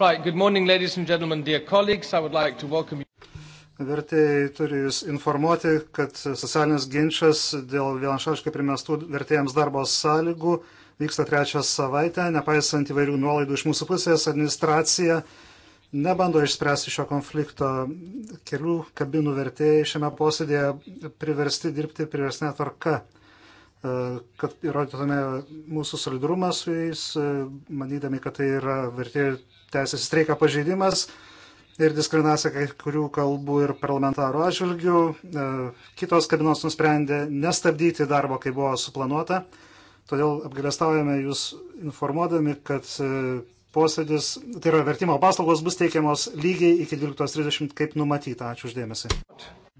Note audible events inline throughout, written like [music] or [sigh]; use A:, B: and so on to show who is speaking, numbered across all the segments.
A: Right, good morning, ladies and gentlemen, dear
B: colleagues. I would like to welcome you. Vertėjai turi jūs informuoti, kad socialinis ginčas dėl vienašališkai primestų vertėjams darbo sąlygų vyksta trečią savaitę, nepaisant įvairių nuolaidų iš mūsų pusės, administracija nebando išspręsti šio konflikto. Kelių kabinų vertėjai šiame posėdėje priversti dirbti priversne tvarka. E, kad įrodytume mūsų solidarumą su jais, e, manydami, kad tai yra vertėjų teisės streiką pažeidimas ir diskriminacija kai kurių kalbų ir parlamentarų atžvilgių. E, kitos kabinos nusprendė nestabdyti darbo, kai buvo suplanuota. Todėl apgalėstaujame jūs informuodami, kad e, posėdis, tai yra vertimo paslaugos bus teikiamos lygiai iki 12.30, kaip numatyta. Ačiū uždėmesi.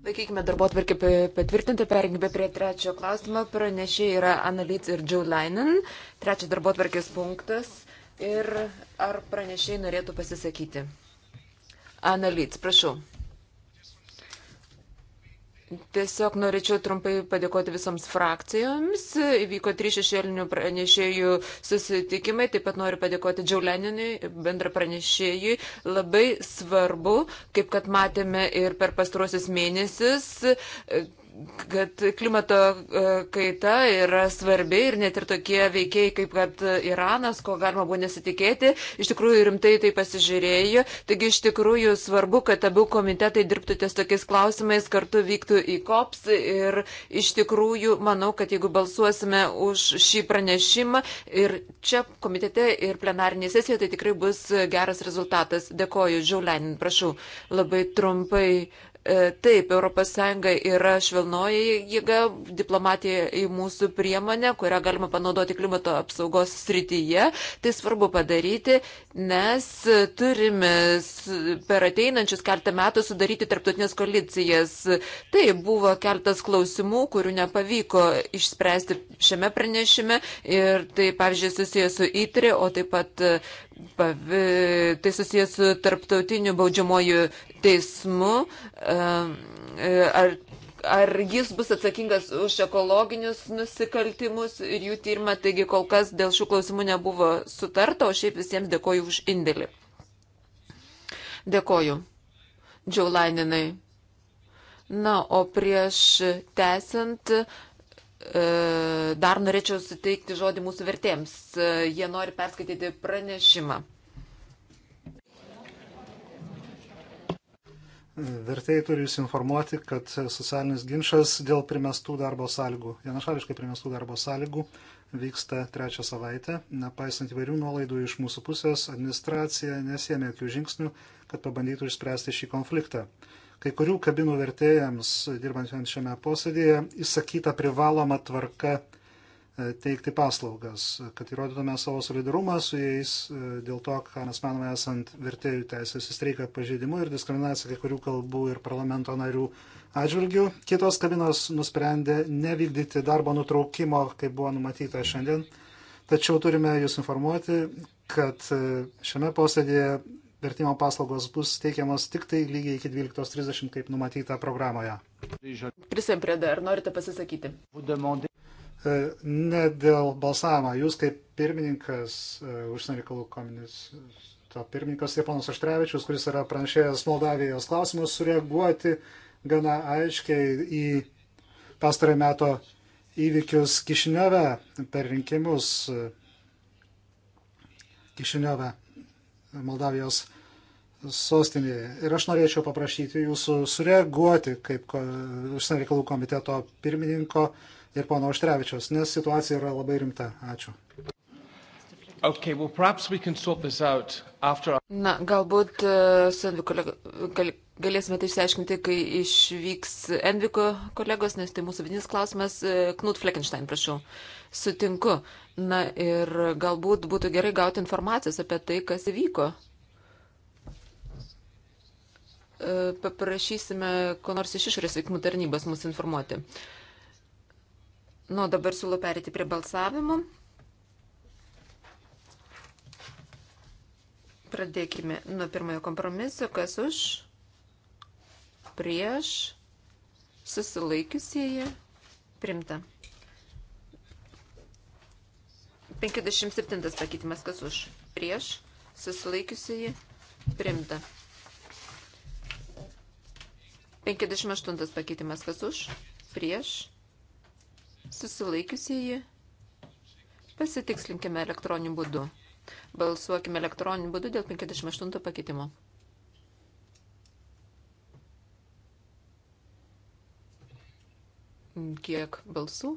C: Laikykime darbo atvarkį patvirtinti, perėkime prie trečio klausimo. Pranešė yra Analyt ir Joe Linen. Trečias darbo atvarkės punktas. Ir ar pranešiai norėtų pasisakyti? Ana Lyts, prašau. Tiesiog norėčiau trumpai padėkoti visoms frakcijoms. Įvyko trys šešėlinių pranešėjų susitikimai. Taip pat noriu padėkoti Džiauleninui, bendra pranešėjui. Labai svarbu, kaip kad matėme ir per pastrosius mėnesius, kad klimato e, kaita yra svarbi ir net ir tokie veikiai kaip kad Iranas, ko galima buvo nesitikėti, iš tikrųjų rimtai tai pasižiūrėjo. Taigi iš tikrųjų svarbu, kad abu komitetai dirbtų ties tokiais klausimais, kartu vyktų į COPS ir iš tikrųjų manau, kad jeigu balsuosime už šį pranešimą ir čia komitete ir plenarinėje sesijoje, tai tikrai bus geras rezultatas. Dėkoju, Žiaulenin, prašau, labai trumpai E, taip, ES yra švelnoji jėga, diplomatija į mūsų priemonę, kurią galima panaudoti klimato apsaugos srityje. Tai svarbu padaryti, nes turime per ateinančius keltą metų sudaryti tarptautinės koalicijas. Tai buvo keltas klausimų, kurių nepavyko išspręsti šiame pranešime. Ir tai, pavyzdžiui, susijęs su ITRI, o taip pat tai susijęs su tarptautiniu baudžiamoju teismu. Ar, ar jis bus atsakingas už ekologinius nusikaltimus ir jų tyrimą, taigi kol kas dėl šių klausimų nebuvo sutarta, o šiaip visiems dėkoju už indėlį. Dėkoju. Džiaulaininai. Na, o prieš tęsiant E, dar norėčiau suteikti žodį mūsų vertėms. E, jie nori perskaityti pranešimą.
B: Vertėjai turi jūs informuoti, kad socialinis ginčas dėl primestų darbo sąlygų, vienašališkai primestų darbo sąlygų, vyksta trečią savaitę. Nepaisant įvairių nuolaidų iš mūsų pusės, administracija nesėmė jokių žingsnių, kad pabandytų išspręsti šį konfliktą kai kurių kabinų vertėjams, dirbant šiame posėdėje, įsakyta privaloma tvarka e, teikti paslaugas, kad įrodytume savo solidarumą su jais e, dėl to, ką mes manome esant vertėjų teisės įstreiką pažeidimu ir diskriminaciją kai kurių kalbų ir parlamento narių atžvilgių. Kitos kabinos nusprendė nevykdyti darbo nutraukimo, kaip buvo numatyta šiandien. Tačiau turime jūs informuoti, kad e, šiame posėdėje vertimo paslaugos bus teikiamos tik tai lygiai iki 12.30, kaip numatyta programoje. Prisėm prie dar, norite pasisakyti? E, ne dėl balsavimo. Jūs kaip pirmininkas e, užsienio reikalų komiteto pirmininkas Japonas Aštrevičius, kuris yra pranešėjęs Moldavijos klausimus, sureaguoti gana aiškiai į pastarąjį meto įvykius Kišiniove per rinkimus e, Kišiniove Moldavijos sostinėje. Ir aš norėčiau paprašyti jūsų sureaguoti kaip užsienio reikalų komiteto pirmininko ir pono Oštrevičios, nes situacija yra labai rimta. Ačiū.
A: Okay, well, we after...
C: Na, galbūt e, su Enviku gal, galėsime tai išsiaiškinti, kai išvyks Enviku kolegos, nes tai mūsų vidinis klausimas. E, Knut Fleckenstein, prašau. Sutinku. Na ir galbūt būtų gerai gauti informacijos apie tai, kas įvyko paprašysime, ko nors iš išorės veikimų tarnybos mus informuoti. Nu, dabar siūlau perėti prie balsavimo. Pradėkime nuo pirmojo kompromiso, kas už, prieš, susilaikiusieji, primta. 57 pakeitimas, kas už, prieš, susilaikiusieji, primta. 58 pakeitimas kas už, prieš, susilaikiusieji. Pasitikslinkime elektroniniu būdu. Balsuokime elektroniniu būdu dėl 58 pakeitimo. Kiek balsų?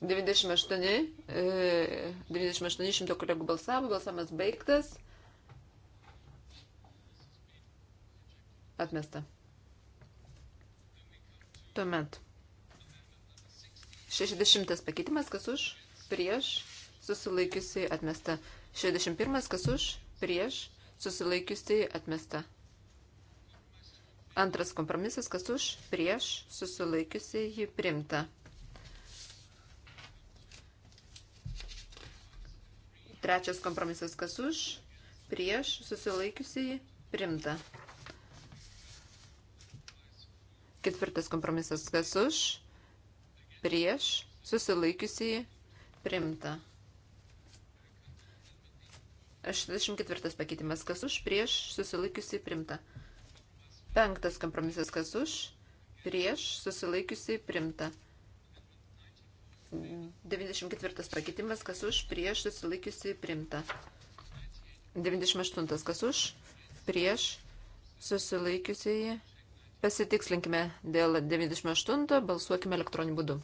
C: 98, 98 e, šimto kolegų balsavo, balsavimas baigtas. Atmesta. Tuomet. 60 pakeitimas, kas už, prieš, susilaikiusi atmesta. 61 kas už, prieš, susilaikiusi atmesta. Antras kompromisas, kas už, prieš, susilaikiusi jį primta. Trečias kompromisas kas už, prieš, susilaikiusiai, primta. Ketvirtas kompromisas kas už, prieš, susilaikiusiai, primta. 64 pakeitimas kas už, prieš, susilaikiusiai, primta. Penktas kompromisas kas už, prieš, susilaikiusiai, primta. 94 pakitimas, kas už, prieš, susilaikiusi, primta. 98 kas už, prieš, susilaikiusiai. Pasitikslinkime dėl 98, balsuokime elektroniniu būdu.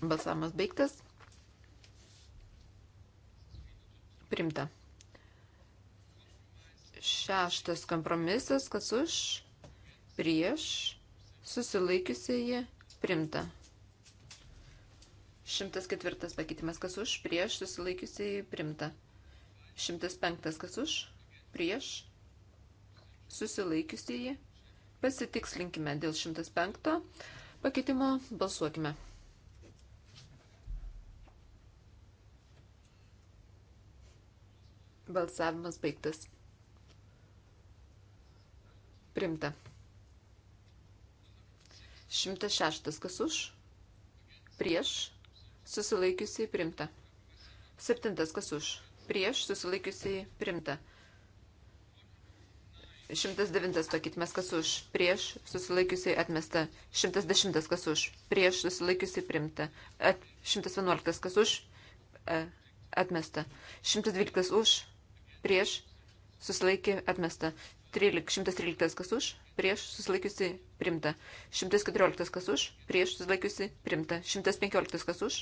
C: Balsavimas baigtas. Primta. Šeštas kompromisas, kas už, prieš, susilaikiusieji primta. 104 pakeitimas kas už, prieš susilaikiusiai primta. 105 kas už, prieš susilaikiusiai. Pasitikslinkime dėl 105 pakeitimo, balsuokime. Balsavimas baigtas. Primta. 106. Kas už? Prieš. Susilaikiusiai primta. 7. Kas už? Prieš. Susilaikiusiai primta. 109 pakitmes kas už, prieš susilaikiusiai atmesta, 110 kas už, prieš susilaikiusiai primta, at, 111 kas už, e, atmesta, 112 už, prieš susilaikė atmesta, 13, 113 kas už, prieš susilaikiusi primta. 114 kas už, prieš susilaikiusi primta. 115 kas už,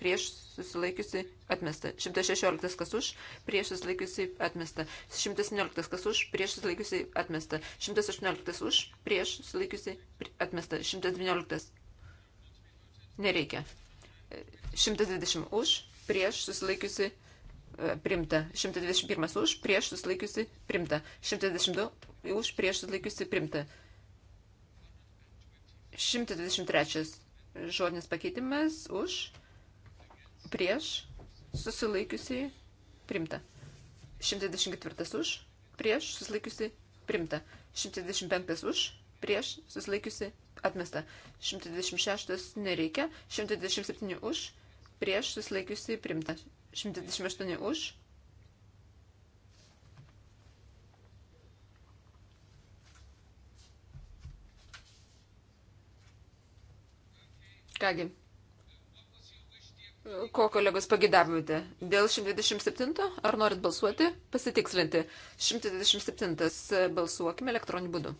C: prieš susilaikiusi atmesta. 116 kas už, prieš susilaikiusi atmesta. 117 kas už, prieš susilaikiusi atmesta. 118 už, prieš susilaikiusi atmesta. 112 nereikia. 120 už, prieš susilaikiusi atmesta primta. 121 už, prieš susilaikiusi primta. 122 už, prieš susilaikiusi primta. 123 žodinis pakeitimas už, prieš susilaikiusi primta. 124 už, prieš susilaikiusi primta. 125 už, prieš susilaikiusi atmesta. 126 nereikia, 127 už, prieš susilaikiusi primta. 128 už. Kągi. Ko kolegos pagidavote? Dėl 127 ar norit balsuoti? Pasitikslinti. 127 balsuokime elektroniniu būdu.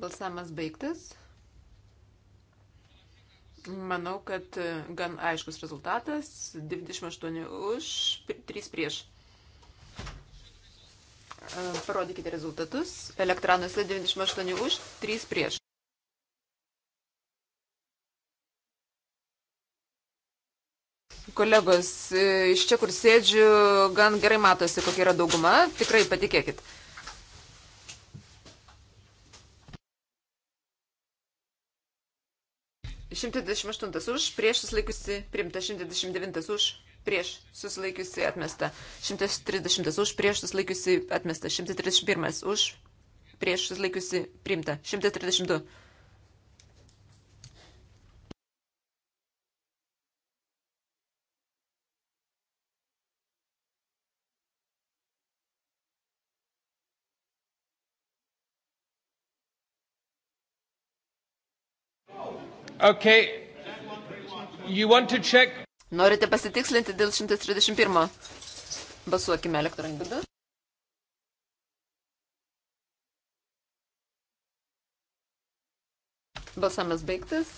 C: Balsamas baigtas. Manau, kad e, gan aiškus rezultatas. 28 už, 3 prieš. E, parodykite rezultatus. Elektranuose 98 už, 3 prieš. Kolegos, e, iš čia, kur sėdžiu, gan gerai matosi, kokia yra dauguma. Tikrai patikėkit. 128 už, prieš susilaikiusi primta, 129 už, prieš susilaikiusi atmesta, 130 už, prieš susilaikiusi atmesta, 131 už, prieš susilaikiusi primta, 132
A: Okay.
C: You want to check? Norite pasitikslinti dėl 131. Basuokime elektroninį būdą. Balsamas baigtas.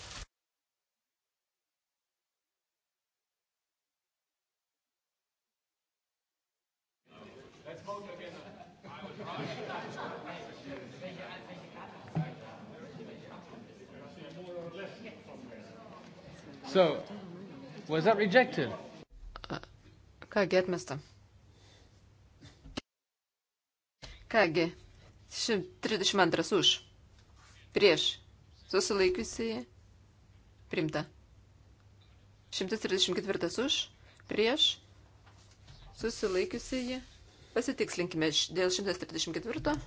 C: So, was that rejected? Kągi atmesta. Kągi, 132 už. Prieš. Susilaikiusiai. Primta. 134 už. Prieš. Susilaikiusiai. Pasitikslinkime dėl 134.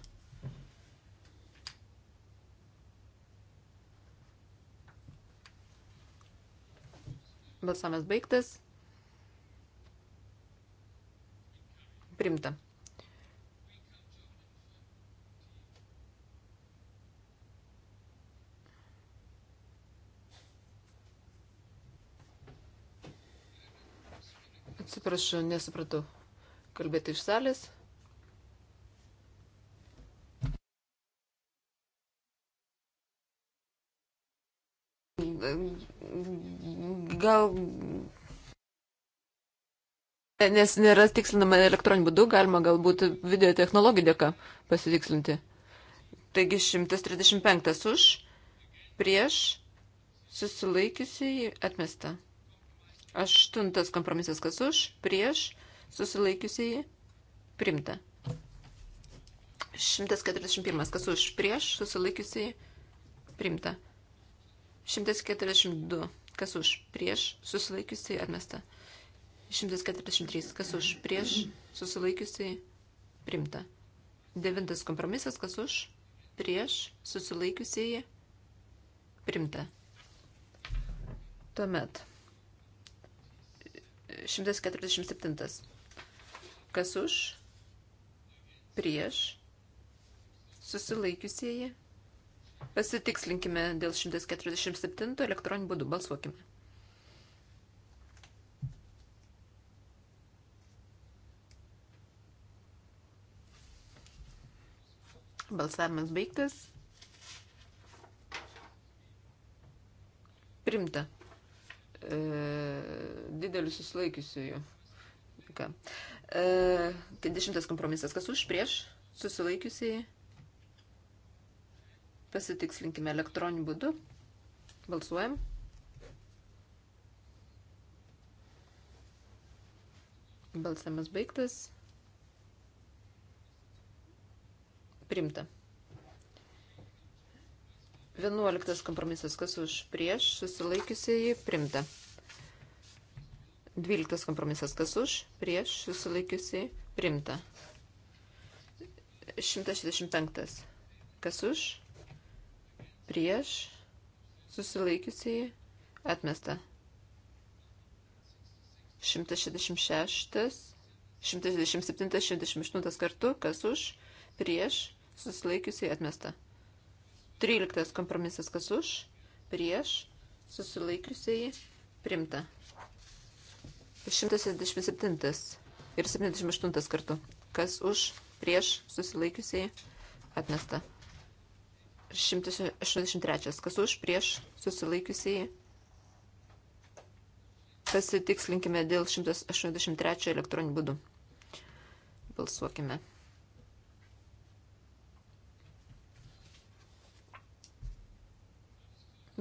C: Balsavimas baigtas. Primta. Atsiprašau, nesupratau. Kalbėti iš salės. Gal. Nes nėra tikslinama elektroniniu būdu, galima galbūt video technologijų dėka pasitikslinti. Taigi 135 už, prieš, susilaikiusiai atmesta. Aštuntas kompromisas kas už, prieš, susilaikiusiai primta. 141 kas už, prieš, susilaikiusiai primta. 142 Kas už? Prieš susilaikiusiai atmesta. 143. Kas už? Prieš susilaikiusiai primta. Devintas kompromisas. Kas už? Prieš susilaikiusiai primta. Tuomet. 147. Kas už? Prieš susilaikiusieji Pasitikslinkime dėl 147 elektroninių būdų. Balsuokime. Balsavimas baigtas. Primta. E, didelis susilaikiusiųjų. E, 50 tai kompromisas. Kas už prieš susilaikiusiai? Pasitikslinkime elektroniniu būdu. Balsuojam. Balsamas baigtas. Primta. 11 kompromisas, kas už prieš, susilaikiusiai primta. 12 kompromisas, kas už prieš, susilaikiusiai primta. 165. Kas už? prieš susilaikiusiai atmesta. 166, 167, 168 kartu, kas už, prieš susilaikiusiai atmesta. 13 kompromisas, kas už, prieš susilaikiusiai primta. 167 ir 78 kartu, kas už, prieš susilaikiusiai atmesta. 183. Kas už prieš susilaikiusiai? Pasitikslinkime dėl 183 elektroninių būdų. Balsuokime.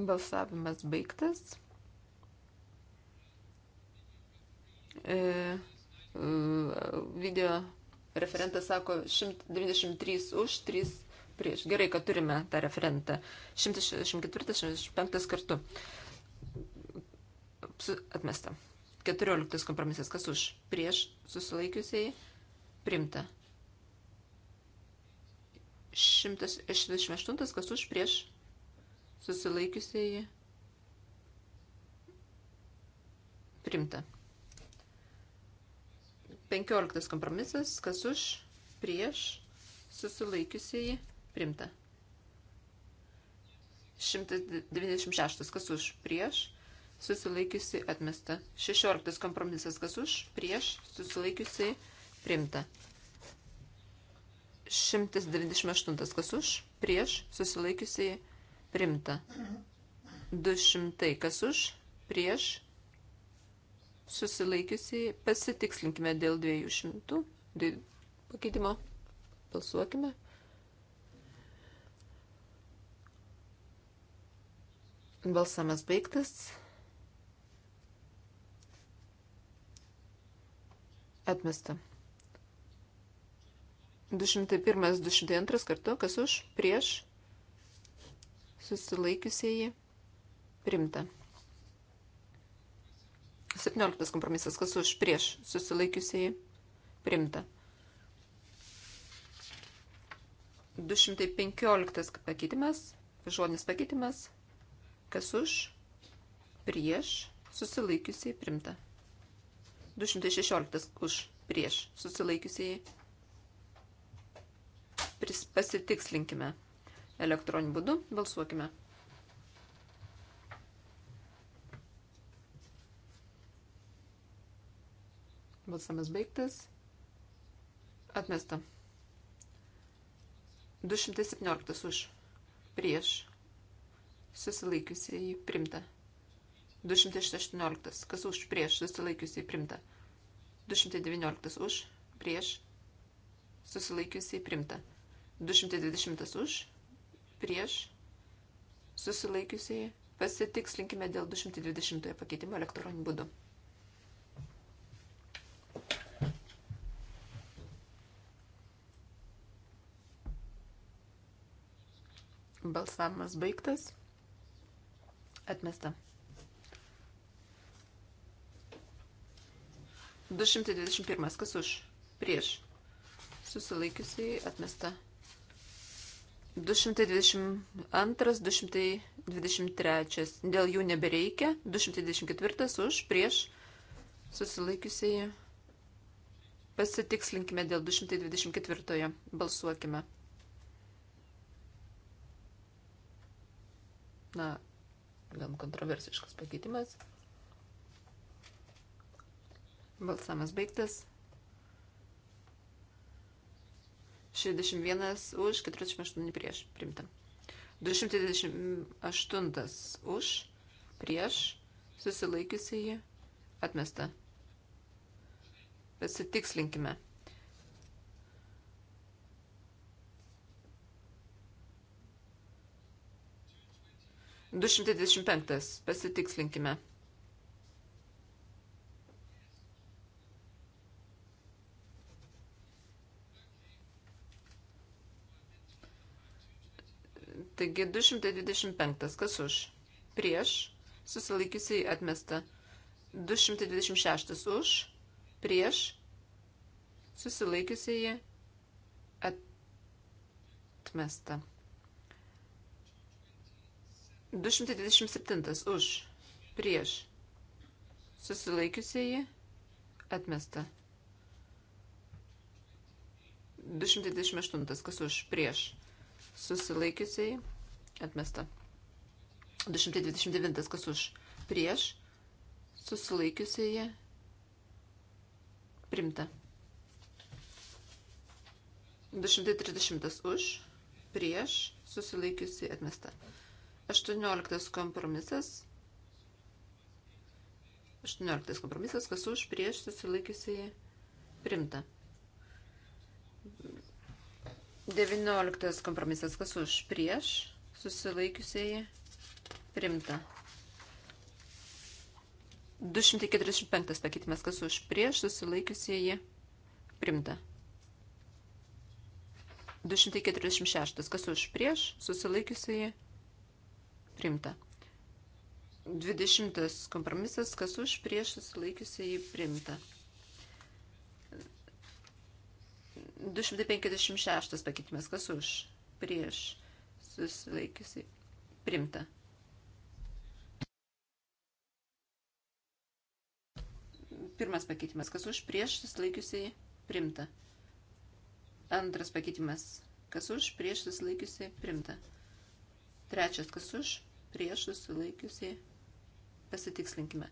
C: Balsavimas baigtas. E, e video referentas sako 193 už, 3 prieš. Gerai, kad turime tą referentą. 164-165 kartu. Atmesta. 14 kompromisas. Kas už? Prieš susilaikiusiai. Primta. 168 kas už? Prieš susilaikiusiai. Primta. 15 kompromisas. Kas už? Prieš susilaikiusiai Primta. 196. Kas už? Prieš. Susilaikiusi atmesta. 16. Kompromisas. Kas už? Prieš. Susilaikiusi primta. 198. Kas už? Prieš. Susilaikiusi primta. 200. Kas už? Prieš. Susilaikiusi pasitikslinkime dėl 200 pakeitimo. Balsuokime. 200. Balsamas baigtas. Atmesta. 201, 202 kartu, kas už, prieš, susilaikiusieji, primta. 17 kompromisas, kas už, prieš, susilaikiusieji, primta. 215 pakeitimas, žodinis pakeitimas, Kas už? Prieš susilaikiusiai primta. 216 už prieš susilaikiusiai. Pasitikslinkime elektroniniu būdu, balsuokime. Balsamas baigtas. Atmesta. 217 už prieš susilaikiusiai primta. 218. Kas už prieš susilaikiusiai primta. 219. Už prieš susilaikiusiai primta. 220. Už prieš susilaikiusiai. Pasitikslinkime dėl 220 pakeitimo elektroniniu būdu. Balsavimas baigtas. Atmesta. 221. Kas už? Prieš. Susilaikiusiai atmesta. 222, 223. Dėl jų nebereikia. 224 už, prieš, susilaikiusiai. Pasitikslinkime dėl 224. Balsuokime. Na, gan kontroversiškas pakeitimas. Balsamas baigtas. 61 už, 48 prieš, primta. 228 už, prieš, susilaikiusi jį, atmesta. Pasitikslinkime. 225. Pasitikslinkime. Taigi 225. Kas už? Prieš. Susilaikiusiai atmesta. 226. Už. Prieš. Susilaikiusiai atmesta. 227 už, prieš, susilaikiusieji, atmesta. 228 kas už, prieš, susilaikiusieji, atmesta. 229 kas už, prieš, susilaikiusieji, primta. 230 už, prieš, susilaikiusi atmesta. 18 kompromisas. 18 kompromisas, kas už prieš susilaikiusiai primta. 19 kompromisas, kas už prieš susilaikiusiai primta. 245 pakeitimas, kas už prieš susilaikiusieji primta. 246, kas už prieš susilaikiusieji Primta. 20 kompromisas, kas už prieš susilaikiusiai primta. 256 pakeitimas, kas už prieš susilaikiusiai primta. Pirmas pakeitimas, kas už prieš susilaikiusiai primta. Antras pakeitimas, kas už prieš susilaikiusiai primta. Trečias, kas už, prieš susilaikiusiai pasitikslinkime.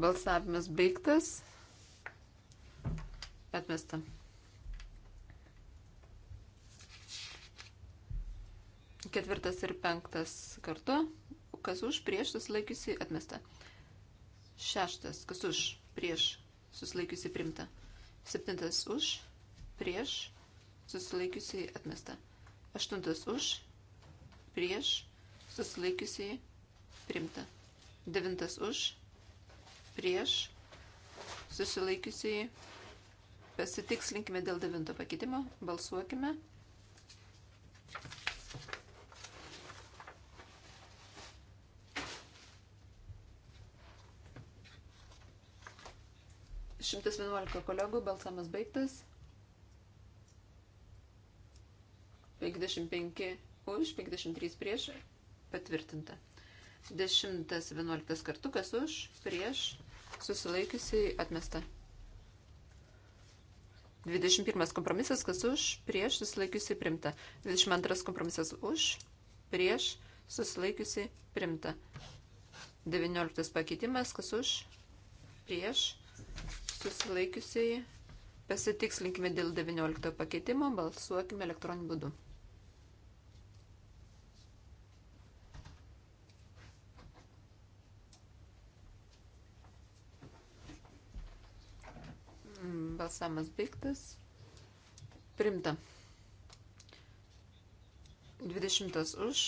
C: Balsavimas baigtas. Atmesta. Ketvirtas ir penktas kartu kas už, prieš, susilaikiusi, atmesta. Šeštas, kas už, prieš, susilaikiusi, primta. Septintas už, prieš, susilaikiusi, atmesta. Aštuntas už, prieš, susilaikiusi, primta. Devintas už, prieš, susilaikiusi, primta pasitikslinkime dėl devinto pakeitimo, balsuokime. 111 kolegų, balsamas baigtas. 55 už, 53 prieš, patvirtinta. 10, 11 kartu, kas už, prieš, susilaikiusiai atmesta. 21 kompromisas, kas už, prieš, susilaikiusiai primta. 22 kompromisas už, prieš, susilaikiusiai primta. 19 pakeitimas, kas už, prieš, susilaikiusiai. Pasitikslinkime dėl 19 pakeitimo, balsuokime elektroniniu būdu. Balsamas baigtas. Primta. 20 už,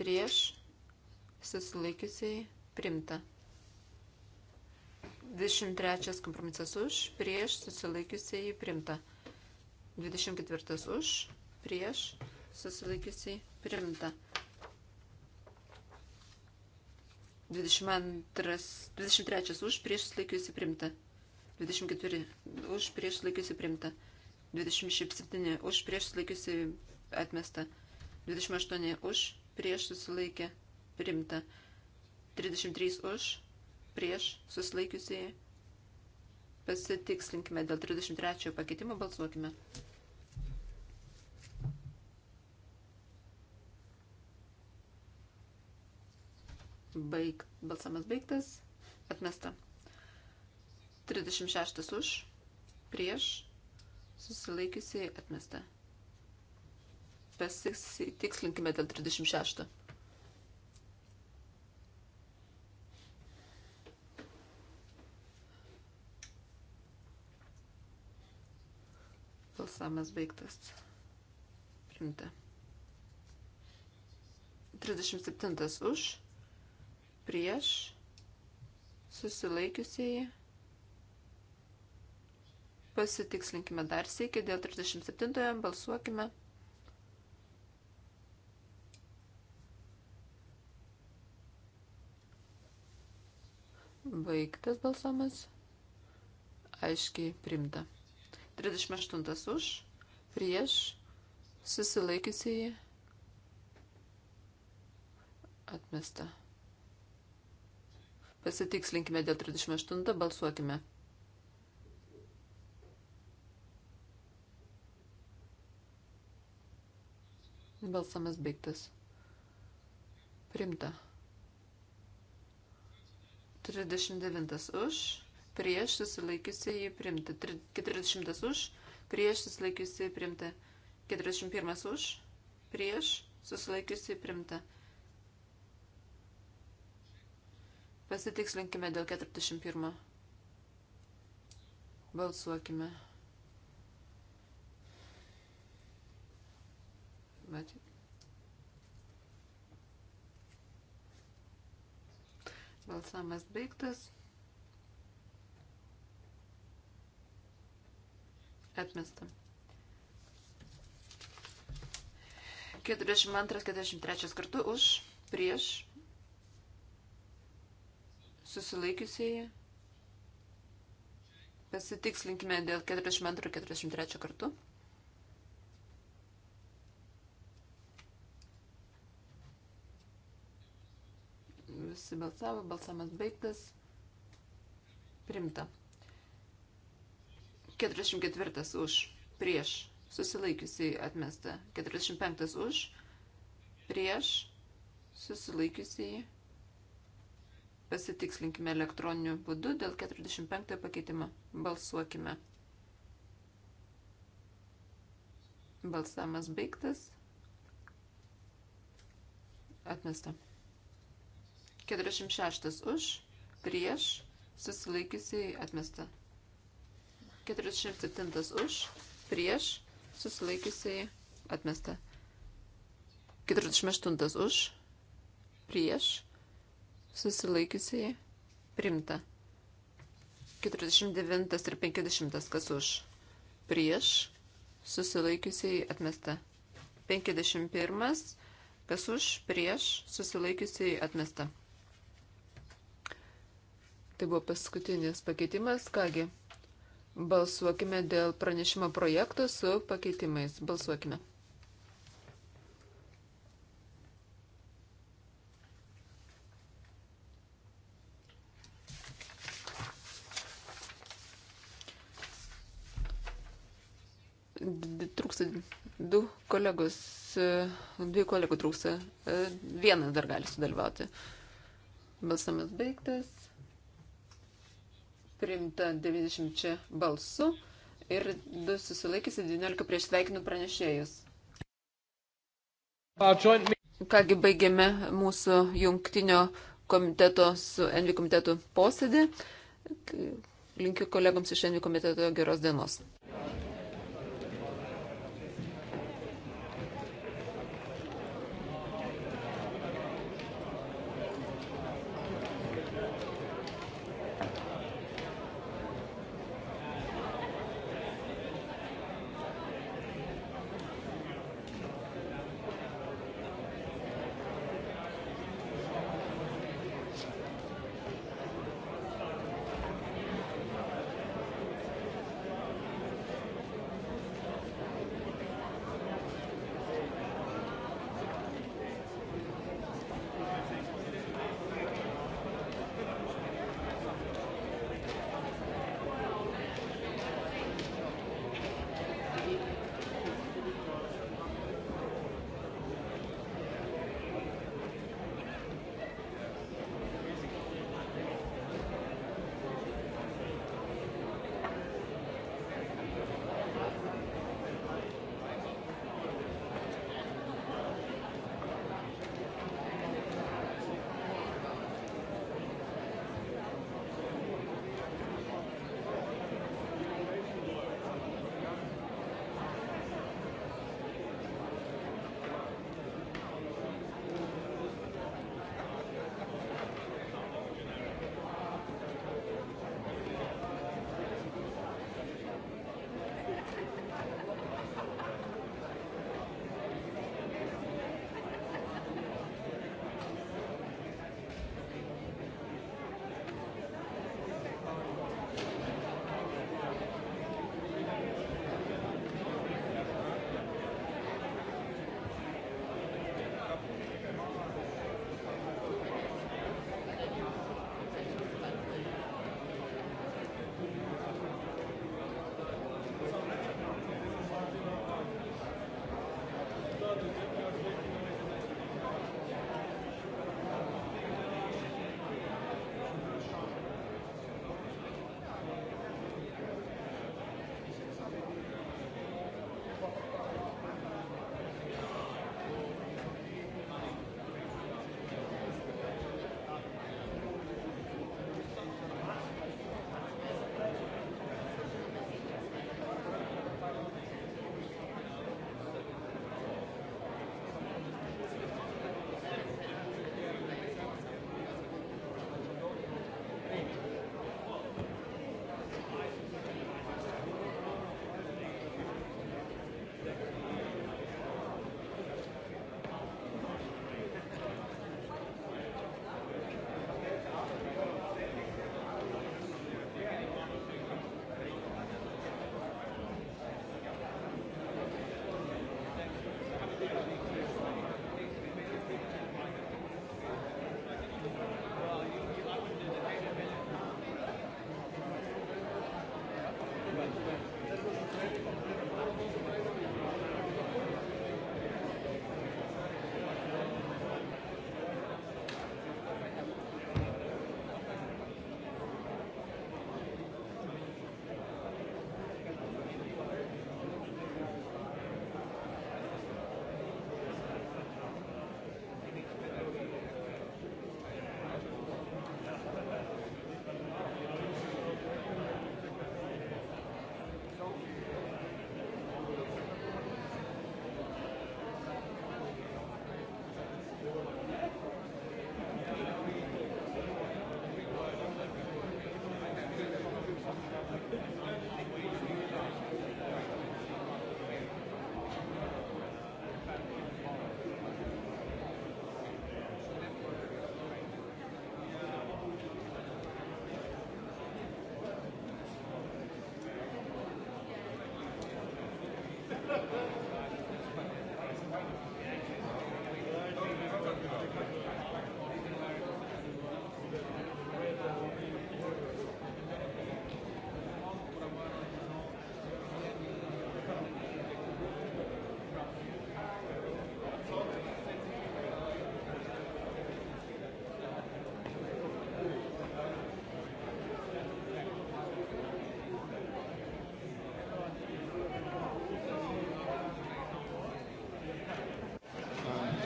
C: prieš, susilaikiusiai, primta. 23 kompromisas už, prieš susilaikiusiai primta. 24 už, prieš susilaikiusiai primta. 22, 23 už, prieš susilaikiusiai primta. 24 už, prieš susilaikiusiai primta. 27 už, prieš susilaikiusiai atmesta. 28 už, prieš susilaikė primta. 33 už, prieš susilaikiusiai pasitikslinkime dėl 33 pakeitimo, balsuokime. Baig, balsamas baigtas, atmesta. 36 už, prieš, susilaikiusiai atmesta. Pasitikslinkime dėl 36. Balsavimas baigtas. Primta. 37 už, prieš, susilaikiusieji. Pasitikslinkime dar sėkį, dėl 37 balsuokime. Baigtas balsamas. Aiškiai primta. 38 už, prieš, susilaikiusieji, atmesta. Pasitikslinkime dėl 38, balsuokime. Balsamas baigtas. Primta. 39 už prieš susilaikiusi jį primti. 40 už, prieš susilaikiusi jį primti. 41 už, prieš susilaikiusi jį primti. Pasitikslinkime dėl 41. Balsuokime. Matyt. Balsamas baigtas. Atmesta. 42-43 kartu už, prieš, susilaikiusieji. Pasitikslinkime dėl 42-43 kartu. Visi balsavo, balsamas baigtas. Primta. 44 už, prieš, susilaikiusiai atmesta. 45 už, prieš, susilaikiusiai. Pasitikslinkime elektroniniu būdu dėl 45 pakeitimo. Balsuokime. Balsamas baigtas. Atmesta. 46 už, prieš, susilaikiusiai atmesta. 47 už, prieš, susilaikiusiai atmesta. 48 už, prieš, susilaikiusiai primta. 49 ir 50 kas už, prieš, susilaikiusiai atmesta. 51 kas už, prieš, susilaikiusiai atmesta. Tai buvo paskutinis pakeitimas, kągi. Balsuokime dėl pranešimo projekto su pakeitimais. Balsuokime. Trūksta du kolegos, dvi kolegų trūksta, vienas dar gali sudalyvauti. Balsamas baigtas priimta 90 balsų ir 2 susilaikysi 19 prieš sveikinu pranešėjus. Kągi baigėme mūsų jungtinio komiteto su Envi komitetu posėdį. Linkiu kolegoms iš Envi komiteto geros dienos.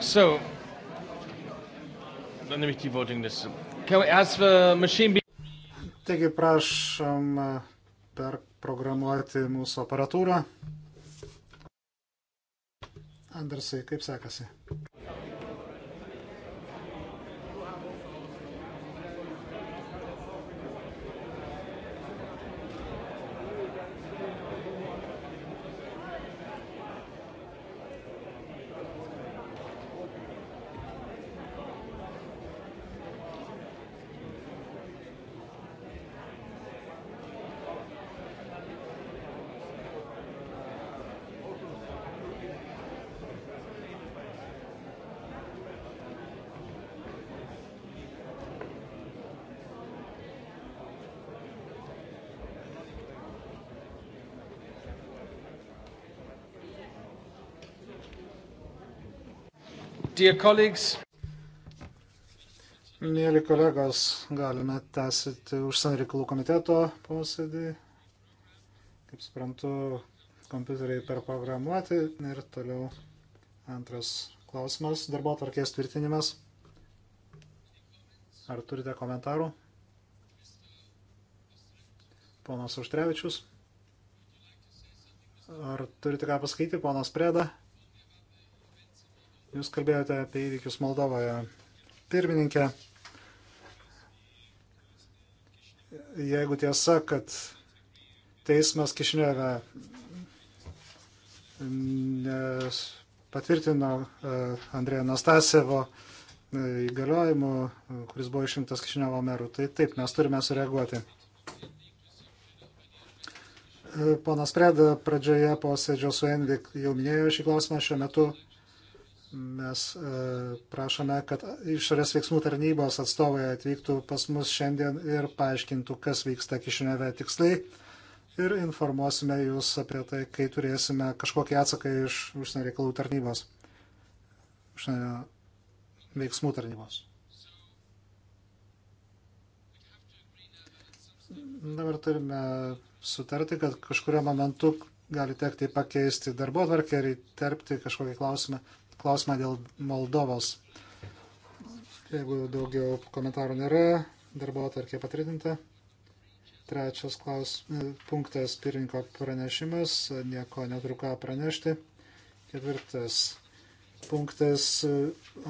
B: So, dann nehme ich
A: die voting list.
B: Can we ask the machine be... Taigi prašom eh, perprogramuoti mūsų aparatūrą. Andersai, kaip sekasi? Dear colleagues. Mėly kolegos, galime tęsyti užsienio reikalų komiteto posėdį. Kaip suprantu, kompiuteriai perprogramuoti ir toliau antras klausimas - darbo tvarkės tvirtinimas. Ar turite komentarų? Ponas Užtrevičius. Ar turite ką pasakyti, ponas Preda? Jūs kalbėjote apie įvykius Moldovoje. Pirmininkė, jeigu tiesa, kad teismas Kišnieve patvirtino e, Andrėją Nastasevo e, įgaliojimu, kuris buvo išrinktas Kišiniovo merų. Tai taip, mes turime sureaguoti. E, ponas Preda pradžioje posėdžio su Envik jau minėjo šį klausimą, šiuo metu Mes e, prašome, kad išorės veiksmų tarnybos atstovai atvyktų pas mus šiandien ir paaiškintų, kas vyksta Kišineve tiksliai. Ir informuosime jūs apie tai, kai turėsime kažkokį atsaką iš užsienio reikalų tarnybos. Užsienio veiksmų tarnybos. Dabar turime sutarti, kad kažkurio momentu gali tekti pakeisti darbo atvarkę ir įterpti kažkokį klausimą klausimą dėl Moldovos. Jeigu daugiau komentarų nėra, darbo atvarkė patvirtinta. Trečias klaus, e, punktas pirinko pranešimas, nieko neturiu ką pranešti. Ketvirtas punktas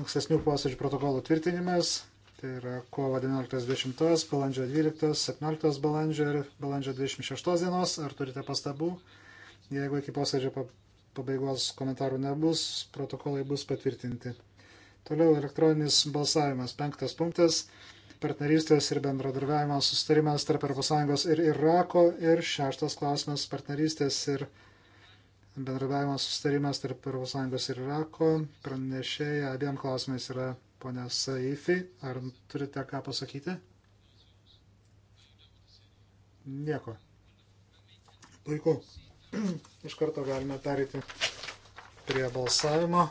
B: ankstesnių posėdžių protokolų tvirtinimas. Tai yra kovo 19.10, balandžio 12, 17 balandžio ir balandžio 26 dienos. Ar turite pastabų? Jeigu iki posėdžio pabaigos komentarų nebus, protokolai bus patvirtinti. Toliau elektroninis balsavimas. Penktas punktas - partnerystės ir bendradarbiavimo sustarimas tarp ES ir Irako. Ir šeštas klausimas - partnerystės ir bendradarbiavimo sustarimas tarp ES ir Irako. Pranešėja abiem klausimais yra ponia Saifi. Ar turite ką pasakyti? Nieko. Puiku. [clears throat] Iš karto galime perėti prie balsavimo.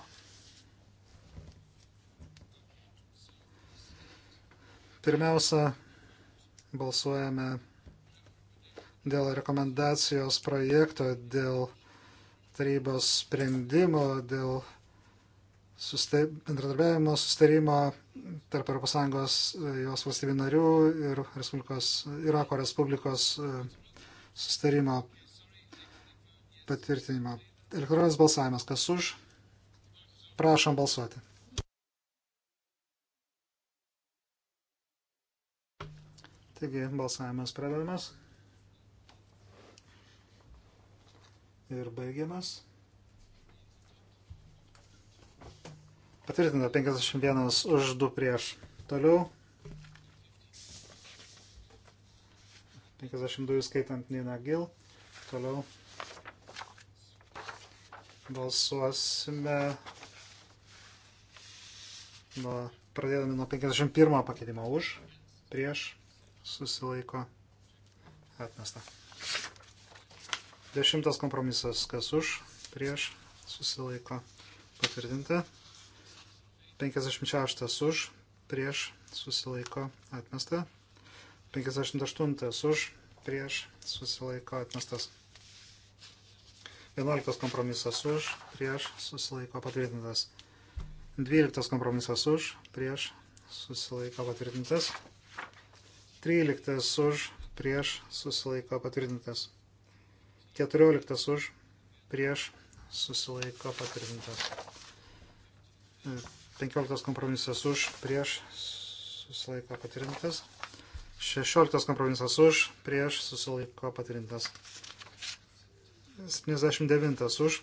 B: Pirmiausia, balsuojame dėl rekomendacijos projekto, dėl tarybos sprendimo, dėl suste, bendradarbiavimo sustarimo tarp ES jos valstybių narių ir Respublikos, Irako Respublikos e, sustarimo patvirtinimą. Elektroninis balsavimas. Kas už? Prašom balsuoti. Taigi balsavimas pradedamas. Ir baigiamas. Patvirtinta 51 už 2 prieš. Toliau. 52 skaitant Nina Gil. Toliau. Balsuosime nuo, pradėdami nuo 51 pakeitimo už, prieš, susilaiko, atmesta. Dešimtas kompromisas, kas už, prieš, susilaiko, patvirtinta. 56 už, prieš, susilaiko, atmesta. 58 už, prieš, susilaiko, atmestas. 11 kompromisas už, prieš susilaiko patvirtintas. 12 kompromisas už, prieš susilaiko patvirtintas. 13 už, prieš susilaiko patvirtintas. 14 už, prieš susilaiko patvirtintas. 15 e, kompromisas už, prieš susilaiko patvirtintas. 16 kompromisas už, prieš susilaiko patvirtintas. 79 už,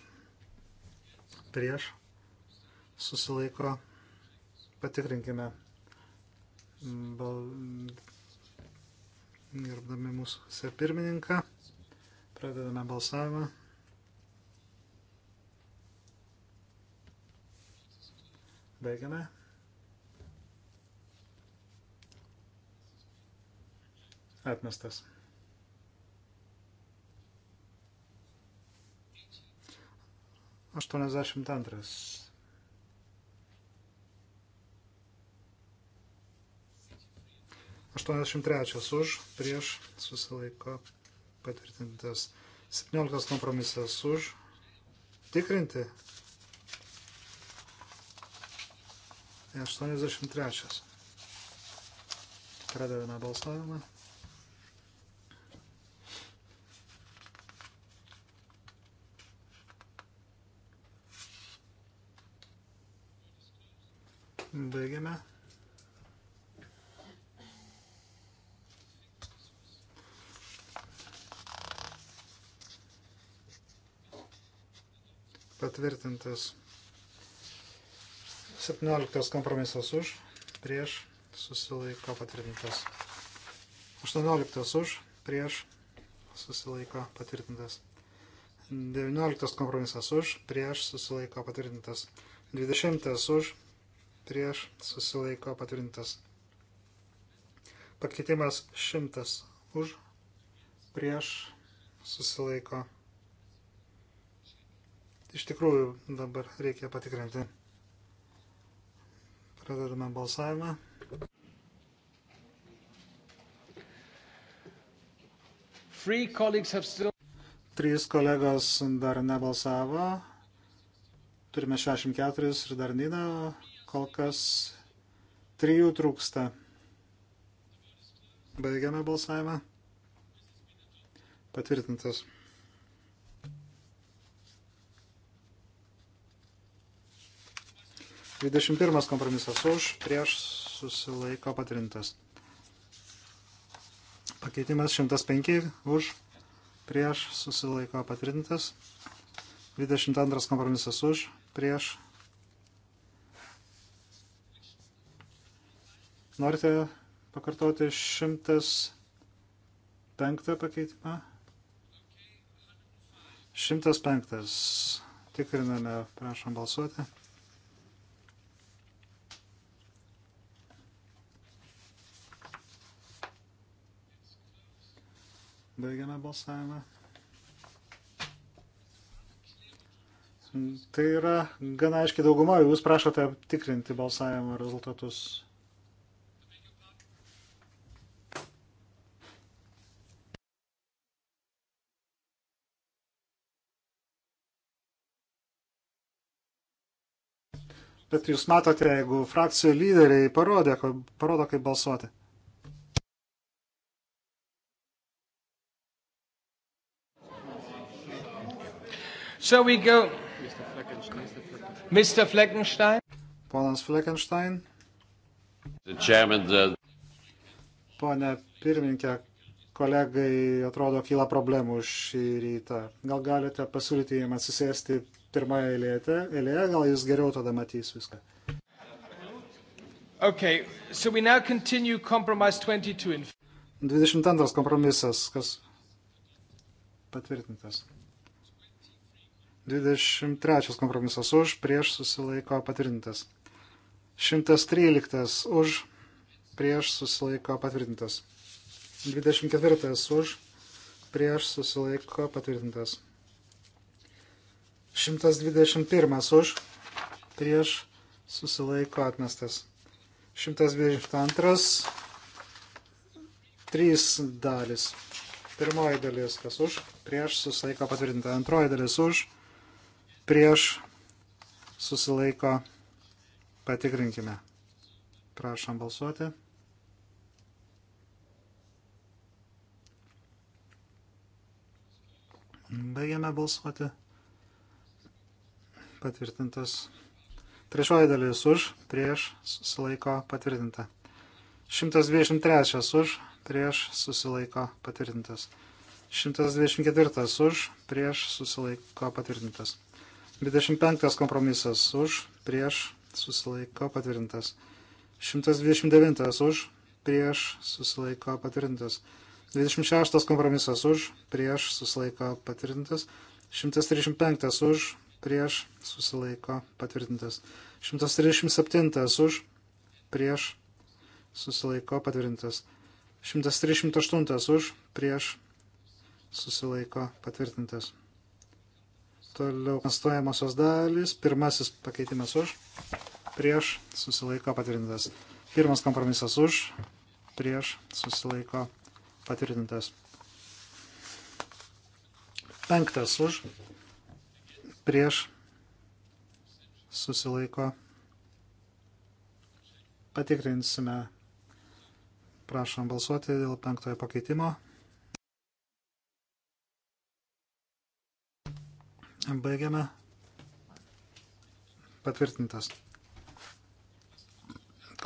B: prieš, susilaiko, patikrinkime, bal... gerbdami mūsų pirmininką, pradedame balsavimą. Baigiame. Atmestas. 82. Aštuoniasdešimt trečias už, prieš susilaiko patvirtintas. Septynioliktas kompromisas už. Tikrinti. 83. Pradedame balsavimą. Baigiame. Patvirtintas 17 kompromisas už, prieš, susilaiko patvirtintas. 18 už, prieš, susilaiko patvirtintas. 19 kompromisas už, prieš, susilaiko patvirtintas. 20 už, prieš susilaiko patvirtintas. Pakeitimas 100 už prieš susilaiko. Iš tikrųjų dabar reikia patikrinti. Pradedame balsavimą. Still... Trys kolegos dar nebalsavo. Turime 64 ir dar Nina, kol kas trijų trūksta. Baigiame balsavimą. Patvirtintas. Dvidešimt pirmas kompromisas už, prieš susilaiko patrintas. Pakeitimas 105 už, prieš susilaiko patrintas. 22 kompromisas už, prieš Norite pakartoti 105 pakeitimą? 105. Tikriname, prašom balsuoti. Baigiame balsavimą. Tai yra gana aiškiai dauguma, jūs prašote tikrinti balsavimo rezultatus. Bet jūs matote, jeigu frakcijų lyderiai parodė, parodo, kaip balsuoti. So we go. Mr. Fleckenstein. Ponas Fleckenstein.
A: The chairman, the...
B: Pone pirmininkė, kolegai atrodo kyla problemų šį rytą. Gal galite pasiūlyti jiems atsisėsti pirmąją eilėje, eilėje, gal jis geriau tada matys viską.
A: Okay, so we now
B: continue compromise 22. 22 kompromisas, kas patvirtintas. 23 kompromisas už, prieš susilaiko patvirtintas. 113 už, prieš susilaiko patvirtintas. 24 už, prieš susilaiko patvirtintas. 121 už, prieš susilaiko atmestas. 122, 3 dalis. Pirmoji dalis, kas už, prieš susilaiko patvirtinta. Antroji dalis už, prieš susilaiko patikrinkime. Prašom balsuoti. Baigiame balsuoti patvirtintas. Trečioji dalis už, prieš, susilaiko patvirtinta. 123 už, prieš, susilaiko patvirtintas. 124 už, prieš, susilaiko patvirtintas. 25 kompromisas už, prieš, susilaiko patvirtintas. 129 už, prieš, susilaiko patvirtintas. 26 kompromisas už, prieš, susilaiko patvirtintas. 135 už, prieš susilaiko patvirtintas. 137 už prieš susilaiko patvirtintas. 138 už prieš susilaiko patvirtintas. Toliau konstuojamosios dalys. Pirmasis pakeitimas už, prieš susilaiko patvirtintas. Pirmas kompromisas už, prieš susilaiko patvirtintas. Penktas už, prieš susilaiko. Patikrinsime. Prašom balsuoti dėl penktojo pakeitimo. Baigiame. Patvirtintas.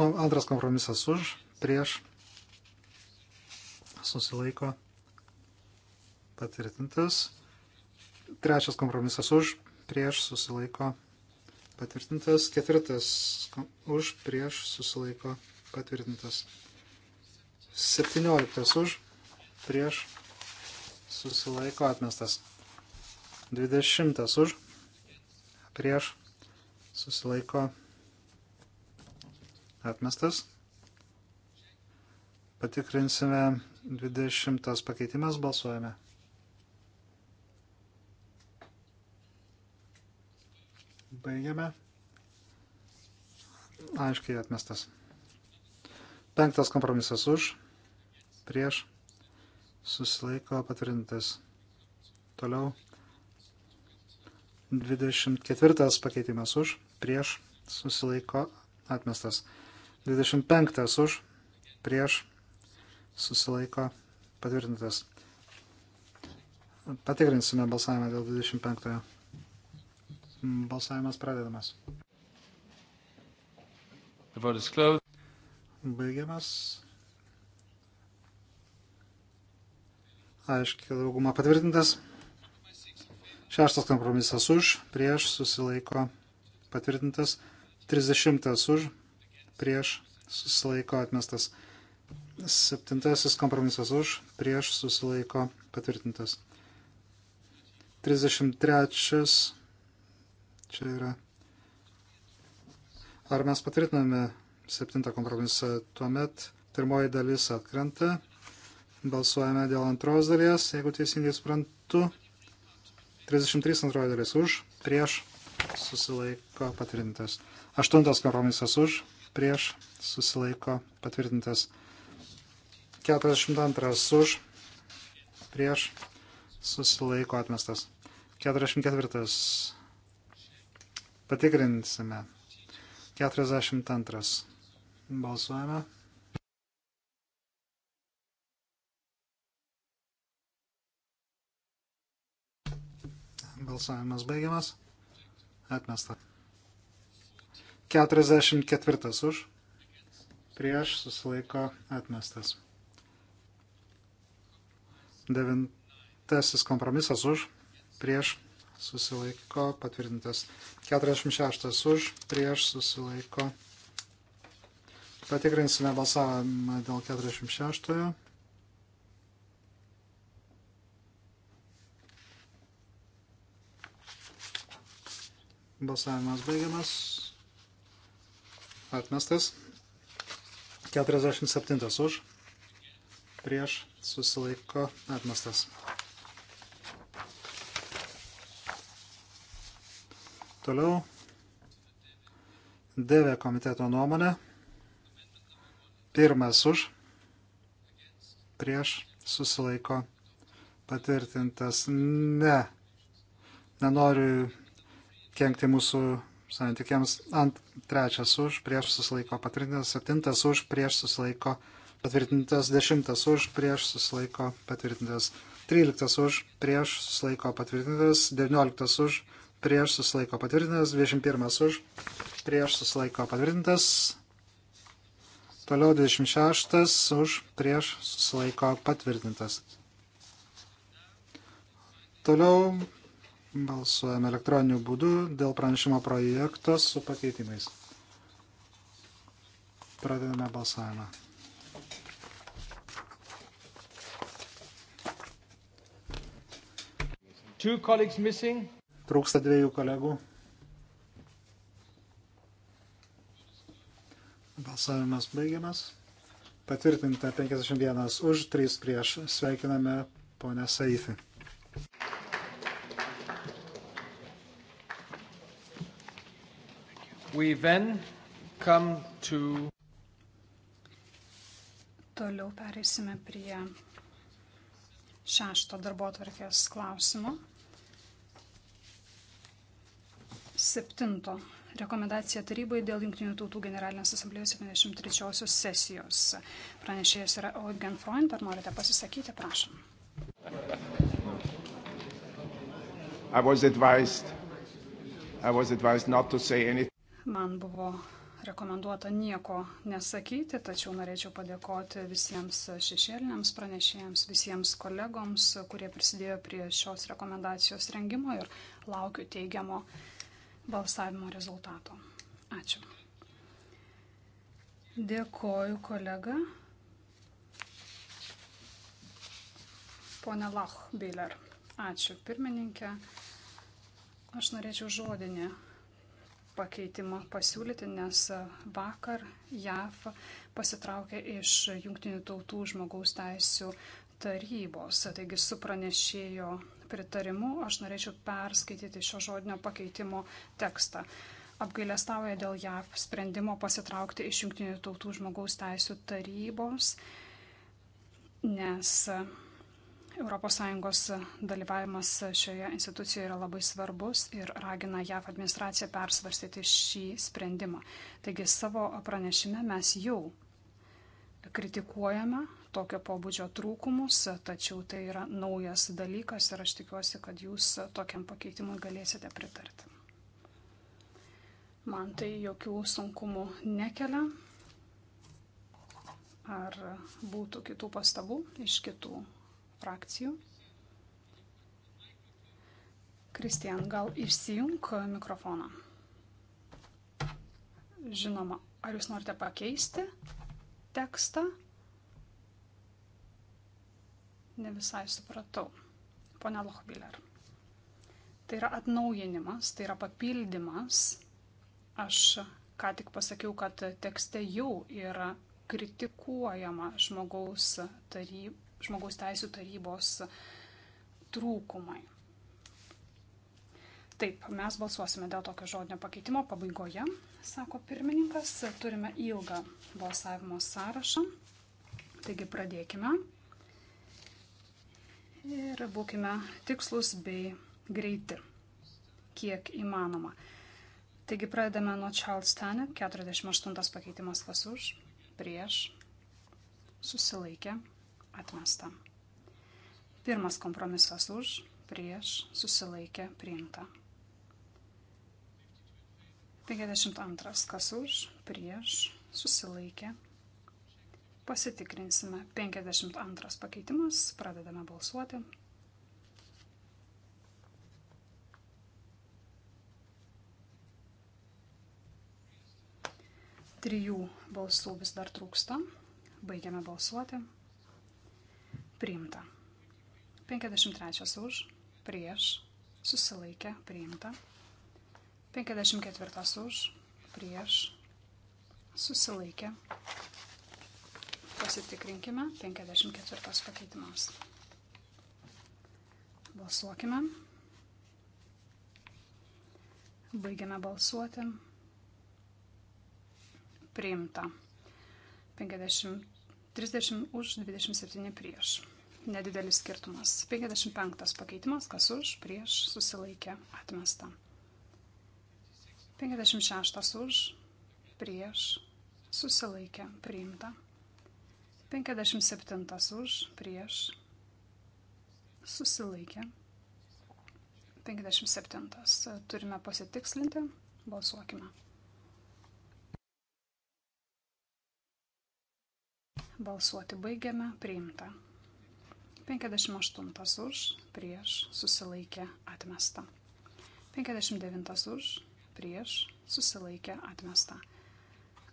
B: Antras kompromisas už, prieš, susilaiko, patvirtintas. Trečias kompromisas už, prieš susilaiko patvirtintas, ketvirtas už, prieš susilaiko patvirtintas, septynioliktas už, prieš susilaiko atmestas, dvidešimtas už, prieš susilaiko atmestas. Patikrinsime 20 pakeitimas, balsuojame. Baigiame. Aiškiai atmestas. Penktas kompromisas už, prieš, susilaiko patvirtintas. Toliau. 24 pakeitimas už, prieš, susilaiko atmestas. 25 už, prieš, susilaiko patvirtintas. Patikrinsime balsavimą dėl 25. -ojo. Balsavimas pradedamas. Baigiamas. Aiškiai, dauguma patvirtintas. Šeštas kompromisas už, prieš, susilaiko patvirtintas. 30 už, prieš, susilaiko atmestas. Septintasis kompromisas už, prieš, susilaiko patvirtintas. 33 čia yra. Ar mes patvirtiname septintą kompromisą? Tuomet pirmoji dalis atkrenta. Balsuojame dėl antros dalies, jeigu teisingai suprantu. 33 antroji dalis už, prieš, susilaiko patvirtintas. Aštuntas kompromisas už, prieš, susilaiko patvirtintas. 42 už, prieš, susilaiko atmestas. 44 Patikrinsime. 42. Balsuojame. Balsavimas baigiamas. Atmesta. 44 už. Prieš susilaiko atmestas. Devintasis kompromisas už. Prieš susilaiko patvirtintas. 46 už, prieš susilaiko. Patikrinsime balsavimą dėl 46. -ojo. Balsavimas baigiamas. Atmestas. 47 už. Prieš susilaiko atmestas. Toliau DV komiteto nuomonė. Pirmas už, prieš susilaiko patvirtintas. Ne, nenoriu kenkti mūsų santykiams. Ant trečias už, prieš susilaiko patvirtintas. Septintas už, prieš susilaiko patvirtintas. Dešimtas už, prieš susilaiko patvirtintas. Tryliktas už, prieš susilaiko patvirtintas. Devynioliktas už, prieš susilaiko patvirtintas, 21 už, prieš susilaiko patvirtintas, toliau 26 už, prieš susilaiko patvirtintas. Toliau balsuojame elektroniniu būdu dėl pranešimo projekto su pakeitimais. Pradedame balsavimą. Two colleagues missing. Trūksta dviejų kolegų. Balsavimas baigiamas. Patvirtinta 51 už, 3 prieš. Sveikiname ponę Saifį. We then come to...
A: Toliau pereisime prie šešto darbo tvarkės klausimo. septinto rekomendacija tarybai dėl Junktinių tautų generalinės asamblėjos 73 sesijos. Pranešėjas yra Eugen Freund, ar norite pasisakyti, prašom.
C: I was advised, I was advised not to
A: say anything. Man buvo rekomenduota nieko nesakyti, tačiau norėčiau padėkoti visiems šešėliniams pranešėjams, visiems kolegoms, kurie prisidėjo prie šios rekomendacijos rengimo ir laukiu teigiamo uh, balsavimo rezultato. Ačiū. Dėkoju, kolega. Pone Lach Biler. Ačiū, pirmininkė. Aš norėčiau žodinį pakeitimą pasiūlyti, nes vakar JAV pasitraukė iš Junktinių tautų žmogaus teisų tarybos. Taigi su pranešėjo pritarimu, aš norėčiau perskaityti šio žodinio pakeitimo tekstą. Apgailestauja dėl JAV sprendimo pasitraukti iš Junktinių tautų žmogaus teisų tarybos, nes ES dalyvavimas šioje institucijoje yra labai svarbus ir ragina JAV administraciją persvarstyti šį sprendimą. Taigi savo pranešime mes jau kritikuojame tokio pobūdžio trūkumus, tačiau tai yra naujas dalykas ir aš tikiuosi, kad jūs tokiam pakeitimui galėsite pritarti. Man tai jokių sunkumų nekelia. Ar būtų kitų pastabų iš kitų frakcijų? Kristian, gal išsijunk mikrofoną? Žinoma, ar jūs norite pakeisti tekstą? ne visai supratau. Pone Lochbiller. Tai yra atnaujinimas, tai yra papildymas. Aš ką tik pasakiau, kad tekste jau yra kritikuojama žmogaus, taryb, žmogaus teisų tarybos trūkumai. Taip, mes balsuosime dėl tokio žodinio pakeitimo pabaigoje, sako pirmininkas. Turime ilgą balsavimo sąrašą. Taigi pradėkime ir būkime tikslus bei greiti, kiek įmanoma. Taigi pradedame nuo Charles Tanner, 48 pakeitimas kas už, prieš, susilaikė, atmesta. Pirmas kompromisas už, prieš, susilaikė, priimta. 52 kas už, prieš, susilaikė, atmesta. Pasitikrinsime. 52 pakeitimas. Pradedame balsuoti. Trijų balsų vis dar trūksta. Baigiame balsuoti. Priimta. 53 už, prieš, susilaikė, priimta. 54 už, prieš, susilaikė, priimta Pasitikrinkime 54 pakeitimas. Balsuokime. Baigiame balsuoti. Priimta. 50, 30 už, 27 prieš. Nedidelis skirtumas. 55 pakeitimas, kas už, prieš, susilaikė, atmesta. 56 už, prieš, susilaikė, priimta. 57 už, prieš, susilaikė. 57. Turime pasitikslinti, balsuokime. Balsuoti baigiame, priimta. 58 už, prieš, susilaikė, atmesta. 59 už, prieš, susilaikė, atmesta.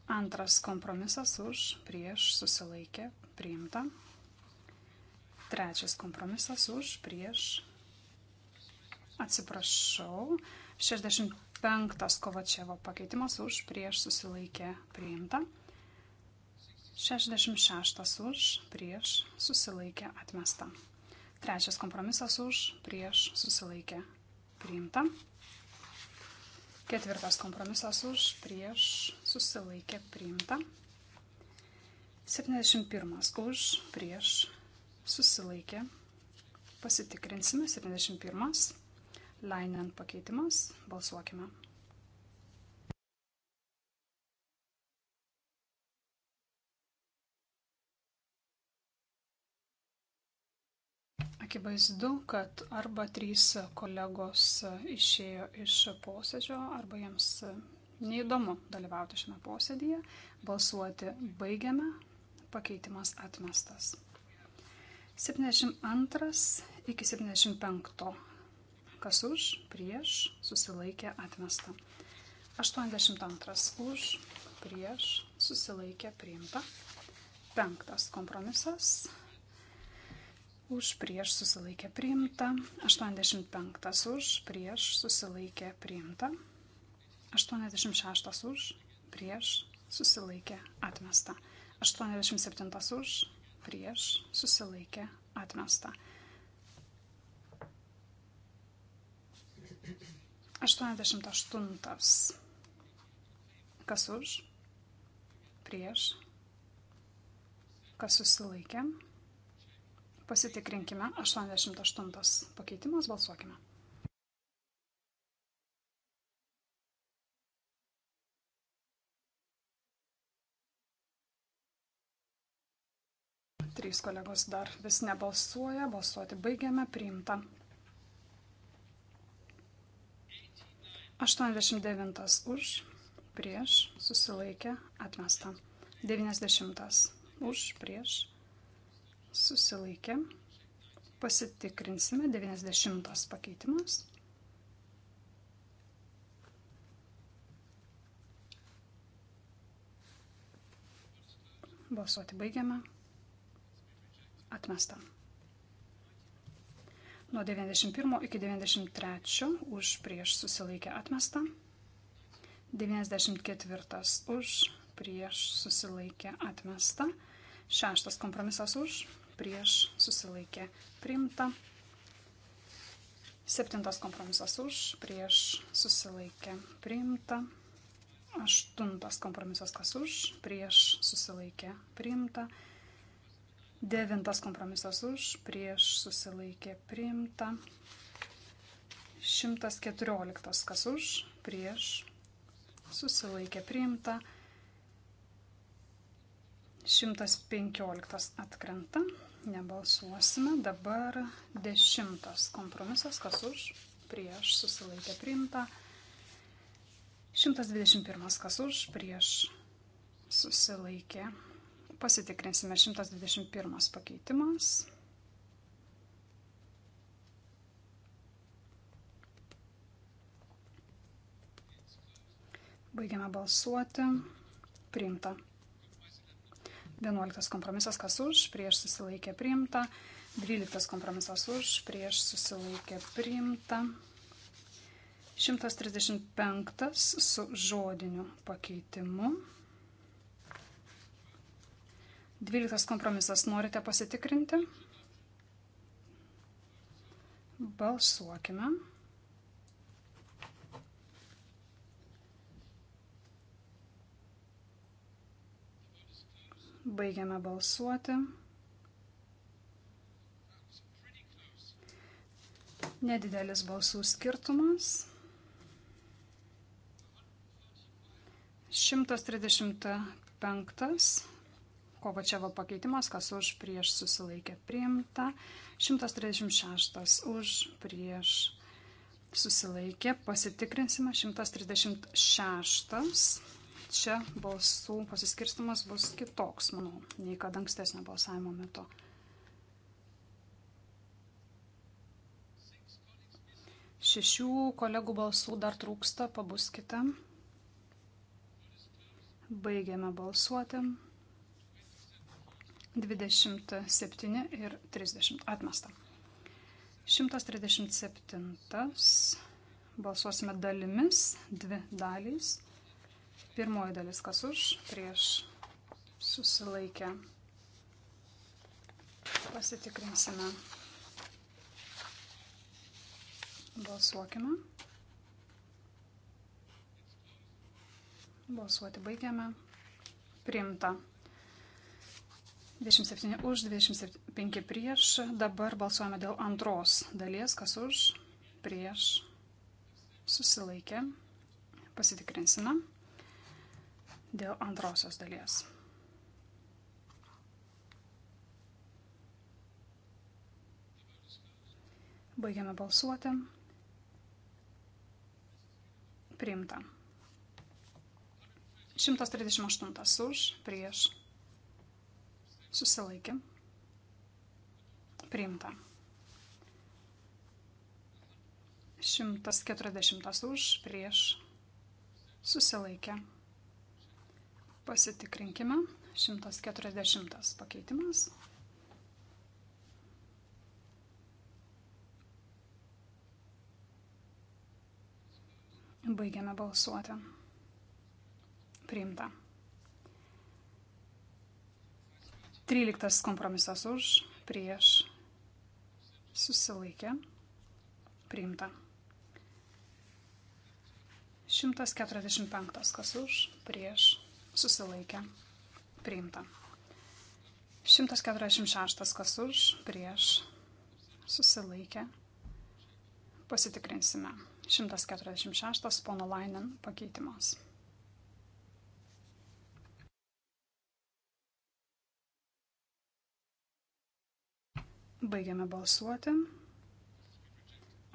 A: Antras kompromisas už, prieš, susilaikė, priimta. Trečias kompromisas už, prieš, atsiprašau, 65 Kovačevo pakeitimas už, prieš, susilaikė, priimta. 66 už, prieš, susilaikė, atmesta. Trečias kompromisas už, prieš, susilaikė, priimta. Ketvirtas kompromisas už, prieš, susilaikė, priimta. 71 už, prieš, susilaikė. Pasitikrinsime 71. Lainen pakeitimas. Balsuokime. Akivaizdu, kad arba trys kolegos išėjo iš posėdžio, arba jiems neįdomu dalyvauti šiame posėdėje. Balsuoti baigiame, pakeitimas atmestas. 72 iki 75. Kas už, prieš, susilaikė atmestą. 82 už, prieš, susilaikė priimta. 5. Kompromisas už prieš susilaikė priimta, 85 už prieš susilaikė priimta, 86 už prieš susilaikė atmesta, 87 už prieš susilaikė atmesta. 88. Kas už? Prieš? Kas susilaikė? Pasitikrinkime 88 pakeitimas, balsuokime. Trys kolegos dar vis nebalsuoja, balsuoti baigiame, priimta. 89 už, prieš, susilaikė, atmesta. 90 už, prieš, susilaikė. Pasitikrinsime 90 pakeitimas. Balsuoti baigiame. Atmesta. Nuo 91 iki 93 už prieš susilaikę atmesta. 94 už prieš susilaikę atmesta. Šeštas kompromisas už prieš susilaikė priimta. Septintas kompromisas už, prieš susilaikė priimta. Aštuntas kompromisas kas už, prieš susilaikė priimta. Devintas kompromisas už, prieš susilaikė priimta. 114 kas už, prieš susilaikė priimta. 115 atkrenta, nebalsuosime. Dabar 10 kompromisas, kas už, prieš, susilaikė priimta. 121 kas už, prieš, susilaikė. Pasitikrinsime 121 pakeitimas. Baigiame balsuoti. Priimta. 11 kompromisas kas už, prieš susilaikė priimta. 12 kompromisas už, prieš susilaikė priimta. 135 su žodiniu pakeitimu. 12 kompromisas norite pasitikrinti? Balsuokime. Baigiame balsuoti. Nedidelis balsų skirtumas. 135. Kovačiavo pakeitimas, kas už prieš susilaikė priimta. 136. Už prieš susilaikė. Pasitikrinsime. 136 čia balsų pasiskirstimas bus kitoks, manau, nei kad ankstesnio balsavimo metu. Šešių kolegų balsų dar trūksta, pabuskite. Baigiame balsuoti. 27 ir 30 atmesta. 137 balsuosime dalimis, dvi dalys. Pirmoji dalis kas už, prieš susilaikę. Pasitikrinsime. Balsuokime. Balsuoti baigiame. Priimta. 27 už, 25 prieš. Dabar balsuojame dėl antros dalies, kas už, prieš, susilaikė. Pasitikrinsime dėl antrosios dalies. Baigiame balsuoti. Priimta. 138 už, prieš. Susilaikė. Priimta. 140 už, prieš. Susilaikė. Pasitikrinkime. 140 pakeitimas. Baigiame balsuoti. Priimta. 13 kompromisas už, prieš, susilaikė. Priimta. 145 kas už, prieš, susilaikė, priimta. 146 kas už, prieš, susilaikė, pasitikrinsime. 146 pono Lainin pakeitimas. Baigiame balsuoti.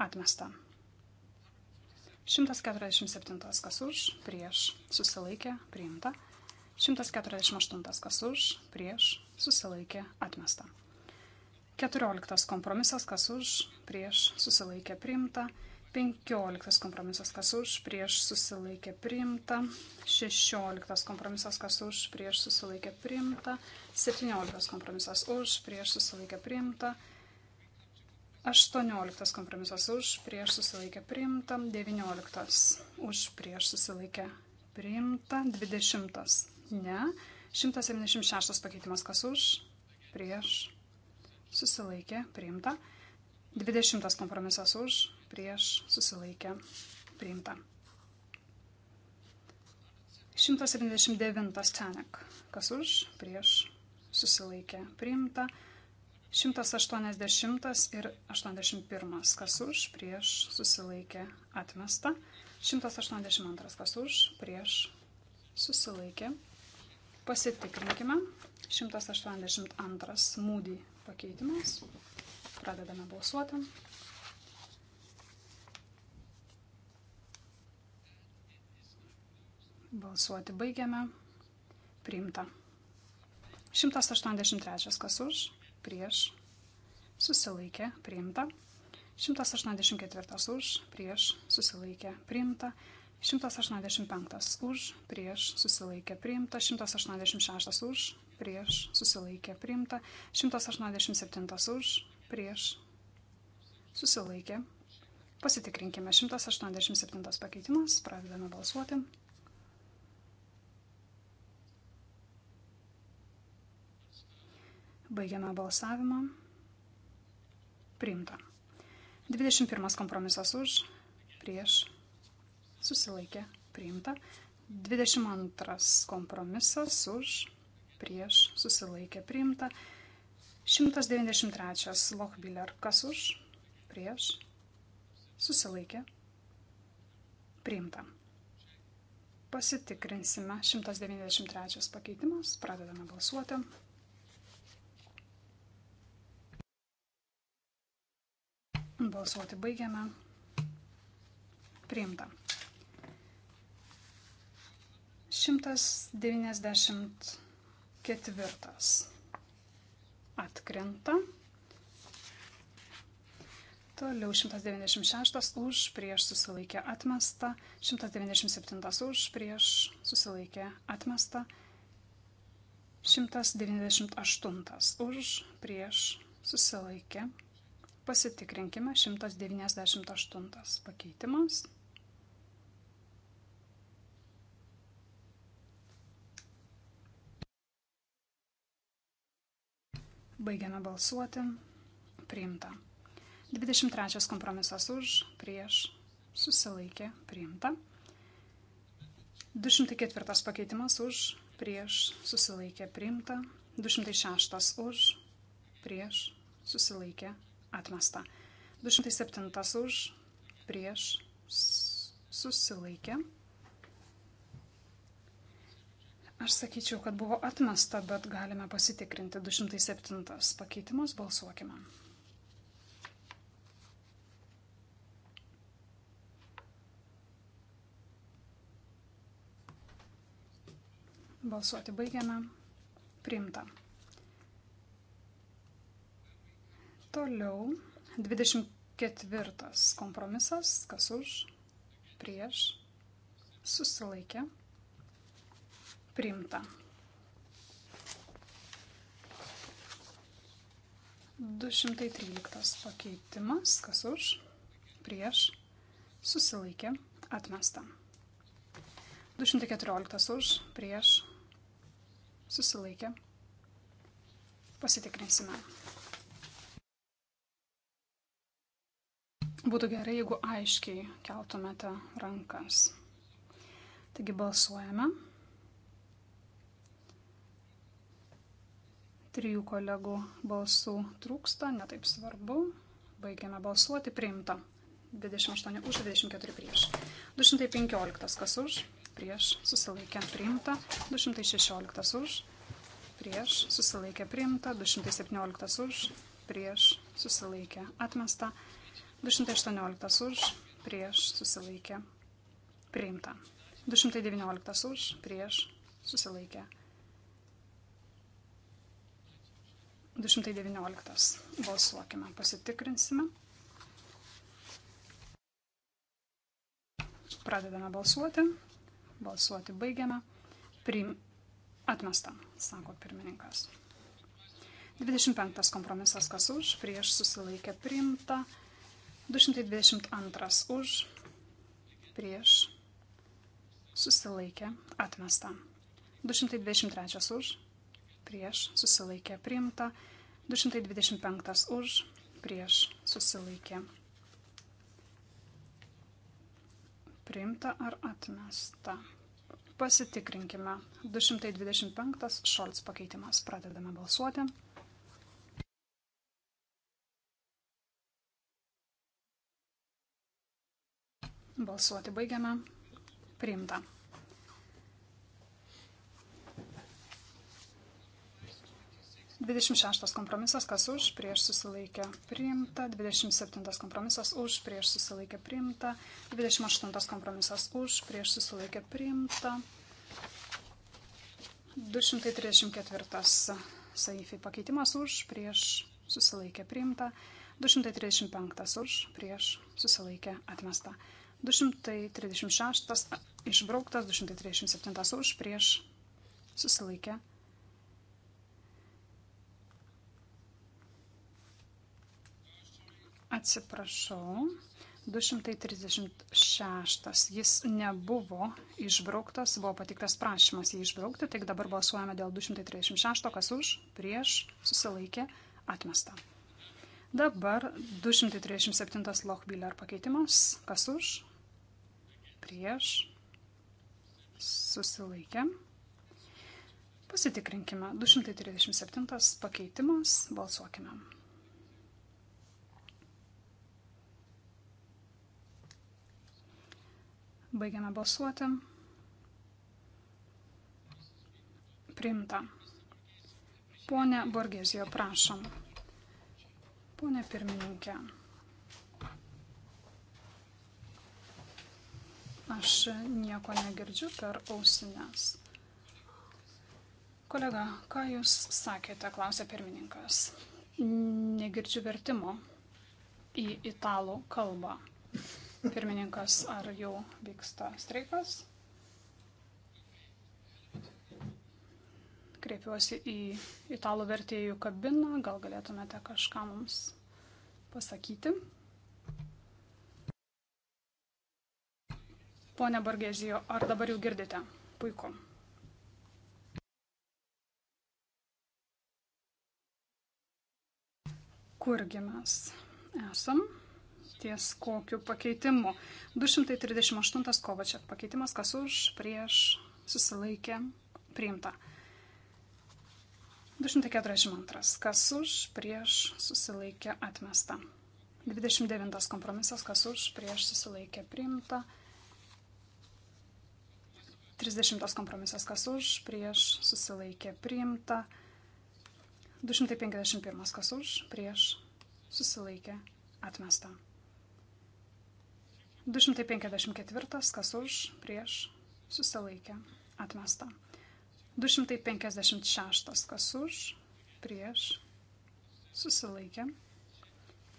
A: Atmesta. 147 kas už, prieš, susilaikė, priimta. 148 kas už, prieš, susilaikė, atmesta. 14 kompromisas kas už, prieš, susilaikė, priimta. 15 kompromisas kas už, prieš susilaikė priimta. 16 kompromisas kas už, prieš susilaikė priimta. 17 kompromisas už, prieš susilaikė priimta. 18 kompromisas už, prieš susilaikė priimta. 19 už, prieš susilaikė priimta. 20 Ne. 176 pakeitimas kas už, prieš, susilaikė, priimta. 20 kompromisas už, prieš, susilaikė, priimta. 179 Cenek. Kas už, prieš, susilaikė, priimta. 180 ir 81. Kas už, prieš, susilaikė, atmesta. 182. Kas už, prieš, susilaikė, priimta. Pasitikrinkime. 182 smūdį pakeitimas. Pradedame balsuoti. Balsuoti baigiame. Priimta. 183 kas už, prieš, susilaikė, priimta. 184 už, prieš, susilaikė, priimta. 185 už, prieš susilaikė priimta, 186 už, prieš susilaikė priimta, 187 už, prieš susilaikė. Pasitikrinkime 187 pakeitimas, pradedame balsuoti. Baigiame balsavimą. Priimta. 21 kompromisas už, prieš susilaikė priimta. 22 kompromisas už prieš susilaikė priimta. 193 Lochbiller kas už prieš susilaikė priimta. Pasitikrinsime 193 pakeitimas, pradedame balsuoti. Balsuoti baigiame. Priimta. 194 atkrenta. Toliau 196 už prieš susilaikė atmesta, 197 už prieš susilaikė atmesta, 198 už prieš susilaikė. Pasitikrinkime 198 pakeitimas. Baigiame balsuoti. Priimta. 23 kompromisas už, prieš, susilaikė, priimta. 204 pakeitimas už, prieš, susilaikė, priimta. 206 už, prieš, susilaikė, atmesta. 207 už, prieš, susilaikė, priimta Aš sakyčiau, kad buvo atmesta, bet galime pasitikrinti. 207 pakeitimas, balsuokime. Balsuoti baigiame. Priimta. Toliau 24 kompromisas, kas už, prieš, susilaikė, Priimta. 213 pakeitimas, kas už, prieš, susilaikė, atmesta. 214 už, prieš, susilaikė. Pasitikrinsime. Būtų gerai, jeigu aiškiai keltumėte rankas. Taigi balsuojame. Trijų kolegų balsų trūksta, netaip svarbu. Baigiame balsuoti, priimta. 28 už, 24 prieš. 215 kas už, prieš, susilaikė, priimta. 216 už, prieš, susilaikė, priimta. 217 už, prieš, susilaikė, atmesta. 218 už, prieš, susilaikė, priimta. 219 už, prieš, susilaikė, atmesta. 219. Balsuokime, pasitikrinsime. Pradedame balsuoti. Balsuoti baigiame. Priim... Atmesta, sako pirmininkas. 25. Kompromisas kas už, prieš susilaikė priimta. 222 už, prieš susilaikė atmesta. 223 už, prieš susilaikė priimta, 225 už, prieš susilaikė priimta ar atmesta. Pasitikrinkime. 225 šolts pakeitimas. Pradedame balsuoti. Balsuoti baigiame. Priimta. 26 kompromisas, kas už, prieš susilaikė priimta. 27 kompromisas už, prieš susilaikė priimta. 28 kompromisas už, prieš susilaikė priimta. 234 saifai pakeitimas už, prieš susilaikė priimta. 235 už, prieš susilaikė atmesta. 236 išbrauktas, 237 už, prieš susilaikė atmesta Atsiprašau. 236. Jis nebuvo išbrauktas, buvo patiktas prašymas jį išbraukti, tik dabar balsuojame dėl 236, kas už, prieš, susilaikė, atmesta. Dabar 237 Lochbiller pakeitimas, kas už, prieš, susilaikė. Pasitikrinkime, 237 pakeitimas, balsuokime. Baigiame balsuoti. Priimta. Pone Borgezijo, prašom. Pone pirmininkė. Aš nieko negirdžiu per ausinės. Kolega, ką Jūs sakėte, klausė pirmininkas. Negirdžiu vertimo į italų kalbą. Pirmininkas, ar jau vyksta streikas? Kreipiuosi į italų vertėjų kabiną, gal galėtumėte kažką mums pasakyti. Pone Bargezijo, ar dabar jau girdite? Puiku. Kurgi mes esam? ties kokiu pakeitimu. 238 Kovačiak pakeitimas, kas už, prieš, susilaikė, priimta. 242, kas už, prieš, susilaikė, atmesta. 29 kompromisas, kas už, prieš, susilaikė, priimta. 30 kompromisas, kas už, prieš, susilaikė, priimta. 251 kas už, prieš, susilaikė, atmesta. 254, kas už, prieš, susilaikė, atmesta. 256, kas už, prieš, susilaikė.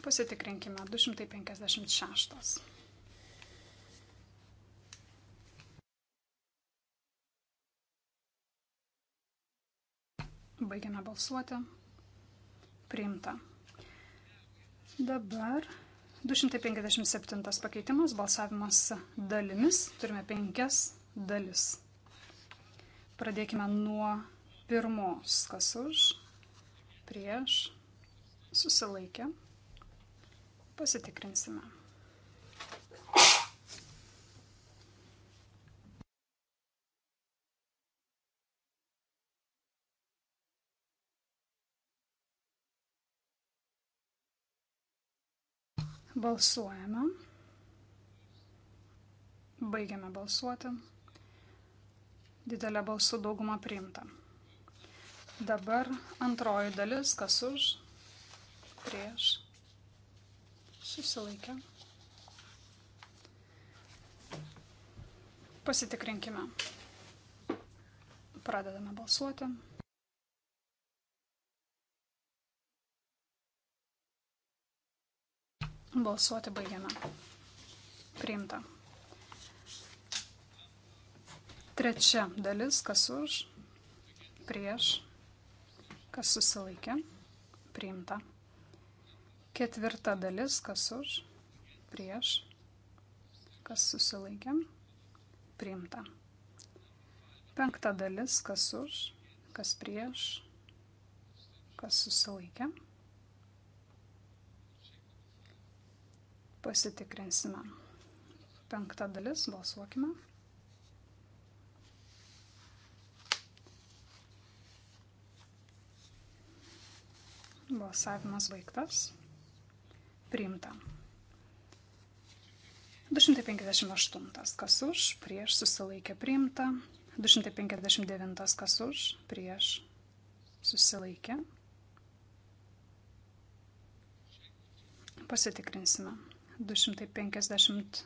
A: Pasitikrinkime 256. Baigiame balsuoti. Priimta. Dabar 257 pakeitimas, balsavimas dalimis. Turime penkias dalis. Pradėkime nuo pirmos, kas už, prieš, susilaikę. Pasitikrinsime. Balsuojame. Baigiame balsuoti. Didelė balsų dauguma priimta. Dabar antroji dalis, kas už, prieš, susilaikę. Pasitikrinkime. Pradedame balsuoti. Balsuoti baigiame. Priimta. Trečia dalis, kas už, prieš, kas susilaikė, priimta. Ketvirta dalis, kas už, prieš, kas susilaikė, priimta. Penkta dalis, kas už, kas prieš, kas susilaikė, priimta Pasitikrinsime. Penkta dalis, balsuokime. Balsavimas baigtas. Priimta. 258 kas už, prieš susilaikė priimta. 259 kas už, prieš susilaikė. Pasitikrinsime. 259.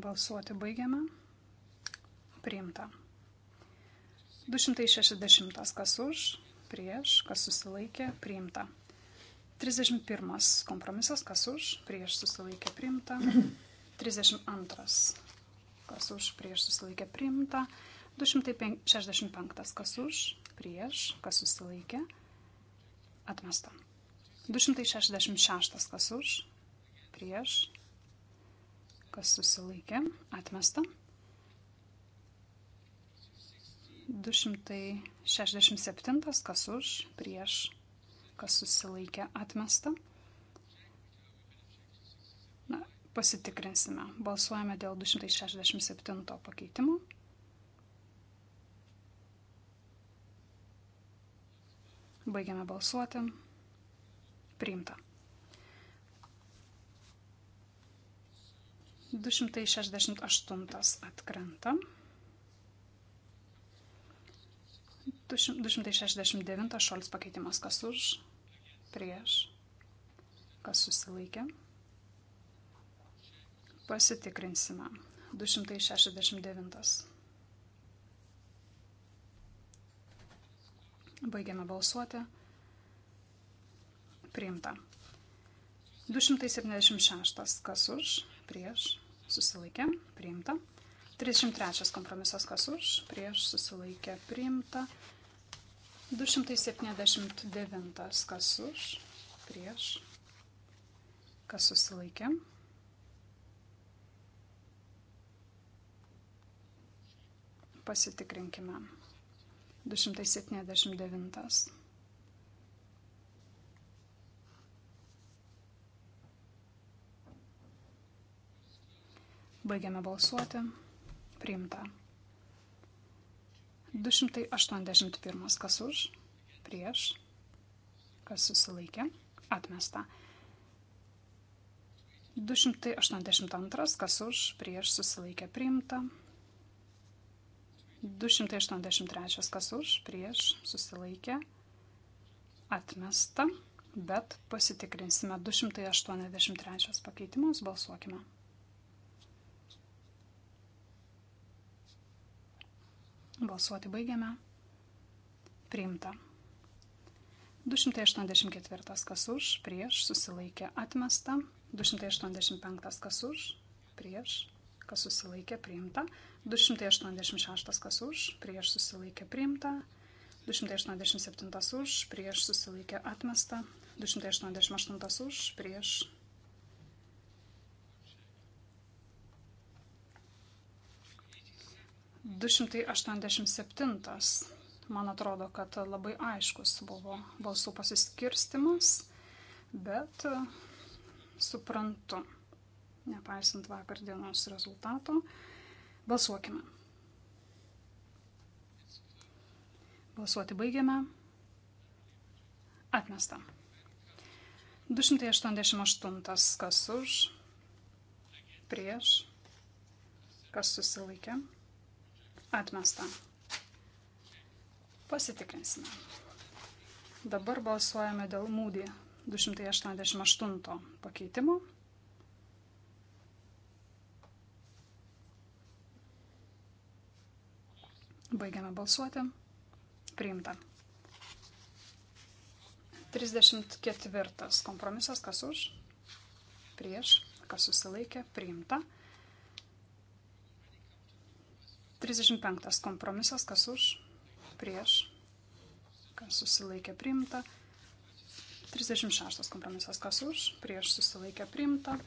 A: Balsuoti baigiame. Priimta. 260. Kas už, prieš, kas susilaikė, priimta. 31. Kompromisas, kas už, prieš, susilaikė, priimta. 32. [clears throat] Kas už, prieš, susilaikė, priimta. 265. Kas už, prieš, kas susilaikė, atmesta. 266. Kas už, prieš, kas susilaikė, atmesta. 267. Kas už, prieš, kas susilaikė, atmesta. Na, pasitikrinsime. Balsuojame dėl 267 pakeitimo. Baigiame balsuoti. Priimta. 268 atkrenta. 269 šolis pakeitimas kas už, prieš, kas susilaikė. Pasitikrinsime. 269. Baigiame balsuoti. Priimta. 276. Kas už? Prieš. Susilaikė. Priimta. 33. Kompromisas. Kas už? Prieš. Susilaikė. Priimta. 279. Kas už? Prieš. Kas susilaikė? Pasitikrinkime. 279. Baigiame balsuoti. Priimta. 281. Kas už? Prieš. Kas susilaikė? Atmesta. 282. Kas už? Prieš susilaikė priimta. 283 kas už, prieš, susilaikė, atmesta, bet pasitikrinsime 283 pakeitimus, balsuokime. Balsuoti baigiame. Priimta. 284 kas už, prieš, susilaikė, atmesta, 285 kas už, prieš, kas susilaikė, priimta. 286 kas už, prieš susilaikė priimta, 287 už, prieš susilaikė atmesta, 288 už, prieš. Du šimtai aštuoniasdešimt septintas man atrodo, kad labai aiškus buvo balsų pasiskirstimas, bet e, suprantu, nepaisant vakar dienos rezultato, Balsuokime. Balsuoti baigiame. Atmesta. 288. Kas už? Prieš? Kas susilaikė? Atmesta. Pasitikrinsime. Dabar balsuojame dėl mūdį 288 pakeitimo. Baigiame balsuoti. Priimta. 34 kompromisas, kas už, prieš, kas susilaikė, priimta. 35 kompromisas, kas už, prieš, kas susilaikė, priimta. 36 kompromisas, kas už, prieš, susilaikė, priimta.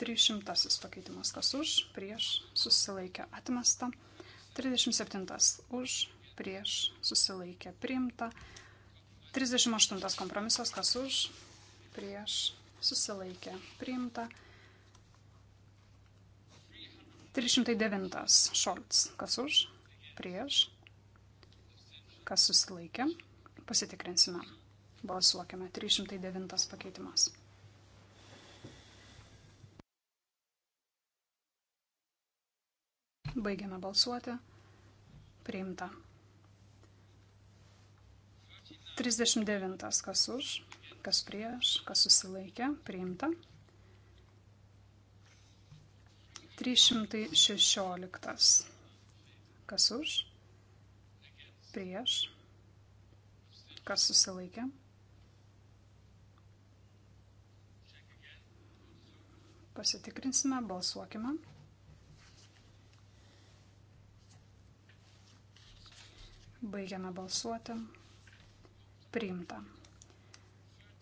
A: 300 pakeitimas kas už, prieš susilaikė atmesta. 37 už, prieš susilaikė priimta. 38 kompromisas kas už, prieš susilaikė priimta. 309 Šolts kas už, prieš, kas susilaikė. Pasitikrinsime. Balsuokime. 309 pakeitimas. Baigiame balsuoti. Priimta. 39. Kas už, kas prieš, kas susilaikė. Priimta. 316. Kas už, prieš, kas susilaikė. Pasitikrinsime, balsuokime. Baigiame balsuoti. Priimta.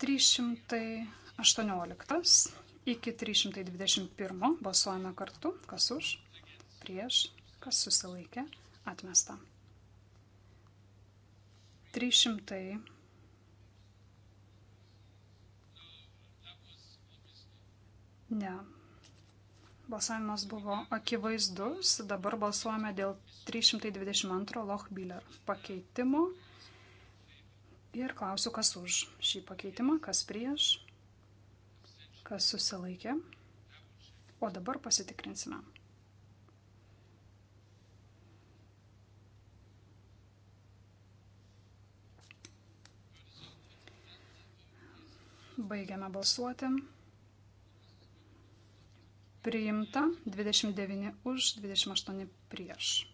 A: 318 iki 321 balsuojame kartu, kas už, prieš, kas susilaikė, atmesta. 300. Ne, Balsavimas buvo akivaizdus. Dabar balsuojame dėl 322 Lochbiller pakeitimo. Ir klausiu, kas už šį pakeitimą, kas prieš, kas susilaikė. O dabar pasitikrinsime. Baigiame balsuoti. Priimta 29 už, 28 prieš.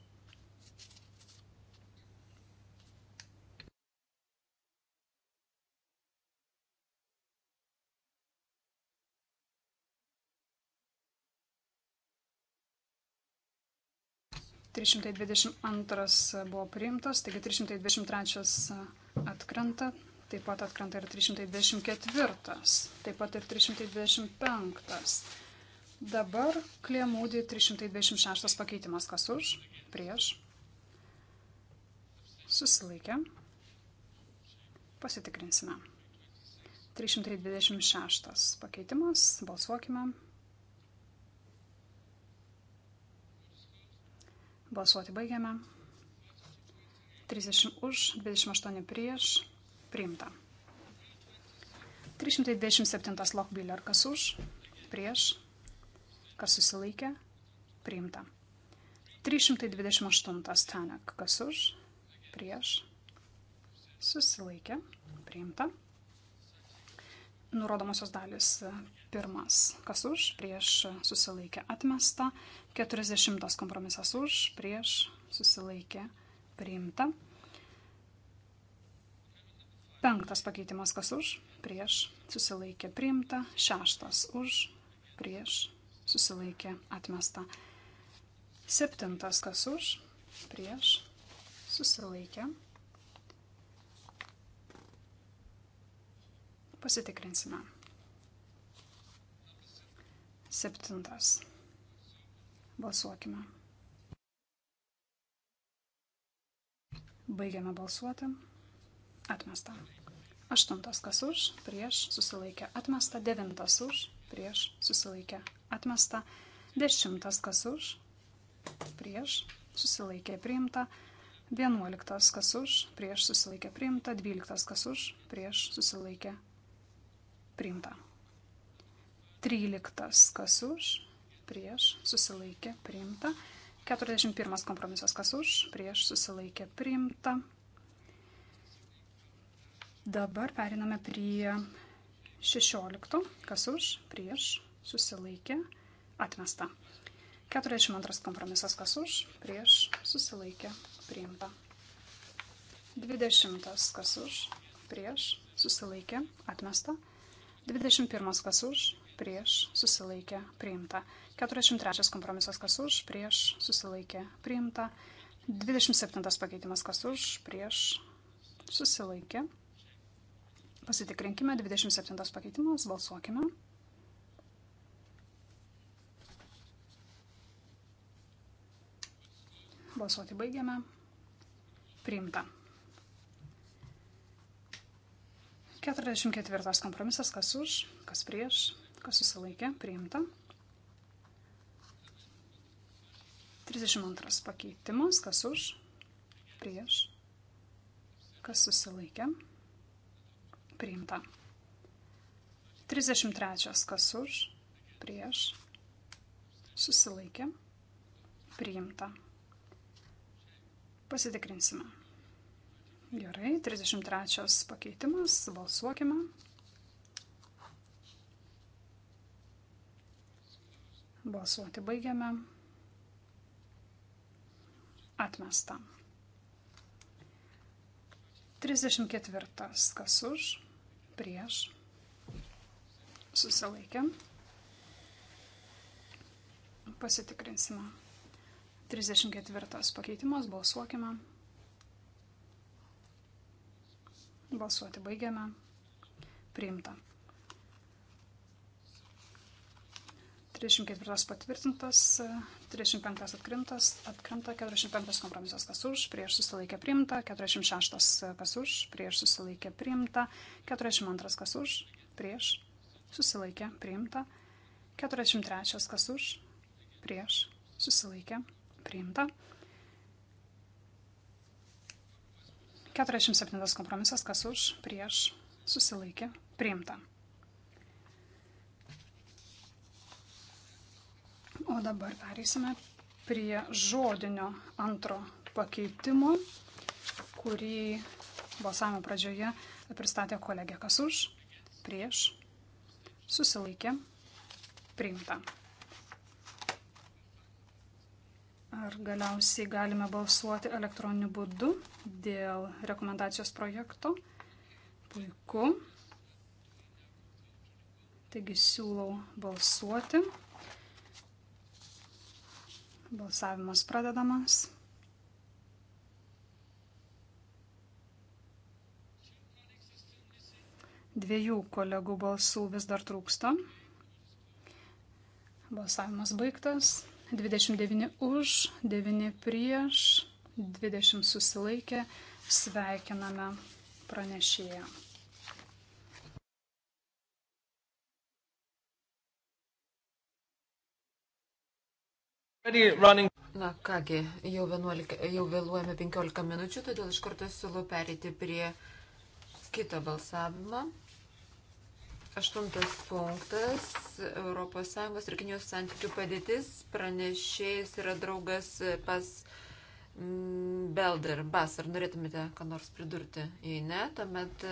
A: Trys šimtai dvidešimt antras buvo priimtas, taigi trys šimtai dvidešimt trečias atkrenta, taip pat atkrenta ir 324, taip pat ir 325. Dabar kliemūdį 326 pakeitimas kas už, prieš, susilaikę, pasitikrinsime. 326 pakeitimas, balsuokime. Balsuoti baigiame. 30 už, 28 prieš, priimta. 327 Lochbiller kas už, prieš, Kas susilaikė? Priimta. 328 Stanek. Kas už? Prieš. Susilaikė. Priimta. Nurodomosios dalis pirmas. Kas už? Prieš. Susilaikė. Atmesta. 40 kompromisas už. Prieš. Susilaikė. Priimta. Penktas pakeitimas kas už? Prieš. Susilaikė. Priimta. Šeštas už. Prieš susilaikė atmesta. Septintas kas už, prieš, susilaikė. Pasitikrinsime. Septintas. Balsuokime. Baigiame balsuoti. Atmesta. Aštuntas kas už, prieš, susilaikė. Atmesta. Devintas už, prieš susilaikę atmesta, dešimtas kas už, prieš susilaikę priimta, vienuoliktas kas už, prieš susilaikę priimta, dvyliktas kas už, prieš susilaikę priimta. Tryliktas kas už, prieš susilaikę priimta, 41 kompromisas kas už, prieš susilaikė priimta. Dabar periname prie 16, kas už, prieš, susilaikė, atmesta. 42 kompromisas, kas už, prieš, susilaikė, priimta. 20, kas už, prieš, susilaikė, atmesta. 21, kas už, prieš, susilaikė, priimta. 43 kompromisas, kas už, prieš, susilaikė, priimta. 27 pakeitimas, kas už, prieš, susilaikė, priimta Pasitikrinkime 27 pakeitimas, balsuokime. Balsuoti baigiame. Priimta. 44 kompromisas, kas už, kas prieš, kas susilaikė, priimta. 32 pakeitimas, kas už, prieš, kas susilaikė, priimta priimta. 33. Kas už, prieš, susilaikė, priimta. Pasitikrinsime. Gerai, 33 pakeitimas, balsuokime. Balsuoti baigiame. Atmesta. 34. Kas už? prieš, susilaikė. Pasitikrinsime. 34 pakeitimas, balsuokime. Balsuoti baigiame. Priimta. 34 patvirtintas, 35 atkrintas, atkrenta 45 kompromisas kas už, prieš susilaikė priimta, 46 kas už, prieš susilaikė priimta, 42 kas už, prieš susilaikė priimta, 43 kas už, prieš susilaikė priimta, 47 kompromisas kas už, prieš susilaikė priimta. O dabar pereisime prie žodinio antro pakeitimo, kurį balsavimo pradžioje pristatė kolegė kas už, prieš, susilaikė, priimta. Ar galiausiai galime balsuoti elektroniniu būdu dėl rekomendacijos projekto? Puiku. Taigi siūlau balsuoti. Balsavimas pradedamas. Dviejų kolegų balsų vis dar trūksta. Balsavimas baigtas. 29 už, 9 prieš, 20 susilaikė. Sveikiname pranešėją. Na kągi,
C: jau, 11, jau vėluojame 15 minučių, todėl iš karto siūlau perėti prie kito balsavimo. Aštuntas punktas - ES ir Kinijos santykių padėtis. Pranešėjas yra draugas pas mm, Belder. Bas, ar norėtumėte ką nors pridurti? Jei ne, tuomet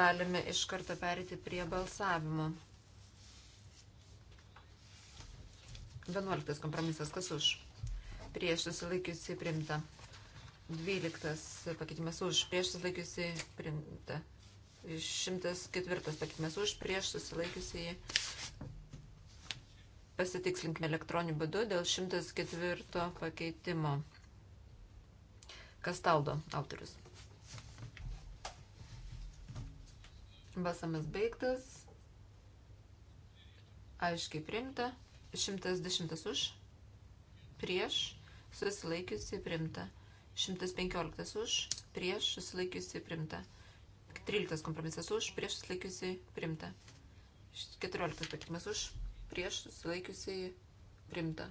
C: galime iš karto perėti prie balsavimo. 11 kompromisas kas už. Prieš susilaikiusi primta. 12 pakeitimas už. Prieš susilaikiusi primta. 104 pakeitimas už. Prieš susilaikiusi pasitikslinkime elektroniniu būdu dėl 104 pakeitimo. Kastaldo autorius. Basamas baigtas. Aiškiai primta. 110 už, prieš, susilaikiusi primta. 115 už, prieš, susilaikiusi primta. 13 kompromisas už, prieš, susilaikiusi primta. 14 patikimas už, prieš, susilaikiusi primta.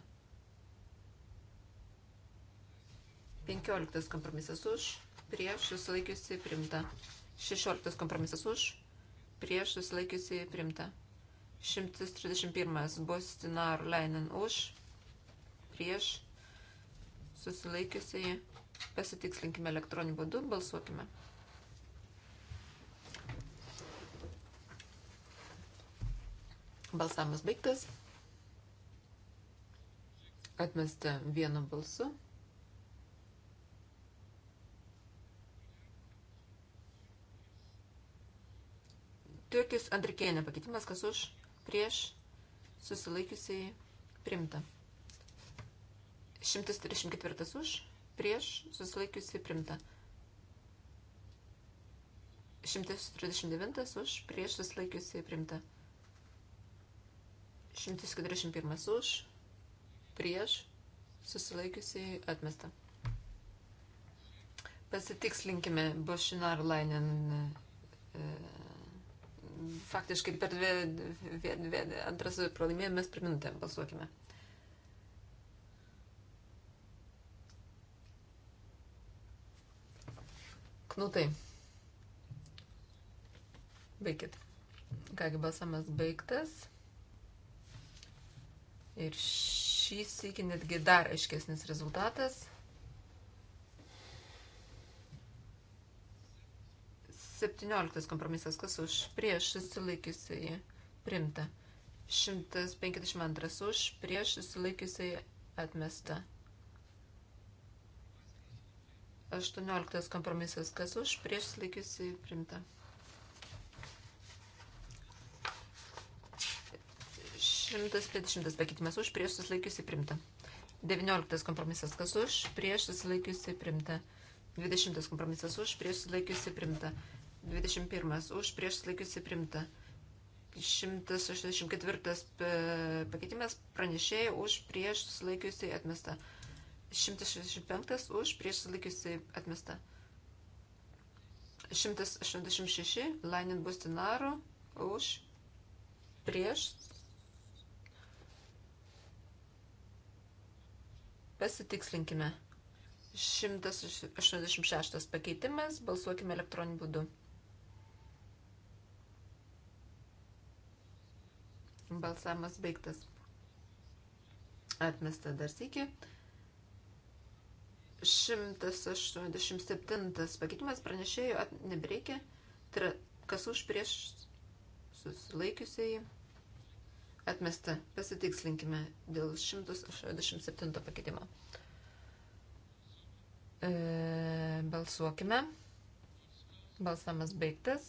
C: 15 kompromisas už, prieš, susilaikiusi primta. 16 kompromisas už, prieš, susilaikiusi primta. 131 bus Tinaru Leinen už, prieš, susilaikiusiai, pasitikslinkime elektroniniu būdu, balsuokime. Balsavimas baigtas. Atmesta vienu balsu. Turkis Andrikėnė pakeitimas, kas už? prieš susilaikiusiai primta. 134 už, prieš susilaikiusiai primta. 139 už, prieš susilaikiusiai primta. 141 už, prieš susilaikiusiai atmesta. Pasitikslinkime Bošinar Lainen. E, faktiškai per dvi, dvi, dvi, antras pralaimėjimas per minutę balsuokime. Knutai. Baigit. Kągi balsamas baigtas. Ir šį sėkį netgi dar aiškesnis rezultatas. 17 kompromisas, kas už prieš susilaikiusiai primta. 152 už prieš susilaikiusiai atmesta. 18 kompromisas, kas už prieš susilaikiusiai primta. 150 pakeitimas už prieš susilaikiusiai primta. 19 kompromisas, kas už prieš susilaikiusiai primta. 20 kompromisas už prieš susilaikiusiai primta. 21 už prieš laikiusi primta. 164 pakeitimas pranešėjai už prieš sulaikiusiai atmesta. 165 už prieš sulaikiusiai atmesta. 186 Lainin Bustinaro už prieš pasitikslinkime. 186 pakeitimas, balsuokime elektroniniu būdu. Balsavimas baigtas. Atmesta dar sėki. 187 pakeitimas pranešėjo, at, nebereikia. Tai yra, kas už prieš susilaikiusiai. Atmesta. Pasitikslinkime dėl 187 pakeitimo. E, balsuokime. Balsamas baigtas.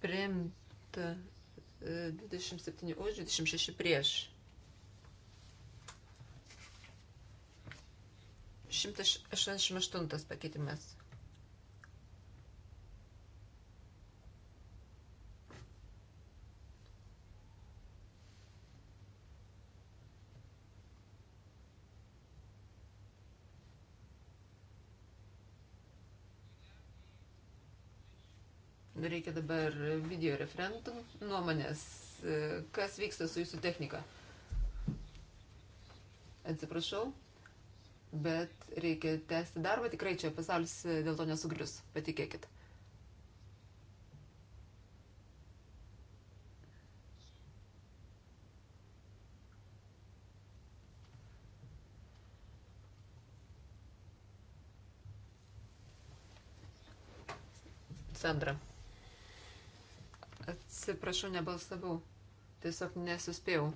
C: Priimta 27 e, už, 26 prieš. 188 pakeitimas. Reikia dabar video referentum nuomonės, e, kas vyksta su jūsų technika. Atsiprašau, bet reikia tęsti darbą, tikrai čia pasaulis e, dėl to nesugrius, patikėkit. Sandra. Atsiprašau, nebalsavau. Tiesiog nesuspėjau.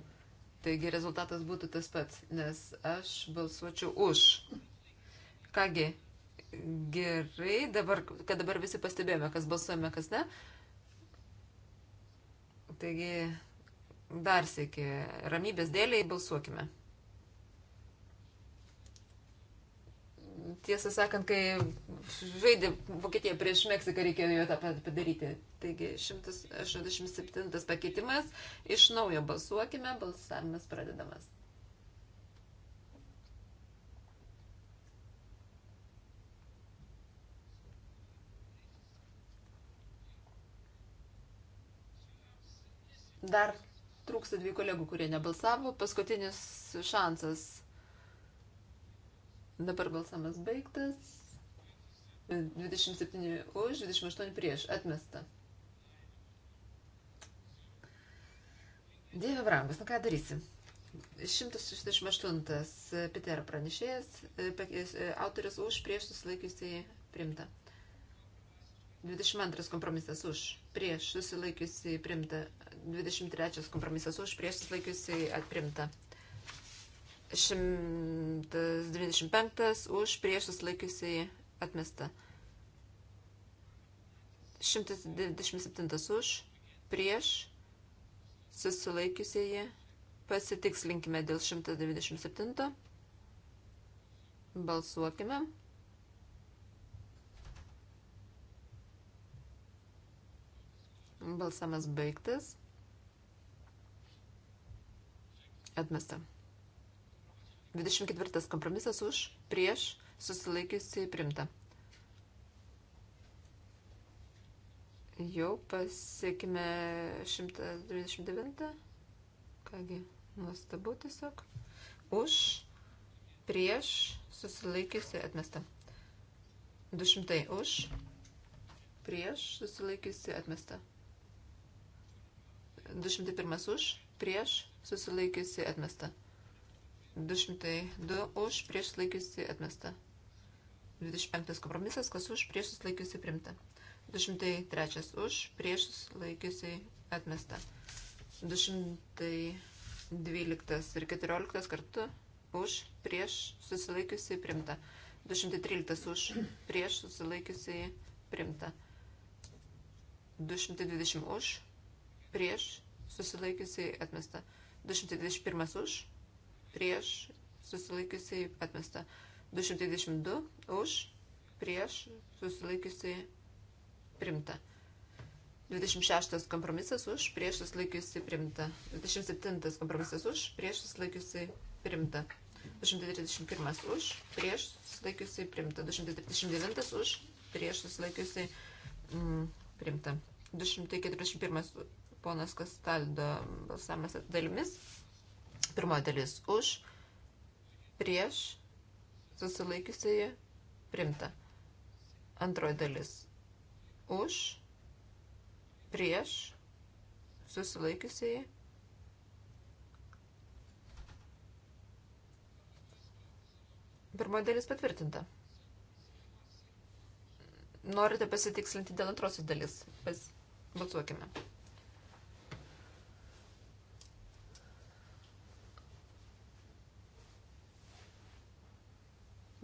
C: Taigi rezultatas būtų tas pats, nes aš balsuočiau už. Kągi, gerai, dabar, kad dabar visi pastebėjome, kas balsuojame, kas ne. Taigi, dar sėki, ramybės dėliai balsuokime. tiesą sakant, kai žaidė Vokietija prieš Meksiką, reikėjo jo tą padaryti. Taigi 187 pakeitimas, iš naujo balsuokime, balsavimas pradedamas. Dar trūksta dviejų kolegų, kurie nebalsavo. Paskutinis šansas Dabar balsamas baigtas. 27 už, 28 prieš. Atmesta. Dieve brangus, nu ką darysim? 168 e, Peter pranešėjas, e, e, autoris už, prieš susilaikiusiai primta. 22 kompromisas už, prieš susilaikiusiai primta. 23 kompromisas už, prieš susilaikiusiai atprimta. 125 už prieš susilaikiusiai atmesta. 127 už prieš susilaikiusiai pasitikslinkime dėl 127. Balsuokime. Balsamas baigtas. Atmesta. 24 kompromisas už, prieš, susilaikiusi primta. Jau pasiekime 129. Kągi, nuostabu tiesiog. Už, prieš, susilaikiusi atmesta. 200 už, prieš, susilaikiusi atmesta. 201 už, prieš, susilaikiusi atmesta. 202 už prieš laikiusi atmesta. 25 kompromisas, kas už prieš laikiusi primta. 203 už prieš laikiusi atmesta. 212 ir 14 kartu už prieš susilaikiusi primta. 213 už prieš susilaikiusi primta. 220 už prieš susilaikiusi atmesta. 221 už prieš susilaikiusiai atmesta. 222 už prieš susilaikiusiai primta. 26 kompromisas už prieš susilaikiusiai primta. 27 kompromisas už prieš susilaikiusiai primta. 231 už prieš susilaikiusiai primta. 239 už prieš susilaikiusiai mm, primta. 241 ponas Kastaldo balsavimas dalimis Pirmoji dalis už, prieš, susilaikiusioje, primta. Antroji dalis už, prieš, susilaikiusioje, primta. Pirmoji dalis patvirtinta. Norite pasitikslinti dėl antrosios dalis? Pas... Balsuokime.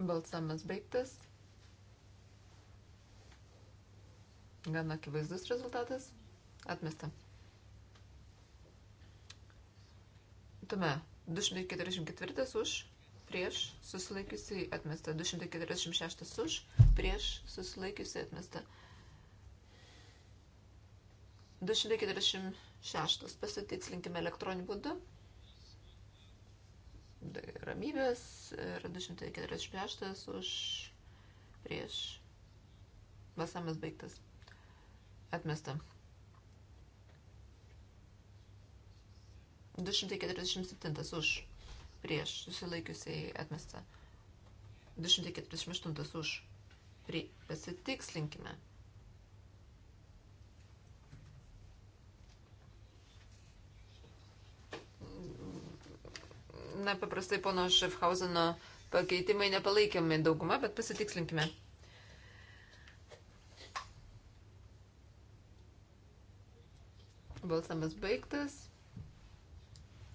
C: Balsamas baigtas. Gana akivaizdus rezultatas. Atmesta. Tume 244 už, prieš, susilaikiusiai atmesta. 246 už, prieš, susilaikiusiai atmesta. 246 pasitikslinkime elektroniniu būdu ramybės ir 246 už prieš balsavimas baigtas. Atmesta. 247 už prieš susilaikiusiai atmesta. 248 už prie pasitikslinkime. Na, paprastai pono Šefhauzeno pakeitimai nepalaikiami dauguma, bet pasitikslinkime. Balsamas baigtas.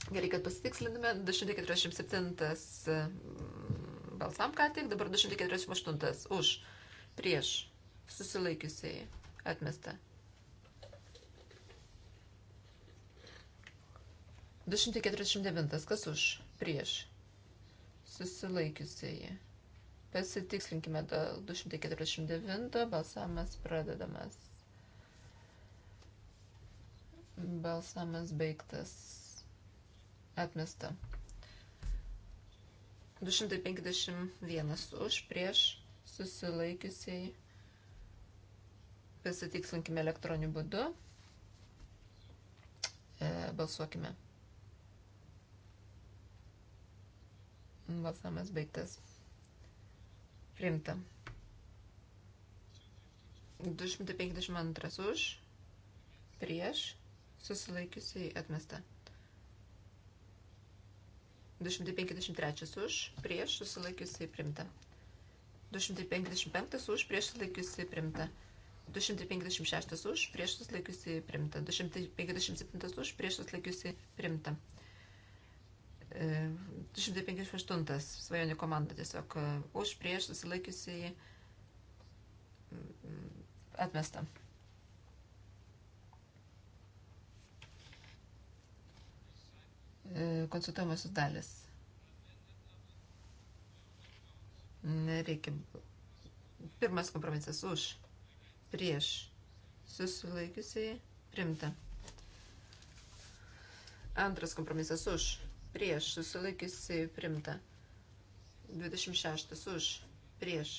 C: Gerai, kad pasitiksliname. 247 mm, balsam ką tik, dabar 248 už, prieš, susilaikiusiai, atmesta. 249, kas už? prieš susilaikiusieji. Pasitikslinkime 249, balsamas pradedamas. Balsamas baigtas. Atmesta. 251 už prieš susilaikiusiai. Pasitikslinkime elektroniniu būdu. E, balsuokime. Balsavimas e baigtas. Primta. 252 už, prieš, susilaikiusiai atmesta. 253 už, prieš, susilaikiusiai primta. 255 už, prieš, susilaikiusiai primta. 256 už, prieš, susilaikiusiai primta. 257 už, prieš, susilaikiusiai primta. 258 svajonių komanda tiesiog už prieš susilaikiusiai atmesta. Konsultuojamosios dalis. Nereikia. Pirmas kompromisas už prieš susilaikiusiai primta. Antras kompromisas už prieš susilaikiusi primta. 26 už prieš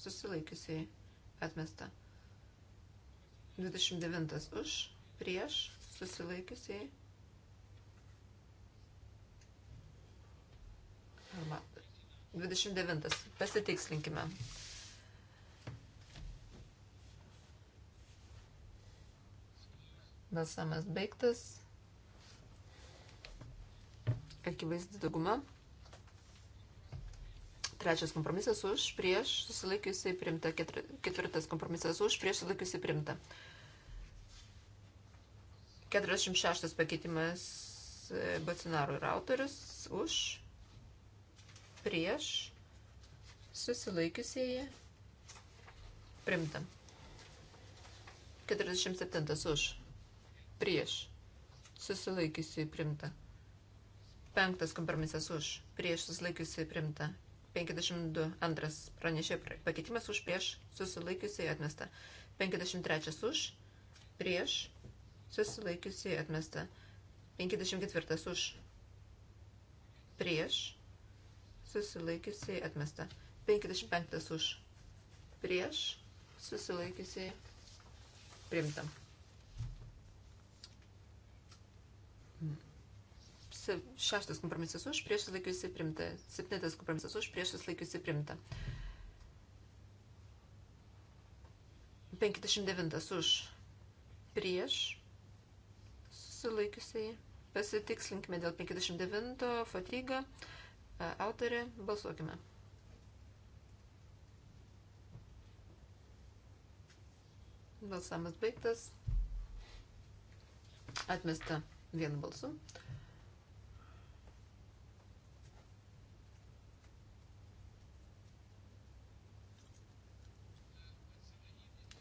C: susilaikiusi atmesta. 29 už prieš susilaikiusi Arba 29. Pasitikslinkime. Balsamas baigtas. Akivaizdi dauguma. Trečias kompromisas už, prieš, susilaikiusiai primta. Ketvirtas kompromisas už, prieš, susilaikiusiai primta. 46 pakeitimas e, Bacinaro ir autorius už, prieš, susilaikiusieji, primta. 47 už, prieš, susilaikiusieji, primta. Penktas kompromisas už, prieš susilaikiusi primta. 52 antras pranešė pakeitimas už, prieš susilaikiusi atmesta. 53 už, prieš susilaikiusi atmesta. 54 už, prieš susilaikiusi atmesta. 55 už, prieš susilaikiusi primta. Šeštas kompromisas už, prieš susilaikiusi primta. Septintas kompromisas už, prieš susilaikiusi primta. 59 už, prieš susilaikiusiai. Pasitikslinkime dėl 59 fatiga. Autorė, balsuokime. Balsamas baigtas. Atmesta vienu balsu.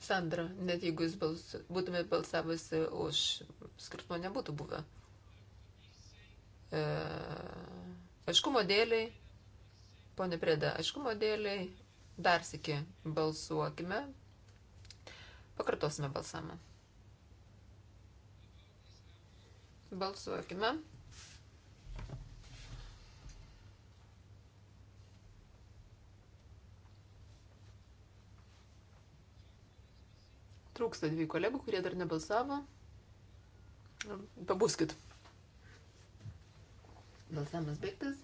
C: Sandra, net jeigu jūs bals, būtumėt balsavusi už, skirtumo nebūtų buvę. E, aiškumo dėliai, ponė Preda, aiškumo dėliai, dar sėki balsuokime, pakartosime balsamą. Balsuokime. Balsuokime. Trūksta dviejų kolegų, kurie dar nebalsavo. Pabuskit. Balsavimas baigtas.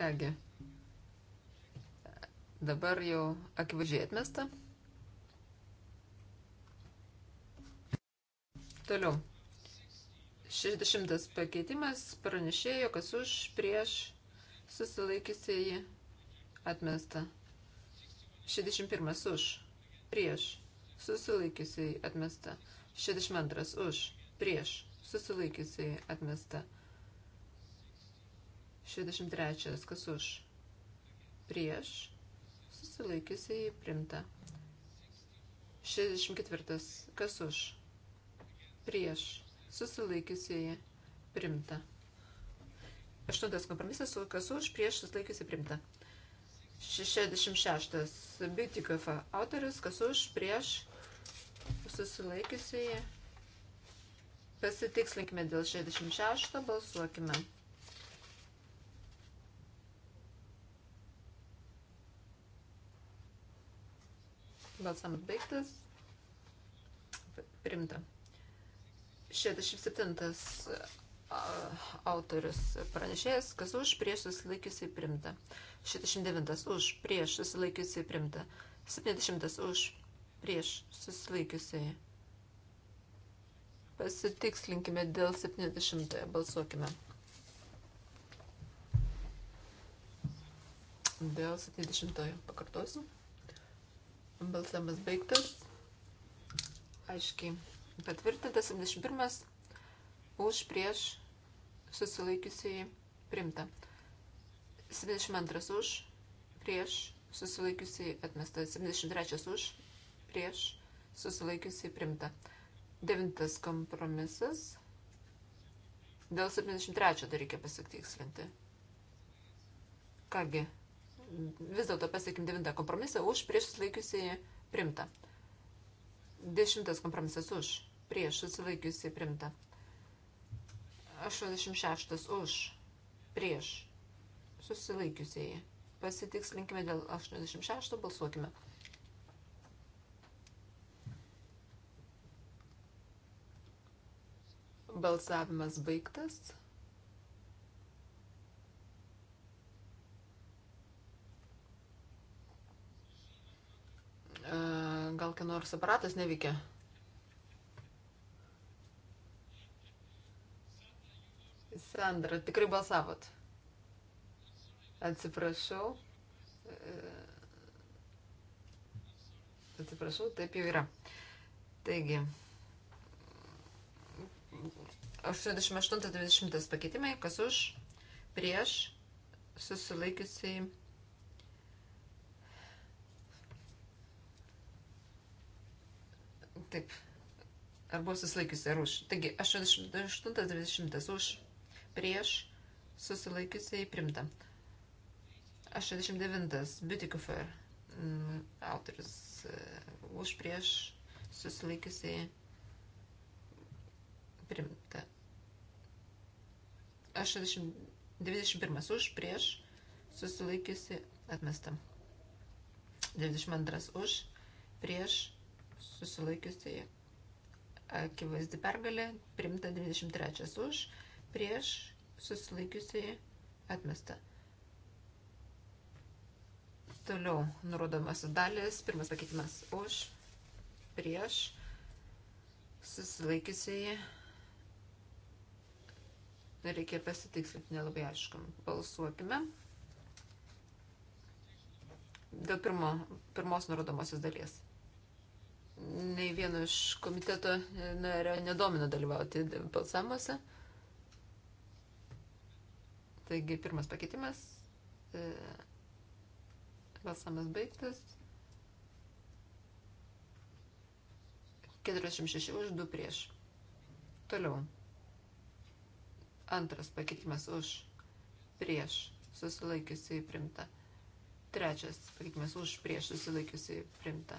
C: Kągi, dabar jau akivaizdžiai atmesta. Toliau. 60 pakeitimas pranešėjo, kas už prieš susilaikysieji atmesta. 61 už, prieš, susilaikiusiai atmesta. 62 už, prieš, susilaikiusiai atmesta. 63 kas už, prieš, susilaikiusiai primta. 64 kas už, prieš, susilaikiusiai primta. Aštuntas kompromisas, kas už, prieš susilaikiusi primta. 66. Bitikofo autorius, kas už, prieš susilaikiusi. Pasitikslinkime dėl 66, balsuokime. Balsamas baigtas. Primta. 67 autorius pranešėjas, kas už, prieš susilaikiusiai primta. 69 už, prieš susilaikiusiai primta. 70 už, prieš susilaikiusiai. Pasitikslinkime dėl 70. Balsuokime. Dėl 70. Pakartosiu. Balsamas baigtas. Aiškiai. Patvirtintas 71. Už prieš susilaikiusiai primta. 72 už, prieš, susilaikiusiai atmesta. 73 už, prieš, susilaikiusiai primta. 9 kompromisas. Dėl 73 dar reikia pasitikslinti. Kągi, vis dėlto pasiekim 9 kompromisą už, prieš, susilaikiusiai primta. 10 kompromisas už, prieš, susilaikiusiai primta. 86 už, prieš, susilaikiusieji. Pasitikslinkime dėl 86, balsuokime. Balsavimas baigtas. Gal kieno nors aparatas neveikia? Sandra, tikrai balsavot. Atsiprašau. Atsiprašau, taip jau yra. Taigi, 88-20 pakeitimai, kas už, prieš, susilaikiusiai. Taip, ar buvo susilaikiusi, ar už. Taigi, 88-20 už, prieš susilaikiusiai primta. 89. Beautycofer autoris už prieš susilaikiusiai primta. 91. Už prieš susilaikiusi atmesta. 22. Už prieš susilaikiusiai akivaizdi pergalė primta. 23. Už prieš prieš susilaikiusiai atmesta. Toliau nurodomas dalis, pirmas pakeitimas už, prieš susilaikiusiai reikia pasitikslinti, nelabai aišku. Balsuokime. Dėl pirmo, pirmos nurodomosios dalies. Nei vieno iš komiteto nario nedomino dalyvauti balsamuose. Taigi pirmas pakeitimas. E, balsamas baigtas. 46 už 2 prieš. Toliau. Antras pakeitimas už prieš susilaikiusiai primta. Trečias pakeitimas už prieš susilaikiusiai primta.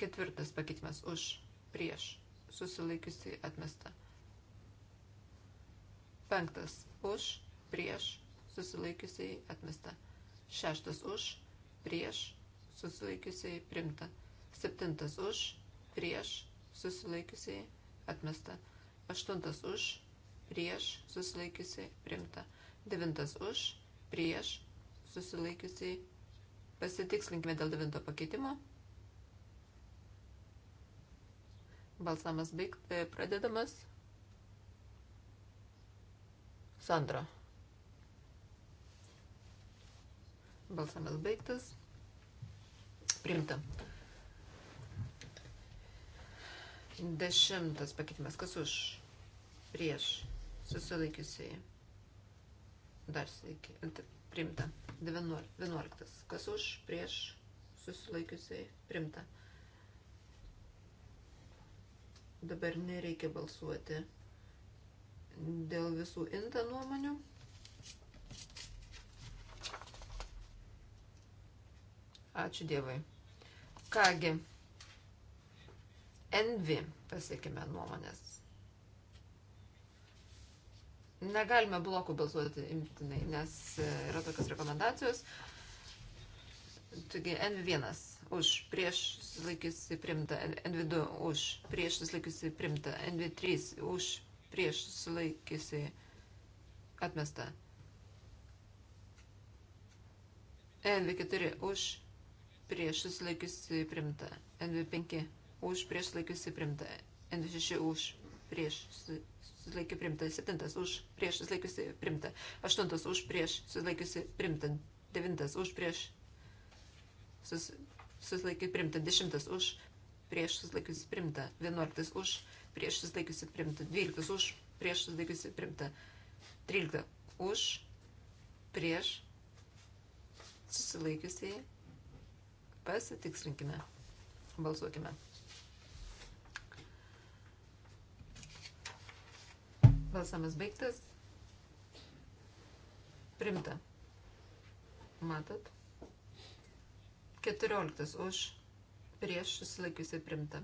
C: Ketvirtas pakeitimas už prieš susilaikiusiai atmesta. Penktas už, prieš, susilaikiusiai atmesta. Šeštas už, prieš, susilaikiusiai primta. Septintas už, prieš, susilaikiusiai atmesta. Aštuntas už, prieš, susilaikiusiai primta. Devintas už, prieš, susilaikiusiai. Pasitikslinkime dėl devinto pakeitimo. Balsamas baigti e, pradedamas. Sandra. Balsamas baigtas. Primta. Dešimtas pakeitimas. Kas už? Prieš. Susilaikiusiai. Dar sveiki. Primta. Vienuoliktas. Kas už? Prieš. Susilaikiusiai. Primta. Dabar nereikia balsuoti. Primta dėl visų inta nuomonių. Ačiū Dievui. Kągi, envi pasiekime nuomonės. Negalime blokų balsuoti imtinai, nes yra tokios rekomendacijos. Taigi, N1 už prieš susilaikiusi primta, N2 už prieš susilaikiusi primta, N23 už prieš sulaikysi atmesta. NV4 už prieš susilaikiusi primta. NV5 už prieš susilaikiusi primta. NV6 už prieš susilaikiusi primta. 7 už prieš susilaikiusi primta. 8 už prieš susilaikiusi primta. 9 už prieš susilaikiusi primta. 10 už prieš susilaikiusi primta. 11 už prieš susilaikiusi primta, 12 už, prieš susilaikiusi primta, 13 už, prieš susilaikiusi pasitikslinkime, balsuokime. Balsamas baigtas. Primta. Matot? 14 už prieš susilaikiusi primta.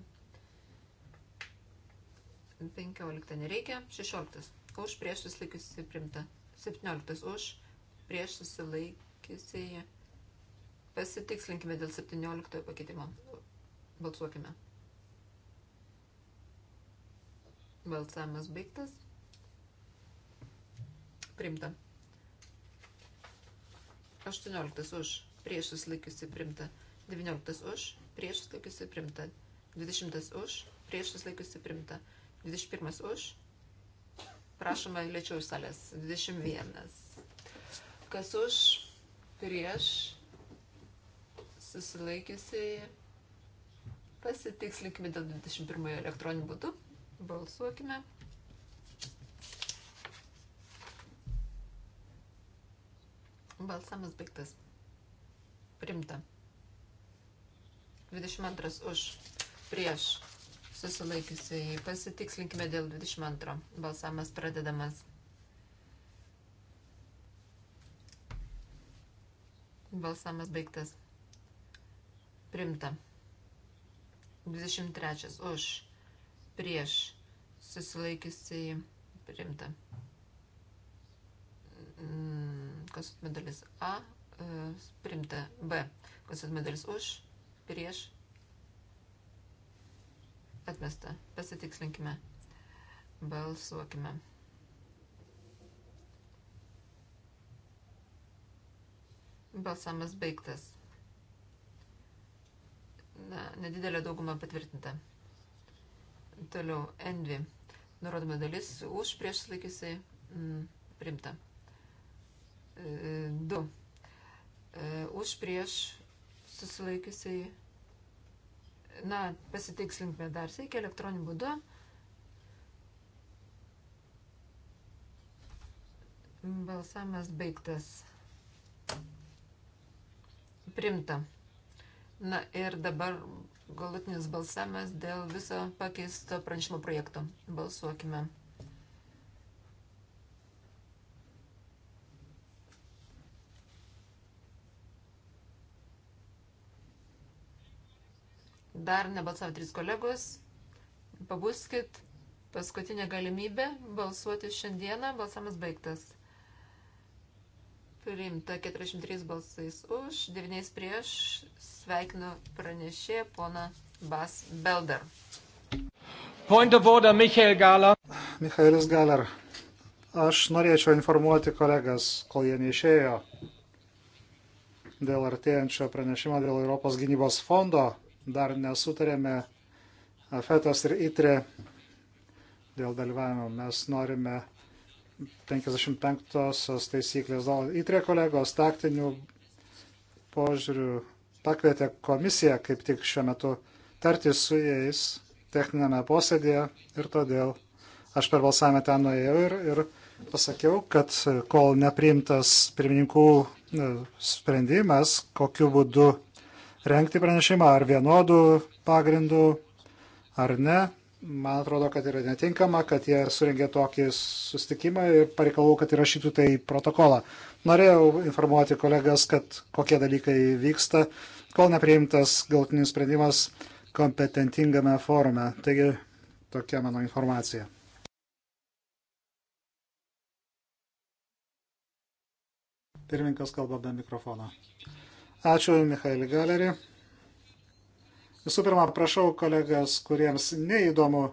C: 15 nereikia, 16 už prieš susilaikiusi primta, 17 už prieš susilaikiusi. Pasitikslinkime dėl 17 pakeitimo. Balsuokime. Balsavimas baigtas. Primta. 18 už prieš susilaikiusi primta. 19 už prieš susilaikiusi primta. 20 už prieš susilaikiusi primta. 21 už. Prašome lėčiau iš salės. 21. Kas už, prieš, susilaikiusi. Pasitikslinkime dėl 21 elektroninių būdų. Balsuokime. Balsamas baigtas. Primta. 22 už, prieš, susilaikiusiai. Pasitikslinkime dėl 22. Balsamas pradedamas. Balsamas baigtas. Primta. 23. Už. Prieš. Susilaikiusiai. Primta. Mm, Kas atmedalis A. E, primta. B. Kas atmedalis už. Prieš Atmesta. Pasitikslinkime. Balsuokime. Balsamas baigtas. Na, nedidelė dauguma patvirtinta. Toliau, N2. Nurodoma dalis už prieš laikysiai mm, primta. 2. E, e, už prieš susilaikiusiai Na, pasitikslinkime dar sveiki elektroniniu būdu. Balsavimas baigtas. Primta. Na ir dabar galutinis balsavimas dėl viso pakeisto pranešimo projekto. Balsuokime. dar nebalsavo trys kolegos, pabuskit, paskutinė galimybė balsuoti šiandieną, balsamas baigtas. Priimta 43 balsais už, 9 prieš, sveikinu pranešė pona Bas Belder.
B: Point of order, Michael Galer. Michaelis Galer. Aš norėčiau informuoti kolegas, kol jie neišėjo, dėl artėjančio pranešimo dėl Europos gynybos fondo dar nesutarėme Afetas ir Itre dėl dalyvavimo. Mes norime 55-osios taisyklės. Itre kolegos taktinių požiūrių pakvietė komisiją kaip tik šiuo metu tartis su jais techninėme posėdėje ir todėl aš per balsavimą ten nuėjau ir, ir pasakiau, kad kol nepriimtas pirmininkų e, sprendimas, kokiu būdu renkti pranešimą ar vienodų pagrindų ar ne. Man atrodo, kad yra netinkama, kad jie suringė tokį sustikimą ir pareikalau, kad įrašytų tai į protokolą. Norėjau informuoti kolegas, kad kokie dalykai vyksta, kol nepriimtas galtinis sprendimas kompetentingame forume. Taigi tokia mano informacija. Pirmininkas kalba be mikrofono. Ačiū, Michaelį Galerį. Visų pirma, prašau kolegas, kuriems neįdomu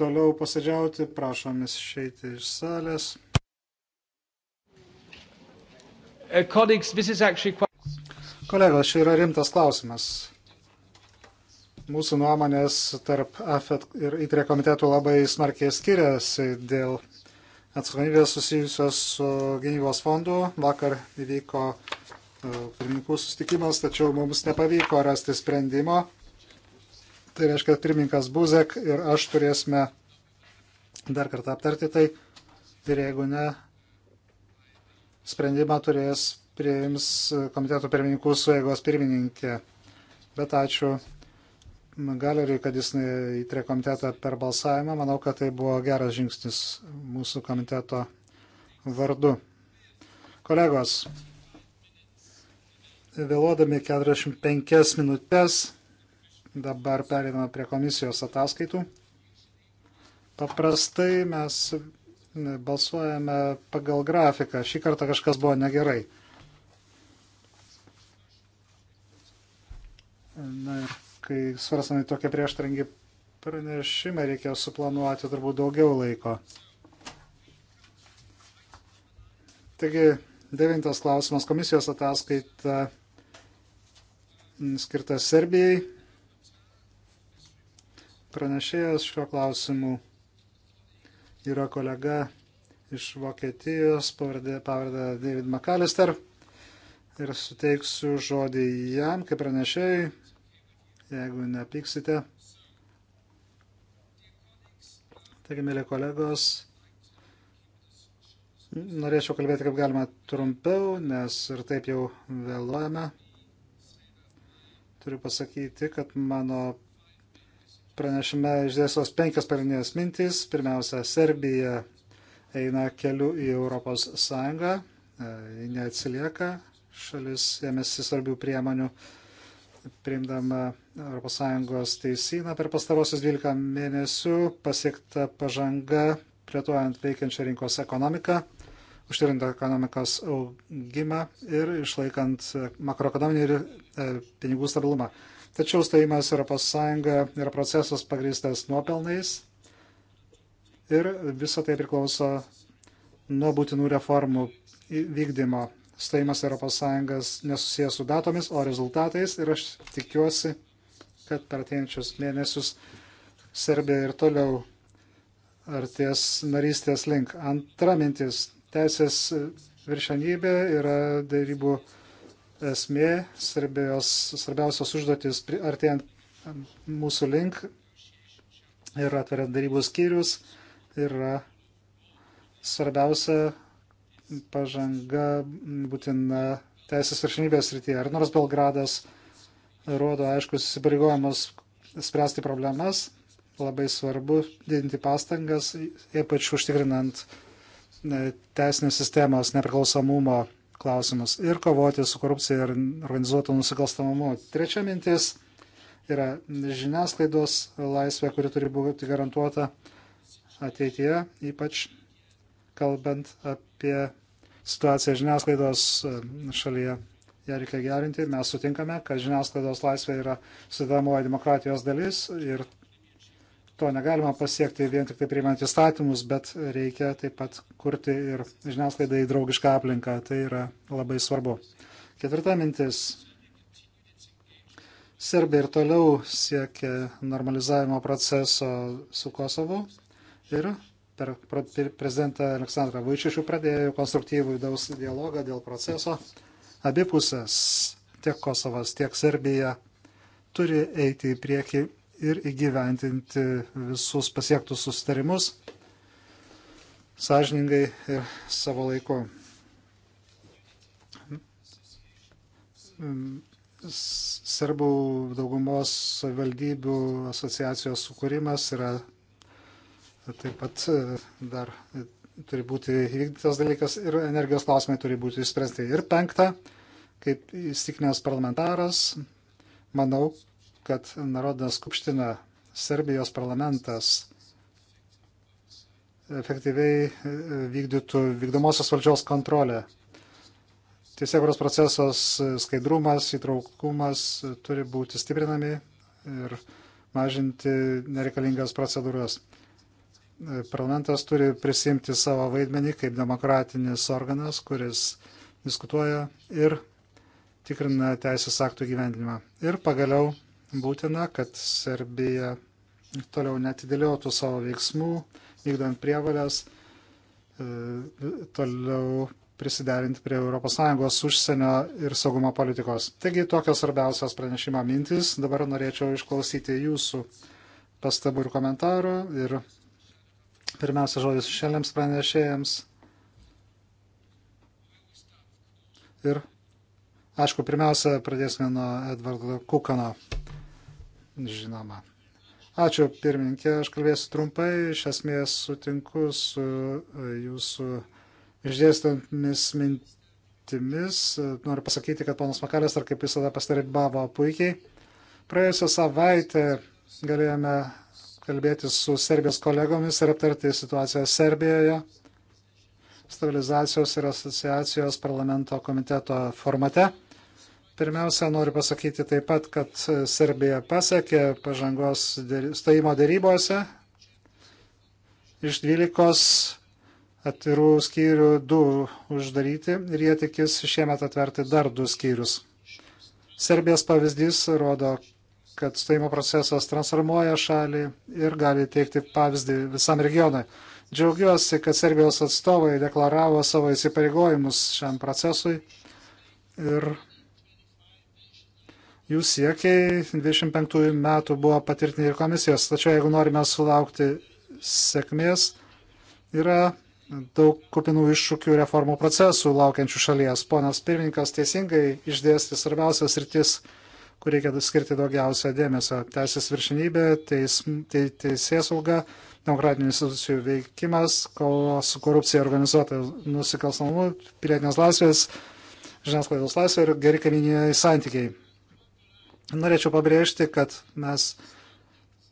B: toliau posėdžiauti, prašomis išeiti iš salės. Uh, Kolegos, čia yra rimtas klausimas. Mūsų nuomonės tarp AFET ir ITRE komitetų labai smarkiai skiriasi dėl atsakomybės susijusios su gynybos fondu. Vakar įvyko e, pirmininkų sustikimas, tačiau mums nepavyko rasti sprendimo. Tai reiškia, pirmininkas Buzek ir aš turėsime dar kartą aptarti tai. Ir jeigu ne, sprendimą turės priims komiteto pirmininkų suėgos pirmininkė. Bet ačiū Galeriui, kad jis įtrė komitetą per balsavimą. Manau, kad tai buvo geras žingsnis mūsų komiteto vardu. Kolegos, vėluodami 45 minutės, dabar perėdame prie komisijos ataskaitų. Paprastai mes balsuojame pagal grafiką. Šį kartą kažkas buvo negerai. Na ir kai svarstami tokie prieštaringi pranešimai, reikia suplanuoti turbūt daugiau laiko. Taigi, devintas klausimas komisijos ataskaita skirta Serbijai. Pranešėjas šiuo klausimu yra kolega iš Vokietijos, pavardė, pavardė David McAllister. Ir suteiksiu žodį jam, kaip pranešėjai, jeigu nepiksite. Taigi, mėly kolegos, norėčiau kalbėti kaip galima trumpiau, nes ir taip jau vėluojame. Turiu pasakyti, kad mano pranešime išdėstos penkias pagrindinės mintys. Pirmiausia, Serbija eina keliu į Europos Sąjungą, e, ji neatsilieka, šalis ėmėsi svarbių priemonių priimdama ES teisyną per pastarosius 12 mėnesių pasiekta pažanga, plėtojant veikiančią rinkos ekonomiką, užtikrint ekonomikos augimą ir išlaikant makroekonominį ir e, pinigų stabilumą. Tačiau stojimas ES yra procesas pagrįstas nuopelnais ir visa tai priklauso nuo būtinų reformų vykdymo stojimas Europos Sąjungas nesusijęs su datomis, o rezultatais ir aš tikiuosi, kad per atėjančius mėnesius Serbija ir toliau arties narystės link. Antra mintis - teisės viršenybė yra darybų esmė, Serbijos svarbiausios užduotis artėjant mūsų link ir atveriant darybų skyrius yra svarbiausia pažanga būtina teisės viršinybės rytyje. Ar nors Belgradas rodo aiškus įsipareigojimus spręsti problemas, labai svarbu didinti pastangas, ypač užtikrinant e, teisinės sistemos nepriklausomumo klausimus ir kovoti su korupcija ir organizuotų nusikalstamumu. Trečia mintis yra žiniasklaidos laisvė, kuri turi būti garantuota ateityje, ypač kalbant apie situaciją žiniasklaidos e, šalyje. Ja reikia gerinti. Mes sutinkame, kad žiniasklaidos laisvė yra sudėdamoji demokratijos dalis ir to negalima pasiekti vien tik tai priimant įstatymus, bet reikia taip pat kurti ir žiniasklaidai draugišką aplinką. Tai yra labai svarbu. Ketvirta mintis. Serbai ir toliau siekia normalizavimo proceso su Kosovu ir per prezidentą Aleksandrą Vaičišių pradėjo konstruktyvų vidaus dialogą dėl proceso. Abi pusės, tiek Kosovas, tiek Serbija, turi eiti į priekį ir įgyventinti visus pasiektus sustarimus sąžiningai ir savo laiku. Serbų daugumos valdybių asociacijos sukūrimas yra taip pat e, dar e, turi būti įvykdytas dalykas ir energijos klausimai turi būti išspręsti. Ir penkta, kaip įstikinęs parlamentaras, manau, kad Narodas Kupština, Serbijos parlamentas, efektyviai e, vykdytų vykdomosios valdžios kontrolę. Teisėkuros procesos skaidrumas, įtraukumas turi būti stiprinami ir mažinti nereikalingas procedūras parlamentas turi prisimti savo vaidmenį kaip demokratinis organas, kuris diskutuoja ir tikrina teisės aktų gyvendinimą. Ir pagaliau būtina, kad Serbija toliau netidėliotų savo veiksmų, vykdant prievalės, e, toliau prisiderinti prie ES užsienio ir saugumo politikos. Taigi tokios svarbiausios pranešimo mintys. Dabar norėčiau išklausyti jūsų pastabų ir komentarų ir Pirmiausia, žodis šešėliams pranešėjams. Ir, aišku, pirmiausia, pradėsime nuo Edvardo Kukano. Žinoma. Ačiū, pirmininkė, aš kalbėsiu trumpai. Iš esmės sutinku su e, jūsų išdėstantomis mintimis. Noriu pasakyti, kad ponas Makalės, ar kaip visada, pastarybavo puikiai. Praėjusią savaitę galėjome kalbėti su Serbijos kolegomis ir aptarti situaciją Serbijoje stabilizacijos ir asociacijos parlamento komiteto formate. Pirmiausia, noriu pasakyti taip pat, kad Serbija pasiekė pažangos stojimo dėrybose. Iš 12 atvirų skyrių 2 uždaryti ir jie tikis šiemet atverti dar 2 skyrius. Serbijos pavyzdys rodo, kad stojimo procesas transformuoja šalį ir gali teikti pavyzdį visam regionui. Džiaugiuosi, kad Serbijos atstovai deklaravo savo įsipareigojimus šiam procesui ir jų siekiai 25 metų buvo patvirtinti ir komisijos. Tačiau jeigu norime sulaukti sėkmės, yra daug kupinų iššūkių reformų procesų laukiančių šalies. Ponas pirmininkas teisingai išdėsti svarbiausias rytis kur reikia skirti daugiausia dėmesio. Teisės viršinybė, teis, te, teisėsauga, demokratinių institucijų veikimas, kovo su korupcija organizuota nusikalstamumu, pilietinės laisvės, žiniasklaidos laisvė ir geri kaiminiai santykiai. Norėčiau pabrėžti, kad mes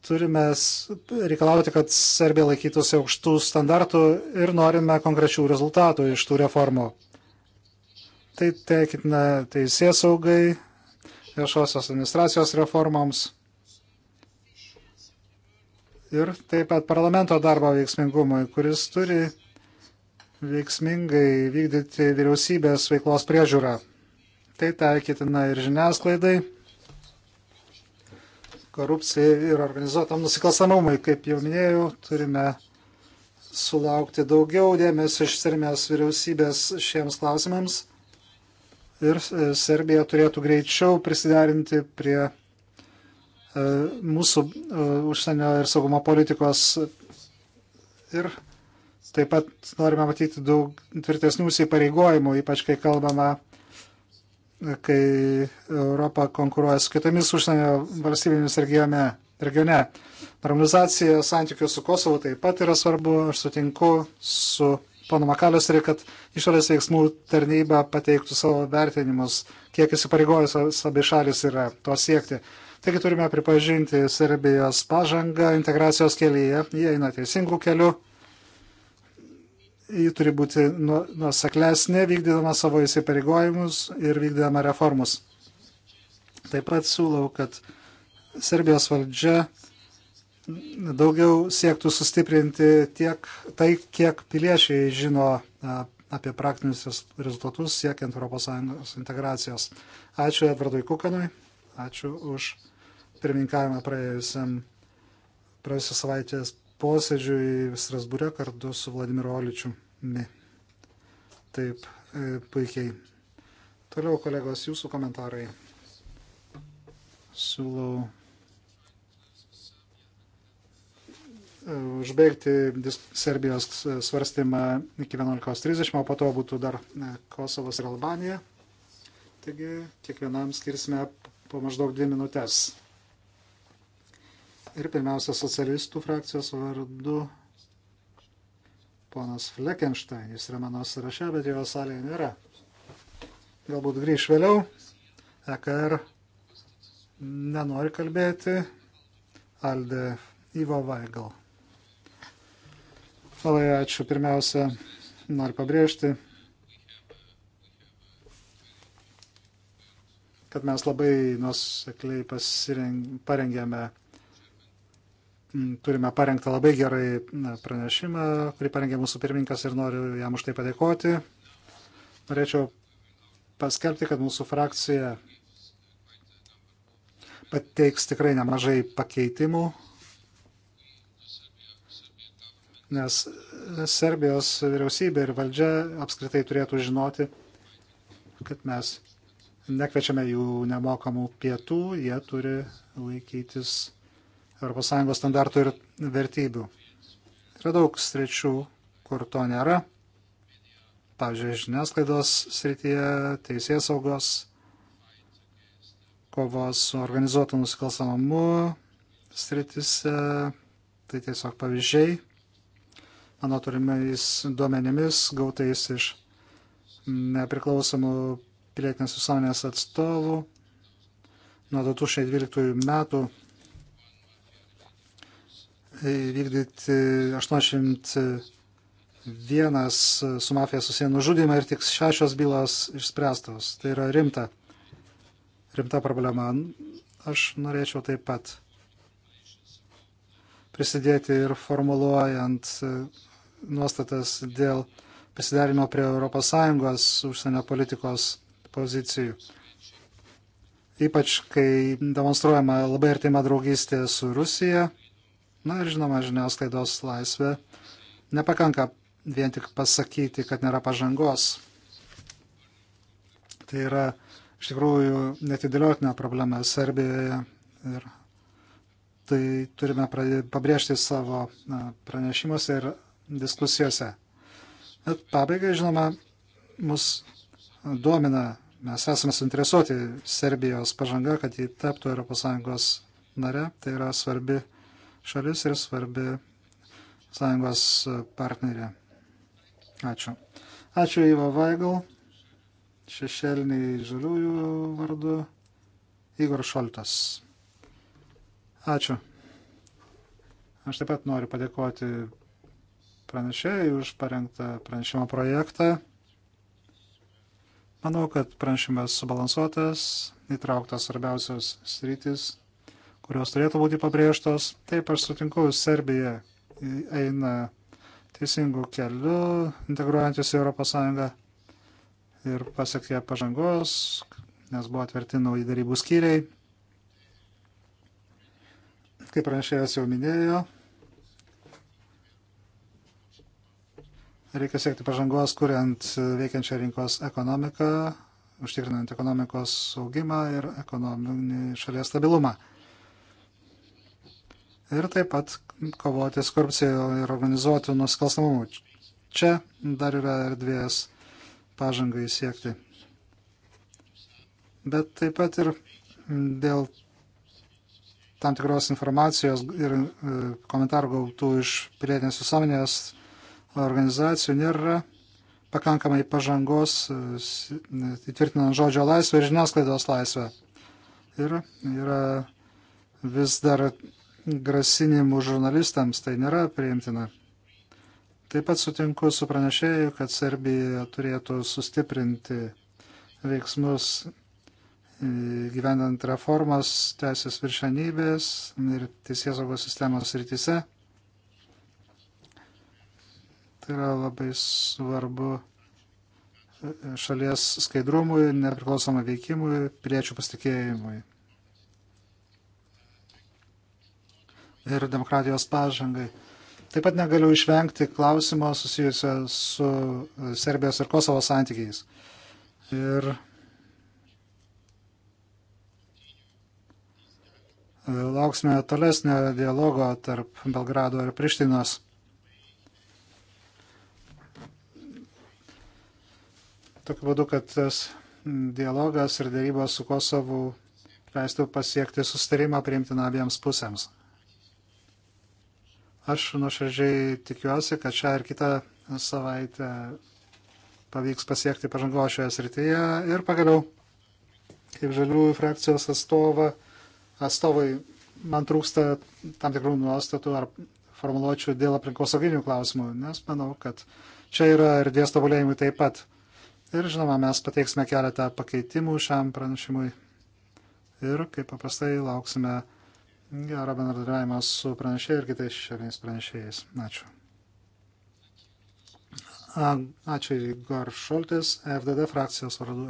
B: turime reikalauti, kad Serbija laikytųsi aukštų standartų ir norime konkrečių rezultatų iš tų reformų. Tai teikitina teisės saugai, viešosios administracijos reformoms ir taip pat parlamento darbo veiksmingumui, kuris turi veiksmingai vykdyti vyriausybės veiklos priežiūrą. Tai taikytina ir žiniasklaidai, korupcijai ir organizuotam nusikalstamumui. Kaip jau minėjau, turime sulaukti daugiau dėmesio iš sirmės vyriausybės šiems klausimams ir Serbija turėtų greičiau prisiderinti prie e, mūsų e, užsienio ir saugumo politikos ir taip pat norime matyti daug tvirtesnių įsipareigojimų, ypač kai kalbama, kai Europa konkuruoja su kitomis užsienio valstybėmis regione. regione. Normalizacija santykių su Kosovu taip pat yra svarbu, aš sutinku su pono Makalius ir kad išorės veiksmų tarnyba pateiktų savo vertinimus, kiek įsipareigojusios abi šalis yra to siekti. Taigi turime pripažinti Serbijos pažangą integracijos kelyje, jie eina teisingų kelių, ji turi būti nu- nuoseklesnė, vykdydama savo įsipareigojimus ir vykdydama reformus. Taip pat siūlau, kad Serbijos valdžia daugiau siektų sustiprinti tiek tai, kiek piliečiai žino apie praktinius rezultatus siekiant ES integracijos. Ačiū Edvardui Kukanui, ačiū už pirmininkavimą praėjusiam praėjusios savaitės posėdžiui Strasbūre kartu su Vladimiru Oličiumi. Taip, e, puikiai. Toliau, kolegos, jūsų komentarai. Siūlau užbaigti Serbijos e, svarstymą iki 11.30, o po to būtų dar e, Kosovas ir Albanija. Taigi kiekvienam skirsime po maždaug dvi minutės. Ir pirmiausia, socialistų frakcijos vardu ponas Fleckenstein. Jis yra mano sąraše, bet jo salėje nėra. Galbūt grįž vėliau. EKR nenori kalbėti. Alde Ivo Vaigal. Labai ačiū. Pirmiausia, noriu pabrėžti, kad mes labai nusekliai parengėme, turime parengtą labai gerai pranešimą, kurį parengė mūsų pirmininkas ir noriu jam už tai padėkoti. Norėčiau paskelbti, kad mūsų frakcija pateiks tikrai nemažai pakeitimų nes Serbijos vyriausybė ir valdžia apskritai turėtų žinoti, kad mes nekvečiame jų nemokamų pietų, jie turi laikytis ES standartų ir vertybių. Yra daug sričių, kur to nėra. Pavyzdžiui, žiniasklaidos srityje, teisės saugos, kovos su organizuotu nusikalstamumu sritise, tai tiesiog pavyzdžiai mano turimais duomenimis gautais iš nepriklausomų pilietinės visuomenės atstovų nuo 2012 metų įvykdyti 81 su mafija susiję nužudymai ir tik šešios bylos išspręstos. Tai yra rimta, rimta problema. Aš norėčiau taip pat prisidėti ir formuluojant e, nuostatas dėl prisidarimo prie ES užsienio politikos pozicijų. Ypač, kai demonstruojama labai artima draugystė su Rusija, na ir žinoma, žiniasklaidos laisvė, nepakanka vien tik pasakyti, kad nėra pažangos. Tai yra iš tikrųjų netidėliotina problema Serbijoje ir tai turime pabrėžti savo pranešimuose ir diskusijose. Bet pabaigai, žinoma, mus duomina, mes esame suinteresuoti Serbijos pažanga, kad jį taptų ES nare, tai yra svarbi šalis ir svarbi sąjungos partnerė. Ačiū. Ačiū Ivo Vaigal, šešėliniai žaliųjų vardu, Igor Šoltas. Ačiū. Aš taip pat noriu padėkoti pranešėjai už parengtą pranešimo projektą. Manau, kad pranešimas subalansuotas, įtrauktas svarbiausios sritis, kurios turėtų būti pabrėžtos. Taip aš sutinku, Serbija eina teisingų kelių, integruojantis į ES ir pasiekė pažangos, nes buvo atverti nauji darybų skyriai kaip pranešėjas jau minėjo, reikia siekti pažangos, kuriant veikiančią rinkos ekonomiką, užtikrinant ekonomikos augimą ir ekonominį šalies stabilumą. Ir taip pat kovoti su korupcija ir organizuotų nusikalstamumu. Čia dar yra erdvės pažangai siekti. Bet taip pat ir dėl tam tikros informacijos ir e, komentarų gautų iš pilietinės visuomenės organizacijų nėra pakankamai pažangos e, įtvirtinant žodžio laisvę ir žiniasklaidos laisvę. Ir yra vis dar grasinimų žurnalistams, tai nėra priimtina. Taip pat sutinku su pranešėju, kad Serbija turėtų sustiprinti veiksmus gyvendant reformas teisės viršanybės ir teisėsaugos sistemos rytise. Tai yra labai svarbu e, e, šalies skaidrumui, nepriklausomą veikimui, priečių pasitikėjimui. Ir demokratijos pažangai. Taip pat negaliu išvengti klausimo susijusio su Serbijos ir Kosovo santykiais. Ir lauksime tolesnio dialogo tarp Belgrado ir Prištinos. Tokiu būdu, kad tas dialogas ir dėrybos su Kosovu leistų pasiekti sustarimą priimtiną abiems pusėms. Aš nuoširdžiai tikiuosi, kad šią ir kitą savaitę pavyks pasiekti pažangos šioje srityje ir pagaliau, kaip žaliųjų frakcijos atstovą, atstovai, man trūksta tam tikrų nuostatų ar formuluočių dėl aplinkosauginių klausimų, nes manau, kad čia yra ir dėstovulėjimui taip pat. Ir žinoma, mes pateiksime keletą pakeitimų šiam pranešimui. Ir kaip paprastai lauksime gerą bendradarbiavimą su pranešėjai ir kitais šešėliniais pranešėjais. Ačiū. Ačiū Igor Šoltis, FDD frakcijos vardu.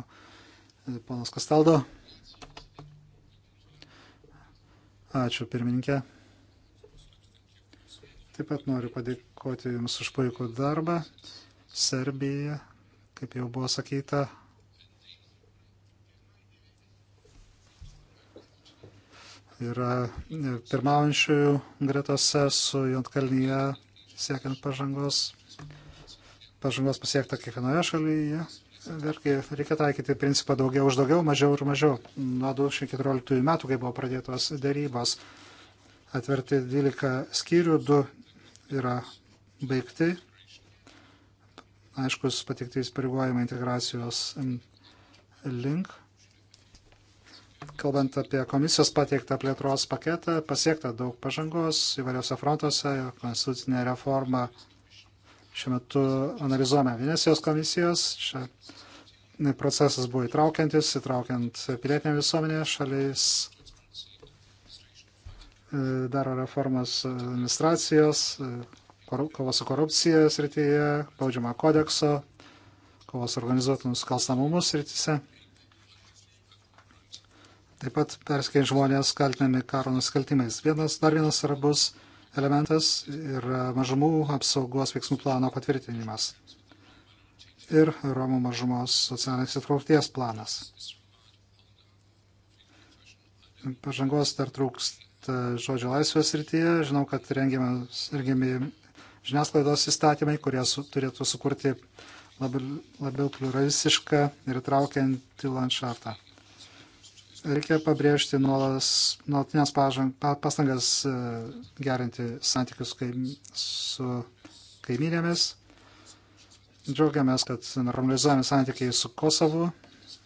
B: Ponas Kastaldo. Ačiū, pirmininkė. Taip pat noriu padėkoti Jums už puikų darbą. Serbija, kaip jau buvo sakyta, yra pirmaujančiųjų gretose su Jontkalnyje siekiant pažangos. Pažangos pasiekta kiekvienoje šalyje. Vergi reikia taikyti principą daugiau už daugiau, mažiau ir mažiau. Nuo 2014 metų, kai buvo pradėtos darybos, atverti 12 skyrių, 2 yra baigti. Aiškus patikti įsipareigojimai integracijos link. Kalbant apie komisijos pateiktą plėtros paketą, pasiekta daug pažangos įvairiose frontuose, konstitucinė reforma šiuo metu analizuojame Venecijos komisijos. Čia procesas buvo įtraukiantis, įtraukiant pilietinę visuomenę šalis e, daro reformas administracijos, e, kovos su korupcija srityje, baudžiamo kodekso, kovos organizuotų nusikalstamumų srityse. Taip pat perskiai žmonės kaltinami karo nusikaltimais. Vienas, dar vienas svarbus elementas yra mažumų apsaugos veiksmų plano patvirtinimas ir Romų mažumos socialinės įtraukties planas. Pažangos dar trūksta žodžio laisvės rytyje. Žinau, kad rengiami, rengiami žiniasklaidos įstatymai, kurie su, turėtų sukurti labiau, labiau pluralistišką ir traukiantį landšaftą. Reikia pabrėžti nuolatinės pastangas e, gerinti santykius kaim, su kaimynėmis. Džiaugiamės, kad normalizuojami santykiai su Kosovu.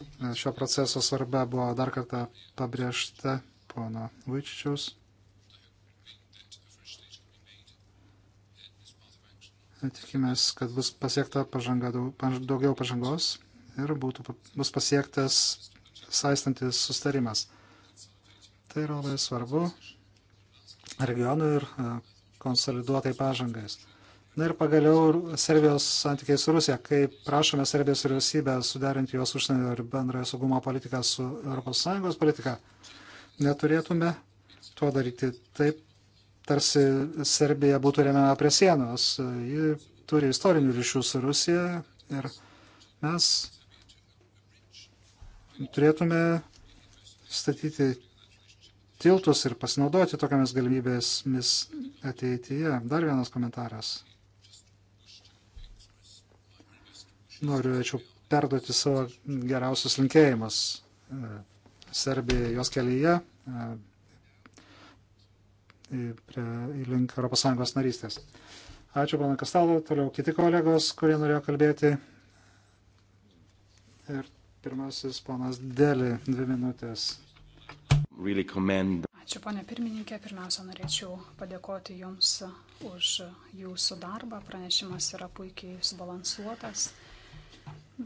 B: E, šio proceso svarba buvo dar kartą pabrėžta pono Vaičičiaus. E, tikimės, kad bus pasiekta pažanga, daugiau pažangos ir būtų, bus pasiektas saistantis sustarimas. Tai yra labai svarbu regionui ir e, konsoliduotai pažangais. Na ir pagaliau Serbijos santykiai su Rusija. Kai prašome Serbijos vyriausybę suderinti jos užsienio ir bendrąją saugumo politiką su ES politika, neturėtume to daryti taip, tarsi Serbija būtų remiama prie sienos. Ji turi istorinių ryšių su Rusija ir mes turėtume statyti tiltus ir pasinaudoti tokiamis galimybėmis ateityje. Dar vienas komentaras. Noriu ačiū perduoti savo geriausius linkėjimus e, Serbijai jos kelyje e, prie, link ES narystės. Ačiū, pana Kastalo, toliau kiti kolegos, kurie norėjo kalbėti. Ir Pirmasis ponas Deli, dvi minutės. Really commend...
A: Ačiū, ponė pirmininkė. Pirmiausia, norėčiau padėkoti Jums už Jūsų darbą. Pranešimas yra puikiai subalansuotas.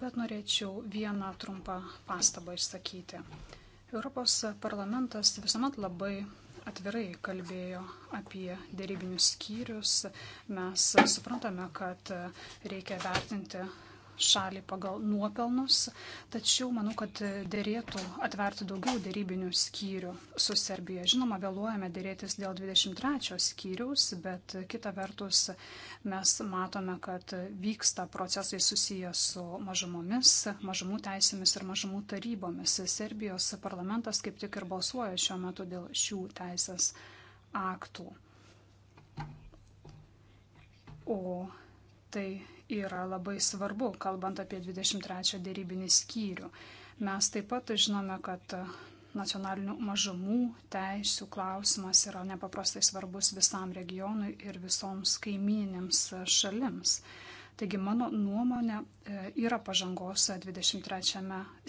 A: Bet norėčiau vieną trumpą pastabą išsakyti. Europos parlamentas visuomet labai atvirai kalbėjo apie dėrybinius skyrius. Mes suprantame, kad reikia vertinti šalį pagal nuopelnus, tačiau manau, kad dėrėtų atverti daugiau dėrybinių skyrių su Serbija. Žinoma, vėluojame dėrėtis dėl 23 skyriaus, bet kita vertus mes matome, kad vyksta procesai susiję su mažumomis, mažumų teisėmis ir mažumų tarybomis. Serbijos parlamentas kaip tik ir balsuoja šiuo metu dėl šių teisės aktų. O tai yra labai svarbu, kalbant apie 23 dėrybinį skyrių. Mes taip pat žinome, kad nacionalinių mažumų teisų klausimas yra nepaprastai svarbus visam regionui ir visoms kaiminėms šalims. Taigi mano nuomonė e, yra pažangos 23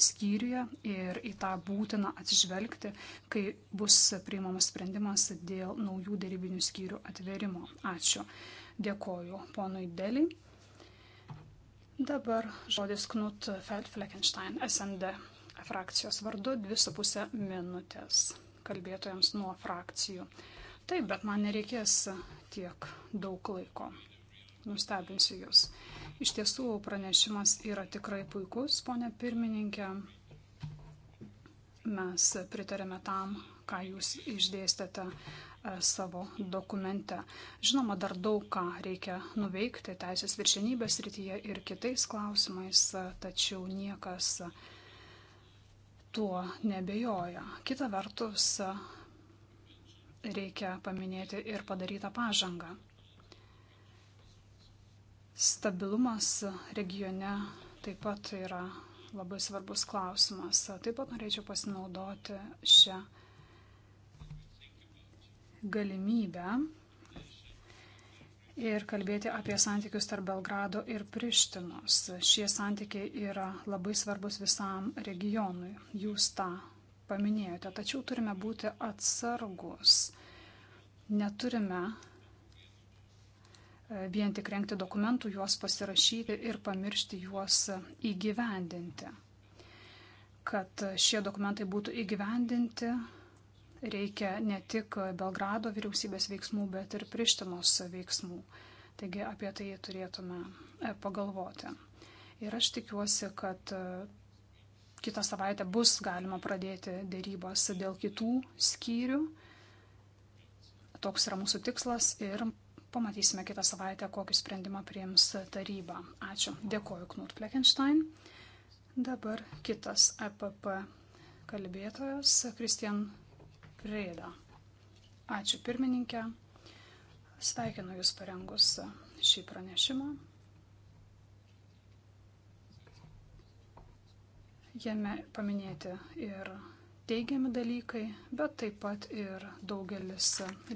A: skyriuje ir į tą būtina atsižvelgti, kai bus priimamas sprendimas dėl naujų dėrybinių skyrių atverimo. Ačiū. Dėkoju ponui Deliai. Dabar žodis Knut Feldfleckenstein, SND frakcijos vardu, 2,5 minutės kalbėtojams nuo frakcijų. Taip, bet man nereikės tiek daug laiko. Nustebinsiu jūs. Iš tiesų, pranešimas yra tikrai puikus, ponė pirmininkė. Mes pritarėme tam, ką jūs išdėstėte E, savo dokumente. Žinoma, dar daug ką reikia nuveikti teisės viršenybės rytyje ir kitais klausimais, tačiau niekas tuo nebejoja. Kita vertus, reikia paminėti ir padarytą pažangą. Stabilumas regione taip pat yra labai svarbus klausimas. Taip pat norėčiau pasinaudoti šią galimybę ir kalbėti apie santykius tarp Belgrado ir Prištinos. Šie santykiai yra labai svarbus visam regionui. Jūs tą paminėjote, tačiau turime būti atsargus. Neturime e, vien tik renkti dokumentų, juos pasirašyti ir pamiršti juos įgyvendinti. Kad šie dokumentai būtų įgyvendinti, reikia ne tik Belgrado vyriausybės veiksmų, bet ir Prištinos veiksmų. Taigi apie tai turėtume e, pagalvoti. Ir aš tikiuosi, kad e, kitą savaitę bus galima pradėti dėrybas dėl kitų skyrių. Toks yra mūsų tikslas ir pamatysime kitą savaitę, kokį sprendimą priims taryba. Ačiū. Dėkoju Knut Plekenstein. Dabar kitas EPP kalbėtojas Kristian Prėda. Ačiū pirmininkė. Sveikinu Jūs parengus šį pranešimą. Jame paminėti ir teigiami dalykai, bet taip pat ir daugelis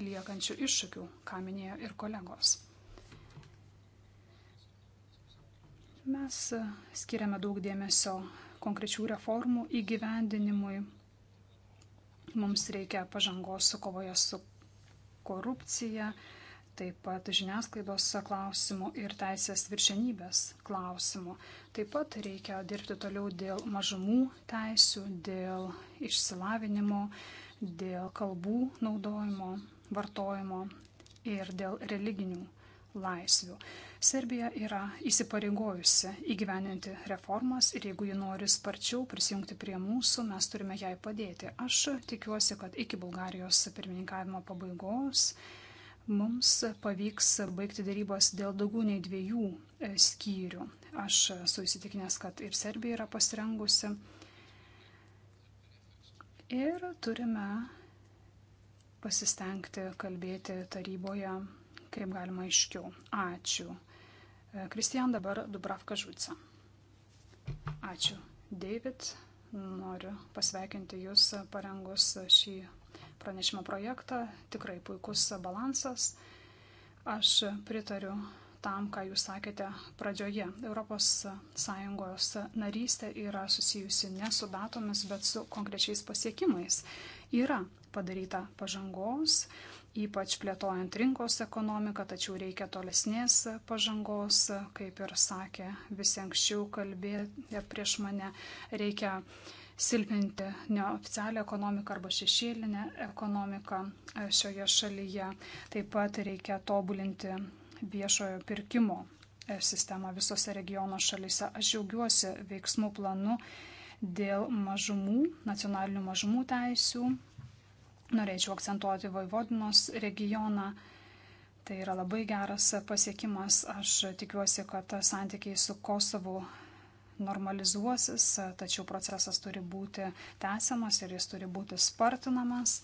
A: liekančių iššūkių, ką minėjo ir kolegos. Mes skiriame daug dėmesio konkrečių reformų įgyvendinimui Mums reikia pažangos kovoje su korupcija, taip pat žiniasklaidos klausimų ir teisės viršenybės klausimų. Taip pat reikia dirbti toliau dėl mažumų teisių, dėl išsilavinimo, dėl kalbų naudojimo, vartojimo ir dėl religinių laisvių. Serbija yra įsipareigojusi įgyveninti reformas ir jeigu ji nori sparčiau prisijungti prie mūsų, mes turime jai padėti. Aš tikiuosi, kad iki Bulgarijos pirmininkavimo pabaigos mums pavyks baigti darybas dėl daugiau nei dviejų e, skyrių. Aš esu įsitikinęs, kad ir Serbija yra pasirengusi. Ir turime pasistengti kalbėti taryboje kaip galima aiškiau. Ačiū. E, Kristijan dabar Dubravka Žuca. Ačiū. David, noriu pasveikinti Jūs parengus šį pranešimo projektą. Tikrai puikus balansas. Aš pritariu tam, ką Jūs sakėte pradžioje. ES narystė yra susijusi ne su datomis, bet su konkrečiais pasiekimais. Yra padaryta pažangos, ypač plėtojant rinkos ekonomiką, tačiau reikia tolesnės pažangos, kaip ir sakė visi anksčiau kalbėję prieš mane, reikia silpinti neoficialią ekonomiką arba šešėlinę ekonomiką e, šioje šalyje. Taip pat reikia tobulinti viešojo pirkimo e, sistemą visose regiono šalyse. Aš džiaugiuosi veiksmų planu dėl mažumų, nacionalinių mažumų teisių Norėčiau akcentuoti Vojvodinos regioną. Tai yra labai geras pasiekimas. Aš tikiuosi, kad santykiai su Kosovu normalizuosis, tačiau procesas turi būti tęsiamas ir jis turi būti spartinamas.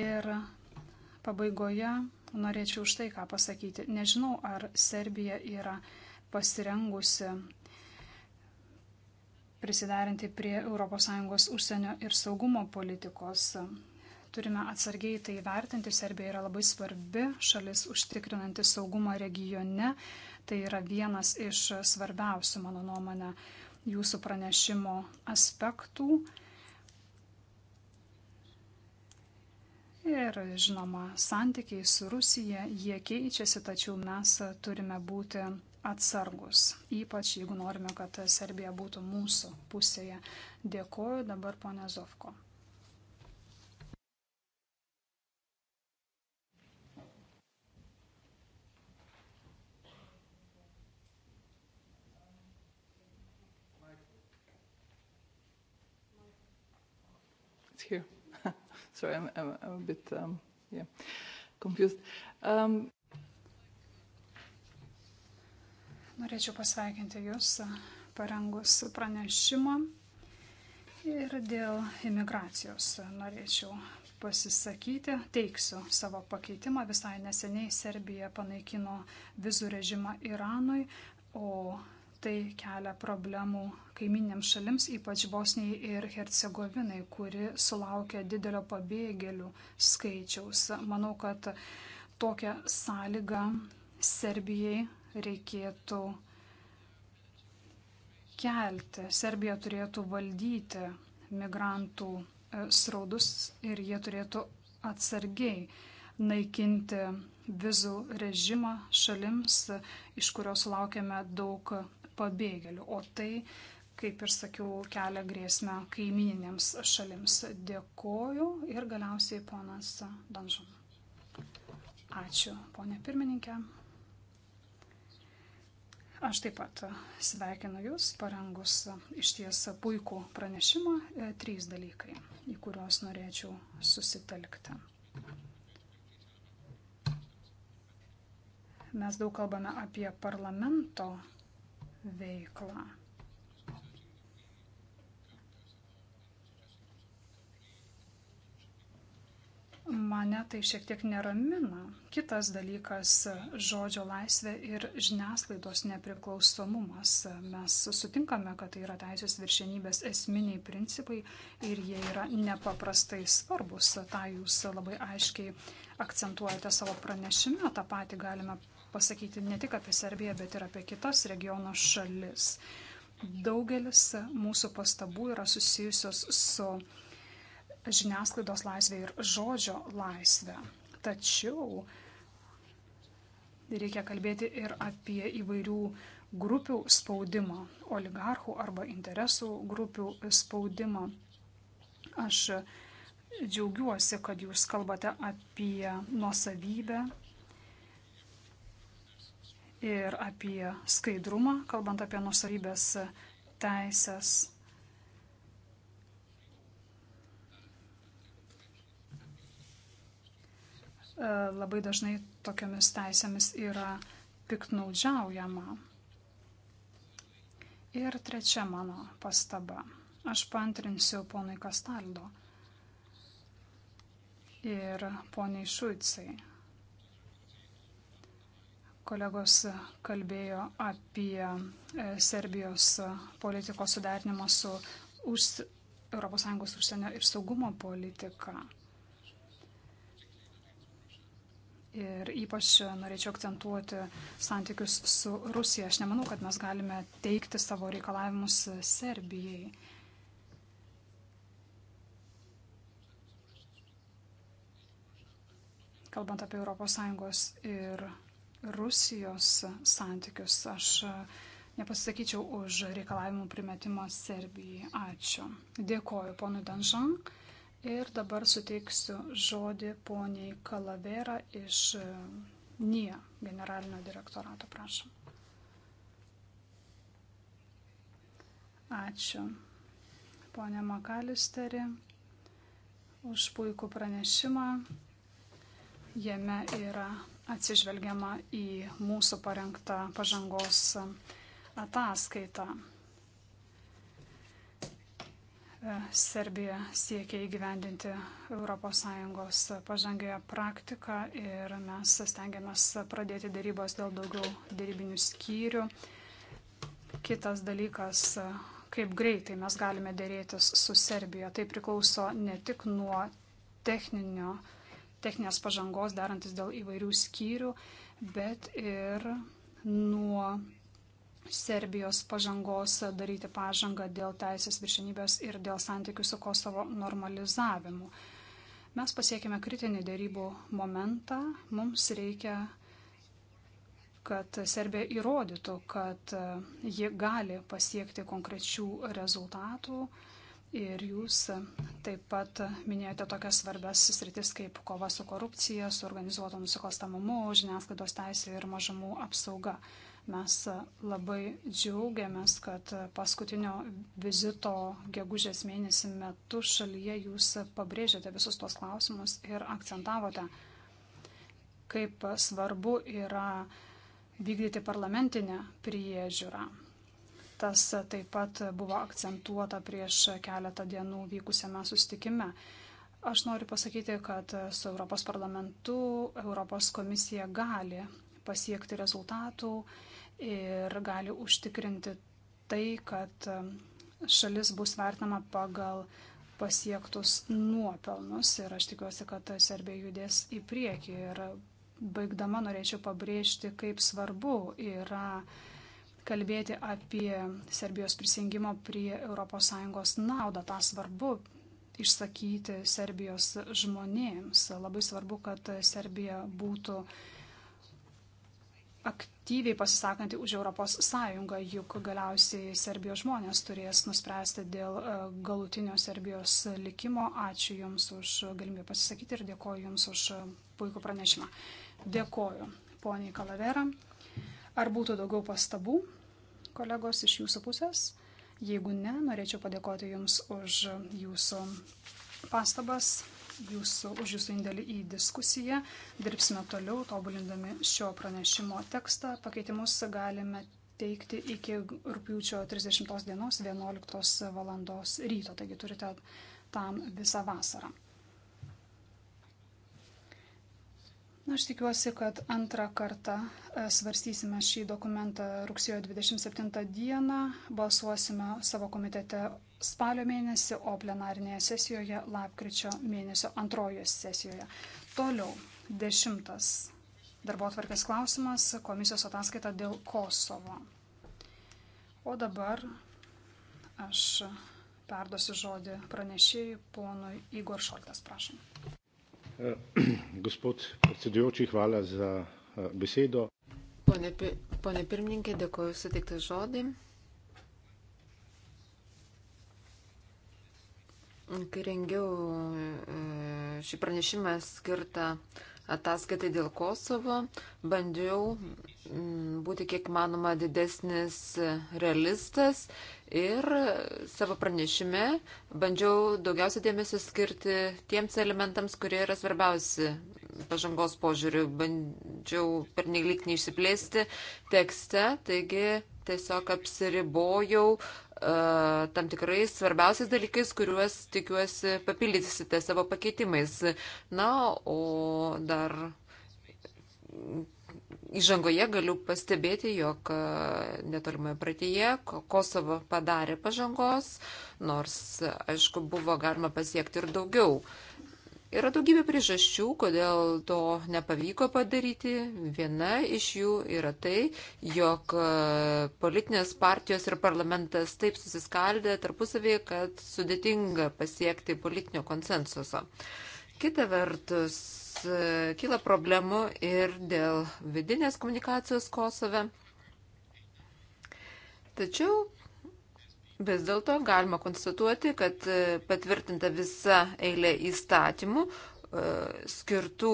A: Ir pabaigoje norėčiau štai ką pasakyti. Nežinau, ar Serbija yra pasirengusi prisiderinti prie ES užsienio ir saugumo politikos. Turime atsargiai tai vertinti. Serbija yra labai svarbi šalis užtikrinanti saugumą regione. Tai yra vienas iš svarbiausių, mano nuomonė, jūsų pranešimo aspektų. Ir žinoma, santykiai su Rusija, jie keičiasi, tačiau mes turime būti atsargus, ypač jeigu norime, kad Serbija būtų mūsų pusėje. Dėkuoju dabar ponė Zovko. here. [laughs] Sorry, I'm, I'm, I'm a bit um, yeah, confused. Um, Norėčiau pasveikinti Jūs parengus pranešimą ir dėl imigracijos norėčiau pasisakyti. Teiksiu savo pakeitimą. Visai neseniai Serbija panaikino vizų režimą Iranui, o tai kelia problemų kaiminėms šalims, ypač Bosnijai ir Hercegovinai, kuri sulaukia didelio pabėgėlių skaičiaus. Manau, kad tokią sąlygą Serbijai reikėtų kelti. Serbija turėtų valdyti migrantų e, sraudus ir jie turėtų atsargiai naikinti vizų režimą šalims, iš kurios laukiame daug pabėgėlių. O tai, kaip ir sakiau, kelia grėsmę kaimininėms šalims. Dėkoju ir galiausiai ponas Danžan. Ačiū, ponė pirmininkė. Aš taip pat sveikinu Jūs, parengus iš ties puikų pranešimą, e, trys dalykai, į kuriuos norėčiau susitelkti. Mes daug kalbame apie parlamento veiklą. mane tai šiek tiek neramina. Kitas dalykas - žodžio laisvė ir žiniasklaidos nepriklausomumas. Mes sutinkame, kad tai yra teisės viršenybės esminiai principai ir jie yra nepaprastai svarbus. Ta jūs labai aiškiai akcentuojate savo pranešime. Ta pati galime pasakyti ne tik apie Serbiją, bet ir apie kitas regiono šalis. Daugelis mūsų pastabų yra susijusios su žiniasklaidos laisvę ir žodžio laisvę. Tačiau reikia kalbėti ir apie įvairių grupių spaudimą, oligarchų arba interesų grupių spaudimą. Aš džiaugiuosi, kad jūs kalbate apie nuosavybę ir apie skaidrumą, kalbant apie nuosavybės teisės E, labai dažnai tokiamis teisėmis yra piknaudžiaujama. Ir trečia mano pastaba. Aš pantrinsiu ponui Kastaldo ir poniai Šuicai. Kolegos kalbėjo apie e, Serbijos politikos sudarinimą su už, ES užsienio ir saugumo politika. Ir ypač norėčiau akcentuoti santykius su Rusija. Aš nemanau, kad mes galime teikti savo reikalavimus Serbijai. Kalbant apie ES ir Rusijos santykius, aš nepasisakyčiau už reikalavimų primetimą Serbijai. Ačiū. Dėkoju, ponui Danžan. Ir dabar suteiksiu žodį poniai Kalavera iš e, NIA generalinio direktorato, prašom. Ačiū, ponė Makalisteri, už puikų pranešimą. Jame yra atsižvelgiama į mūsų parengtą pažangos ataskaitą. E, Serbija siekia įgyvendinti ES pažangioje praktiką ir mes stengiamės pradėti dėrybos dėl daugiau dėrybinių skyrių. Kitas dalykas, e, kaip greitai mes galime dėrėtis su Serbija, tai priklauso ne tik nuo techninio, techninės pažangos darantis dėl įvairių skyrių, bet ir nuo Serbijos pažangos daryti pažangą dėl teisės viršinybės ir dėl santykių su Kosovo normalizavimu. Mes pasiekime kritinį dėrybų momentą, mums reikia, kad Serbija įrodytų, kad ji gali pasiekti konkrečių rezultatų. Ir jūs taip pat minėjote tokias svarbias sritis kaip kova su korupcija, su organizuotu nusikalstamumu, žiniasklaidos teisė ir mažamų apsauga. Mes labai džiaugiamės, kad paskutinio vizito gegužės mėnesį metu šalyje jūs pabrėžėte visus tos klausimus ir akcentavote, kaip svarbu yra vykdyti parlamentinę priežiūrą. Tas taip pat buvo akcentuota prieš keletą dienų vykusiame sustikime. Aš noriu pasakyti, kad su Europos parlamentu Europos komisija gali pasiekti rezultatų ir gali užtikrinti tai, kad e, šalis bus vertinama pagal pasiektus nuopelnus ir aš tikiuosi, kad Serbija judės į priekį. Ir baigdama norėčiau pabrėžti, kaip svarbu yra kalbėti apie Serbijos prisijungimo prie ES naudą. Ta svarbu išsakyti Serbijos žmonėms. Labai svarbu, kad Serbija būtų uh, aktyviai pasisakanti už Europos Sąjungą, juk galiausiai Serbijos žmonės turės nuspręsti dėl e, galutinio Serbijos likimo. Ačiū Jums už galimybę pasisakyti ir dėkoju Jums už puikų pranešimą. Dėkoju, poniai Kalavera. Ar būtų daugiau pastabų, kolegos, iš Jūsų pusės? Jeigu ne, norėčiau padėkoti Jums už Jūsų pastabas jūsų, už jūsų indėlį į diskusiją. Dirbsime toliau, tobulindami šio pranešimo tekstą. Pakeitimus galime teikti iki rūpiučio 30 dienos 11 val. ryto, taigi turite tam visą vasarą. Na, aš tikiuosi, kad antrą kartą e, svarstysime šį dokumentą rugsėjo 27 dieną, balsuosime savo komitete spalio mėnesį, o plenarinėje sesijoje lapkričio mėnesio antrojoje sesijoje. Toliau, dešimtas darbo atvarkės klausimas - komisijos ataskaita dėl Kosovo. O dabar aš perduosiu žodį pranešėjai ponui Igor Šoltas, prašom.
B: [clears throat] Gospod predsedujoči, hvala za eh, besedo.
C: Pone, pone pirmininkė, dėkoju suteiktą žodį. Kai rengiau eh, šį pranešimą skirtą uh, ataskaitai dėl Kosovo bandžiau mm, būti kiek manoma didesnis realistas ir savo pranešime bandžiau daugiausia dėmesio skirti tiems elementams, kurie yra svarbiausi pažangos požiūriu. Bandžiau pernelyg neišsiplėsti tekste, taigi tiesiog apsiribojau E, tam tikrais svarbiausiais dalykais, kuriuos tikiuosi papildysite savo pakeitimais. Na, o dar įžangoje galiu pastebėti, jog e, netolimoje pratyje Kosovo padarė pažangos, nors, aišku, buvo galima pasiekti ir daugiau. Uh, Yra daugybė priežasčių, kodėl to nepavyko padaryti. Viena iš jų yra tai, jog e, politinės partijos ir parlamentas taip susiskaldė tarpusavėje, kad sudėtinga pasiekti politinio konsensuso. Kita vertus, e, kyla problemų ir dėl vidinės komunikacijos Kosove. Tačiau Vis dėlto galima konstatuoti, kad e, patvirtinta visa eilė įstatymų e, skirtų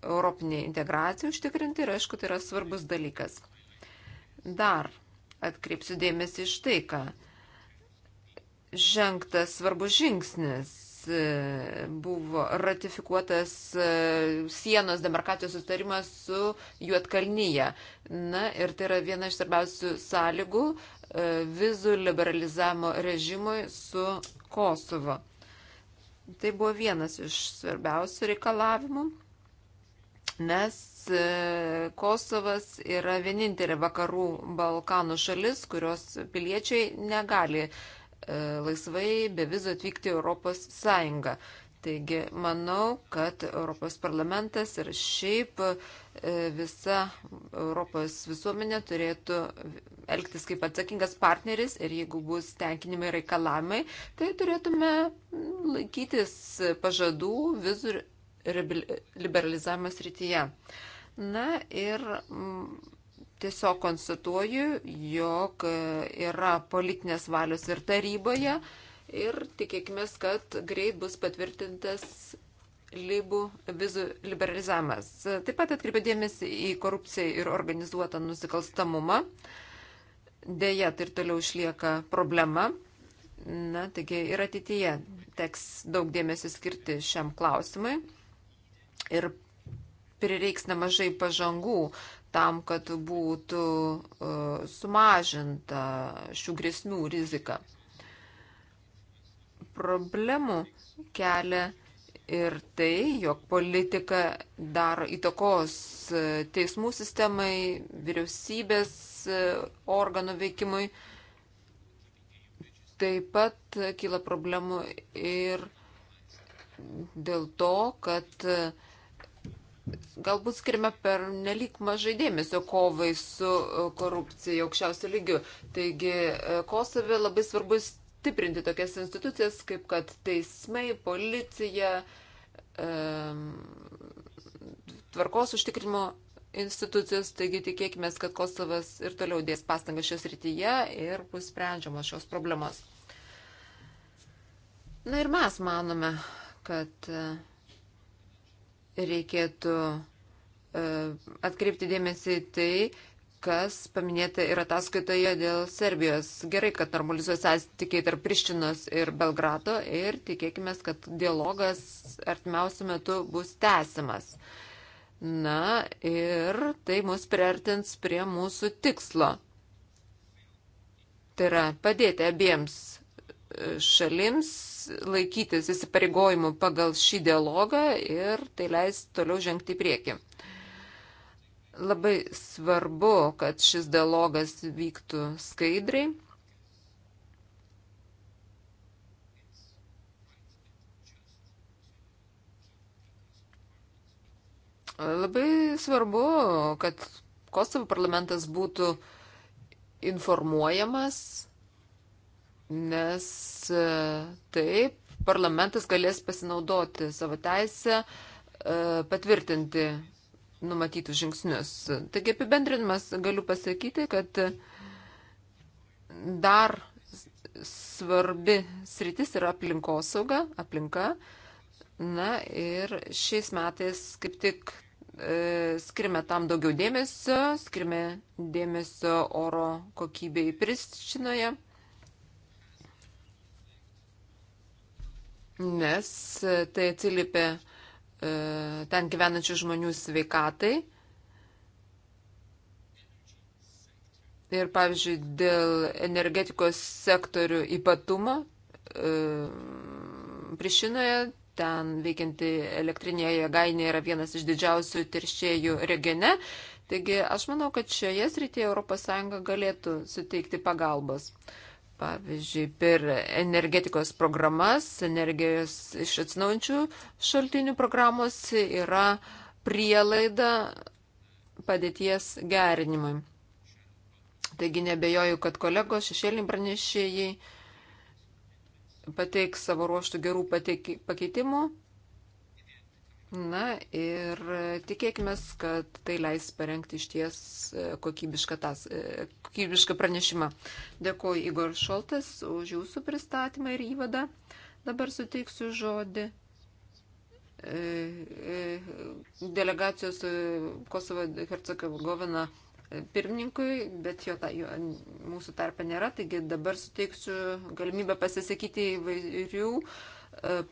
C: Europiniai integracijai užtikrinti ir aišku, tai yra svarbus dalykas. Dar atkreipsiu dėmesį iš tai, ką žengtas svarbus žingsnis e, buvo ratifikuotas sienos demarkacijos sustarimas su Juotkalnyje. Na ir tai yra viena iš svarbiausių sąlygų E, vizų liberalizavimo režimui su Kosovo. Tai buvo vienas iš svarbiausių reikalavimų, nes e, Kosovas yra vienintelė vakarų Balkanų šalis, kurios piliečiai negali e, laisvai be vizų atvykti į Europos Sąjungą. Taigi manau, kad Europos parlamentas ir šiaip visa Europos visuomenė turėtų elgtis kaip atsakingas partneris ir jeigu bus tenkinimai reikalavimai, tai turėtume laikytis pažadų vizų liberalizavimo srityje. Na ir mm, tiesiog konstatuoju, jog yra politinės valios ir taryboje ir tikėkime, kad greit bus patvirtintas libų vizų liberalizavimas. Taip pat atkreipia dėmesį į korupciją ir organizuotą nusikalstamumą. Uh, Deja, tai ir toliau išlieka problema. Na, taigi ir ateityje teks daug dėmesio skirti šiam klausimui ir prireiks nemažai pažangų tam, kad būtų uh, sumažinta šių grėsmių rizika. Problemų kelia ir tai, jog politika daro įtakos e, teismų sistemai, vyriausybės E, organų veikimui. Taip pat kyla problemų ir dėl to, kad e, galbūt skirime per nelik mažai dėmesio kovai su e, korupcija aukščiausiu lygiu. Taigi Kosove labai svarbu stiprinti tokias institucijas, kaip kad teismai, policija, tvarkos užtikrimo institucijos, taigi tikėkime, kad Kosovas ir toliau dės pastangą šios rytyje ir bus sprendžiamos šios problemos. Na ir mes manome, kad e, reikėtų e, atkreipti dėmesį į tai, kas paminėta ir ataskaitoje dėl Serbijos. Gerai, kad normalizuos santykiai tarp Prištinos ir Belgrado ir tikėkime, kad dialogas artimiausiu metu bus tęsiamas. Na ir tai mus priartins prie mūsų tikslo. Tai yra padėti abiems e, šalims laikytis įsipareigojimų pagal šį dialogą ir tai leis toliau žengti į priekį. Labai svarbu, kad šis dialogas vyktų skaidriai Labai svarbu, kad Kosovo parlamentas būtų informuojamas, nes e, taip parlamentas galės pasinaudoti savo teisę e, patvirtinti numatytus žingsnius. Taigi apibendrinimas galiu pasakyti, kad dar svarbi sritis yra aplinkosauga, aplinka. Na ir šiais metais kaip tik E, skirime tam daugiau dėmesio, skirime dėmesio oro kokybei Prištinoje, nes tai atsilipė e, ten gyvenančių žmonių sveikatai. Ir pavyzdžiui, dėl energetikos sektorių ypatumo e, Prištinoje ten veikianti elektrinė jėgainė yra vienas iš didžiausių teršėjų regione. Taigi aš manau, kad šioje srityje ES galėtų suteikti pagalbos. Pavyzdžiui, per energetikos programas, energijos iš atsinaujančių šaltinių programos yra prielaida padėties gerinimui. Taigi nebejoju, kad kolegos šešėliniai pranešėjai pateiks savo ruoštų gerų pateik, pakeitimų. Na ir tikėkime, kad tai leis parengti iš ties e, kokybišką, tas, e, kokybišką pranešimą. Dėkuoju Igor Šoltas už jūsų pristatymą ir įvadą. Dabar suteiksiu žodį e, delegacijos Kosovo Hercegovina pirmininkui, bet jo, ta, jo mūsų tarpe nėra, taigi dabar suteiksiu galimybę pasisakyti įvairių e,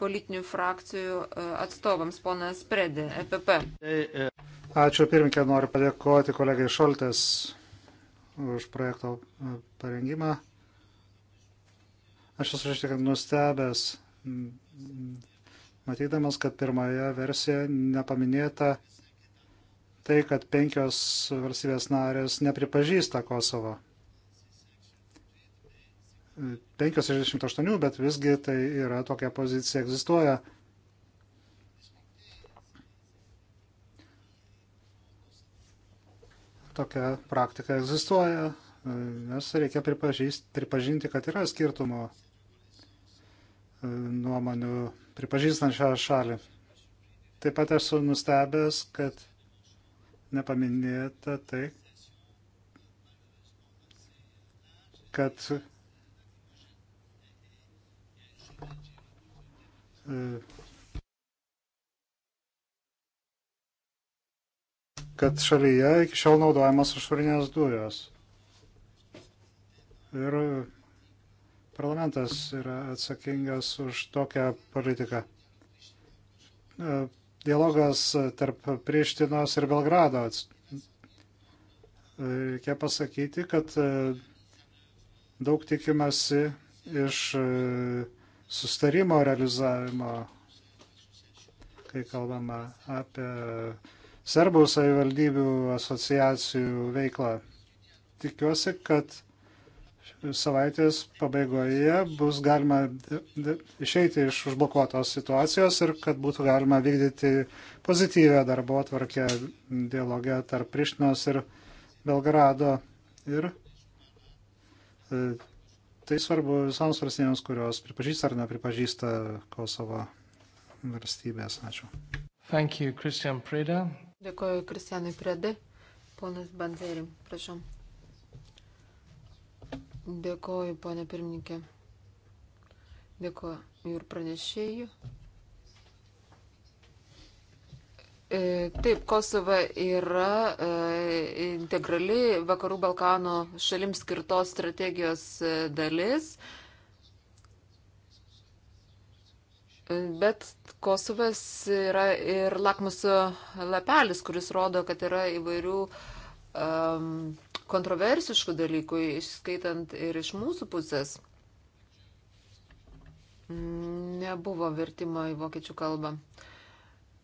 C: politinių frakcijų e, atstovams, ponas Predė, EPP.
B: Ačiū pirmininkė, noriu padėkoti kolegai Šoltės už projekto e, parengimą. Aš esu šiek tiek nustebęs, matydamas, kad pirmoje versijoje nepaminėta tai, kad penkios valstybės narės nepripažįsta Kosovo. Penkios iš 28, bet visgi tai yra tokia pozicija egzistuoja. Tokia praktika egzistuoja, nes reikia pripažinti, kad yra skirtumo e, nuomonių pripažįstant šią šalį. Taip pat esu nustebęs, kad nepaminėta tai, kad e, kad šalyje iki šiol naudojamas ašvarinės dujos. Ir parlamentas yra atsakingas už tokią politiką. E, dialogas tarp Prieštinos ir Belgrado. Reikia pasakyti, kad e, daug tikimasi iš e, sustarimo realizavimo, kai kalbama apie serbų savivaldybių asociacijų veiklą. Tikiuosi, kad savaitės pabaigoje bus galima išeiti iš užblokuotos situacijos ir kad būtų galima vykdyti pozityvę darbo atvarkę dialogę tarp Prištinos ir Belgrado. Ir e, tai svarbu visoms valstybėms, kurios pripažįsta ar nepripažįsta Kosovo valstybės. Ačiū. Thank you, Christian Preda.
C: Dėkuoju Kristianui Predai. Ponas Banzerim, prašom. Dėkoju, ponė pirmininkė. Dėkoju ir pranešėjų. E, taip, Kosova yra e, integrali Vakarų Balkanų šalims skirtos strategijos e, dalis, bet Kosovas yra ir lakmuso lapelis, kuris rodo, kad yra įvairių um, kontroversiškų dalykų, išskaitant ir iš mūsų pusės. Nebuvo vertimo į vokiečių kalbą,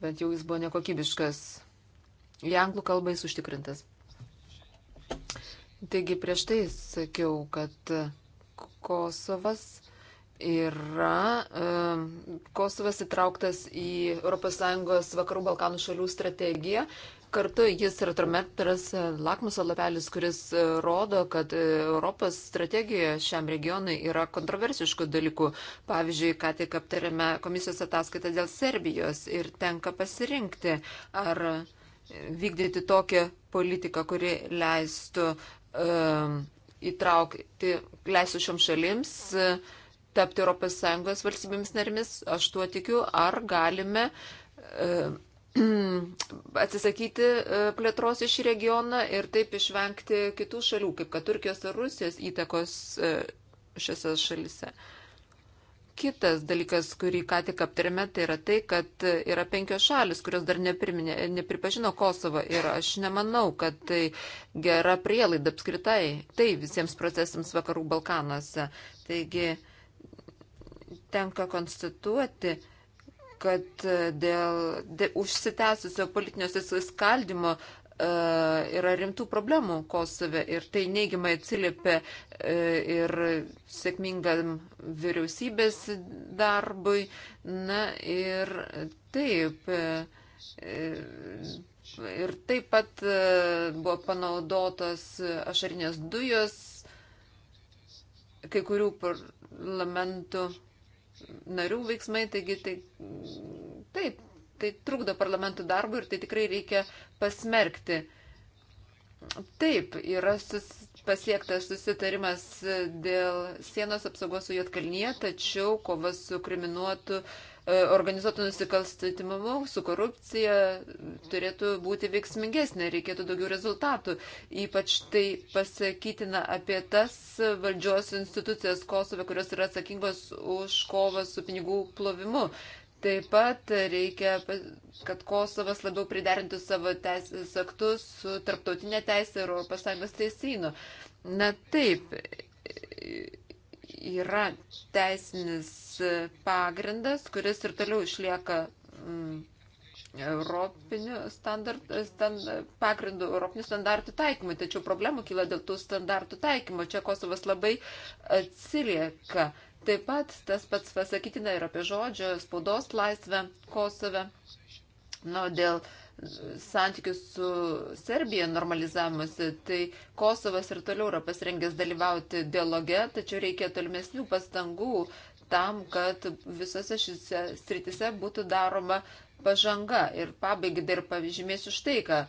C: bet jau jis buvo nekokybiškas. Į anglų kalbą jis užtikrintas. Taigi prieš tai sakiau, kad Kosovas yra e, Kosovas įtrauktas į ES vakarų Balkanų šalių strategiją. Kartu jis yra trometras e, lakmuso lapelis, kuris e, rodo, kad Europos strategija šiam regionui yra kontroversiškų dalykų. Pavyzdžiui, ką tik aptarėme komisijos ataskaitą dėl Serbijos ir tenka pasirinkti, ar vykdyti tokią politiką, kuri leistų um, įtraukti, leistų šioms šalims uh, tapti ES valstybėmis narimis, aš tuo tikiu, ar galime e, [clears throat] atsisakyti e, plėtros iš regioną ir taip išvengti kitų šalių, kaip kad Turkijos ar Rusijos įtakos e, šiose šalise. Kitas dalykas, kurį ką tik aptarėme, tai yra tai, kad yra penkios šalis, kurios dar nepriminė, nepripažino Kosovo ir aš nemanau, kad tai gera prielaida apskritai tai visiems procesams vakarų Balkanuose. Taigi, uh, tenka konstatuoti, kad e, dėl, dėl užsitęsusio politinio susiskaldimo e, yra rimtų problemų Kosove ir tai neigiamai atsiliepia e, ir sėkmingam vyriausybės darbui. Na ir taip. E, e ir taip pat e, buvo panaudotos ašarinės dujos kai kurių parlamentų narių veiksmai, taigi tai, taip, tai trukdo parlamentų darbui ir tai tikrai reikia pasmerkti. Taip, yra sus, pasiektas susitarimas dėl sienos apsaugos su Jotkalnyje, tačiau kova su kriminuotu uh, E, organizuotų nusikalstatimumu, su korupcija turėtų būti veiksmingesnė, reikėtų daugiau rezultatų. Ypač tai pasakytina apie tas valdžios institucijas Kosove, kurios yra atsakingos už kovą su pinigų plovimu. Taip pat reikia, kad Kosovas labiau priderintų savo teisės aktus su tarptautinė teisė ir Europos Sąjungos teisynu. Na taip, yra teisinis pagrindas, kuris ir toliau išlieka mm, europinių standartų, stand, pagrindų europinių standartų taikymų, tačiau problemų kyla dėl tų standartų taikymo. Čia Kosovas labai atsilieka. Taip pat tas pats pasakytina ir apie žodžio spaudos laisvę Kosove. Nu, dėl uh, santykių su Serbija normalizavimuose, tai Kosovas ir toliau yra pasirengęs dalyvauti dialoge, tačiau reikia tolimesnių pastangų tam, kad visose šiose sritise būtų daroma pažanga. Ir pabaigai dar pažymėsiu štai ką.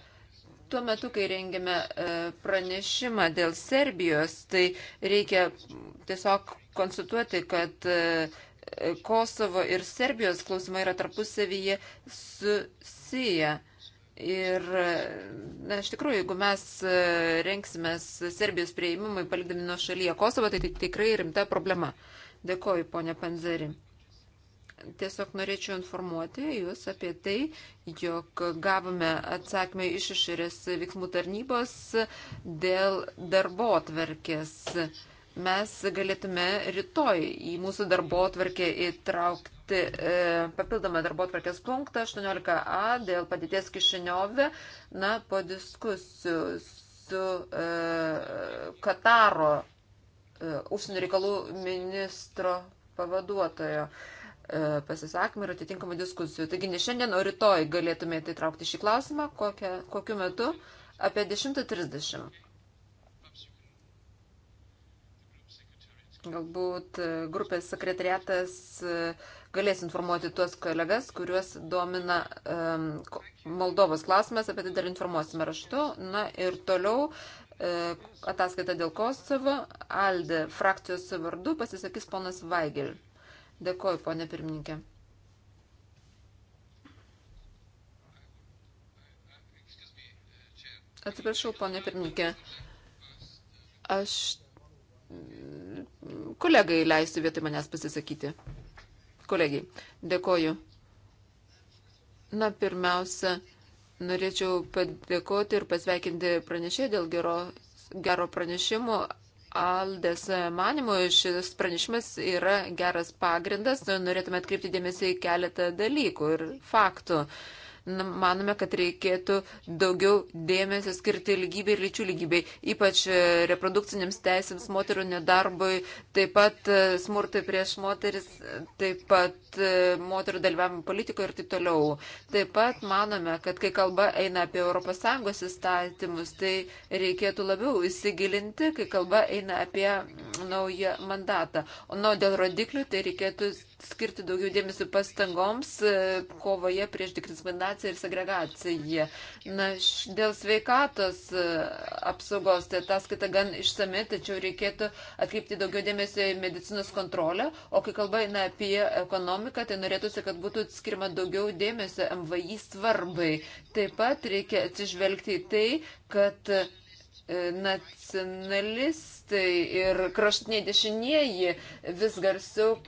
C: Tuo metu, kai rengėme e, pranešimą dėl Serbijos, tai reikia tiesiog konstatuoti, kad e, Kosovo ir Serbijos klausimai yra tarpusavyje susiję. Ir, na, iš tikrųjų, jeigu mes e, renksime Serbijos prieimimui, palikdami nuo šalyje Kosovą, tai, tai tikrai rimta problema. Dėkoju, ponia Panzeri. Tiesiog norėčiau informuoti Jūs apie tai, jog gavome atsakymą iš išorės veiksmų tarnybos dėl darbo atverkės mes galėtume rytoj į mūsų darbo atvarkę įtraukti e, papildomą darbo atvarkės punktą 18a dėl padėties kišiniove, na, po diskusijų su e, Kataro e, užsienio reikalų ministro pavaduotojo e, pasisakymų ir atitinkamų diskusijų. Taigi ne šiandien, o rytoj galėtumėte įtraukti šį klausimą, kokia, kokiu metu apie 10.30. Galbūt e, grupės sekretariatas e, galės informuoti tuos kolegas, kuriuos domina um, Moldovos klausimas, apie tai dar informuosime raštu. Na ir toliau uh, ataskaita dėl Kosovo. Alde frakcijos vardu pasisakys ponas Vaigel. Dėkoju, ponė pirmininkė. Atsiprašau, ponė pirmininkė. Aš kolegai leisiu vietoj manęs pasisakyti. Kolegiai, dėkoju. Na, pirmiausia, norėčiau padėkoti ir pasveikinti pranešėjai dėl gero, gero pranešimo. Aldės manimo šis pranešimas yra geras pagrindas, norėtume atkreipti dėmesį į keletą dalykų ir faktų. Uh, manome, kad reikėtų daugiau dėmesio skirti lygybei ir lyčių lygybei, ypač e, reprodukciniams teisėms, moterų nedarbui, taip pat e, smurtai prieš moteris, e, taip pat moterų dalyvavimo politikoje ir taip toliau. Taip pat manome, kad kai kalba eina apie ES įstatymus, tai reikėtų labiau įsigilinti, kai kalba eina apie mm, naują mandatą. O nu, dėl rodiklių, tai reikėtų skirti daugiau dėmesio pastangoms kovoje prieš diskriminaciją diskriminacija ir segregacija. Na, dėl sveikatos e, apsaugos, tai ataskaita gan išsame, tačiau reikėtų atkreipti daugiau dėmesio į medicinos kontrolę, o kai kalba eina apie ekonomiką, tai norėtųsi, kad būtų skirma daugiau dėmesio MVI svarbai. Taip pat reikia atsižvelgti į tai, kad e, nacionalistai ir kraštiniai dešinieji vis garsiau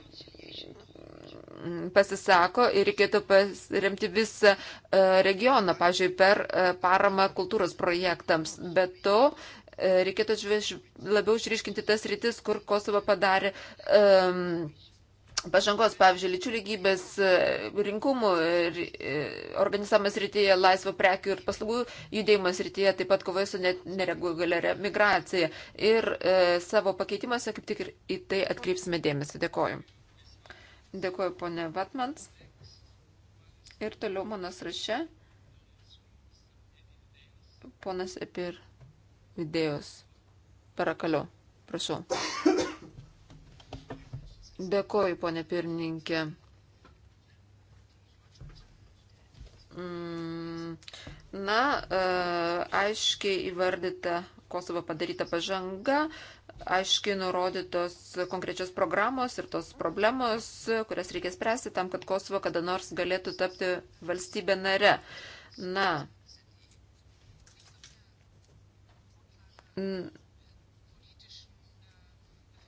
C: pasisako ir reikėtų pasiremti visą e, regioną, pavyzdžiui, per e, paramą kultūros projektams. Bet to e, reikėtų labiau išryškinti tas rytis, kur Kosovo padarė. Um, pažangos, pavyzdžiui, lyčių lygybės rinkumų ir organizavimas rytyje, laisvo prekių ir paslaugų judėjimas rytyje, taip pat kovoja su nereguliaria migracija. Ir e, savo pakeitimuose kaip tik ir į tai atkreipsime dėmesį. Dėkoju. Dėkuoju, ponė Vatmans. Ir toliau mano sraše ponas Epir Vidėjos. Parakaliu, prašau. Dėkuoju, ponė pirmininkė. Mm, na, e, aiškiai įvardyta Kosovo padaryta pažanga, aiškiai nurodytos konkrečios programos ir tos problemos, kurias reikia spręsti tam, kad Kosovo kada nors galėtų tapti valstybė nare. Na.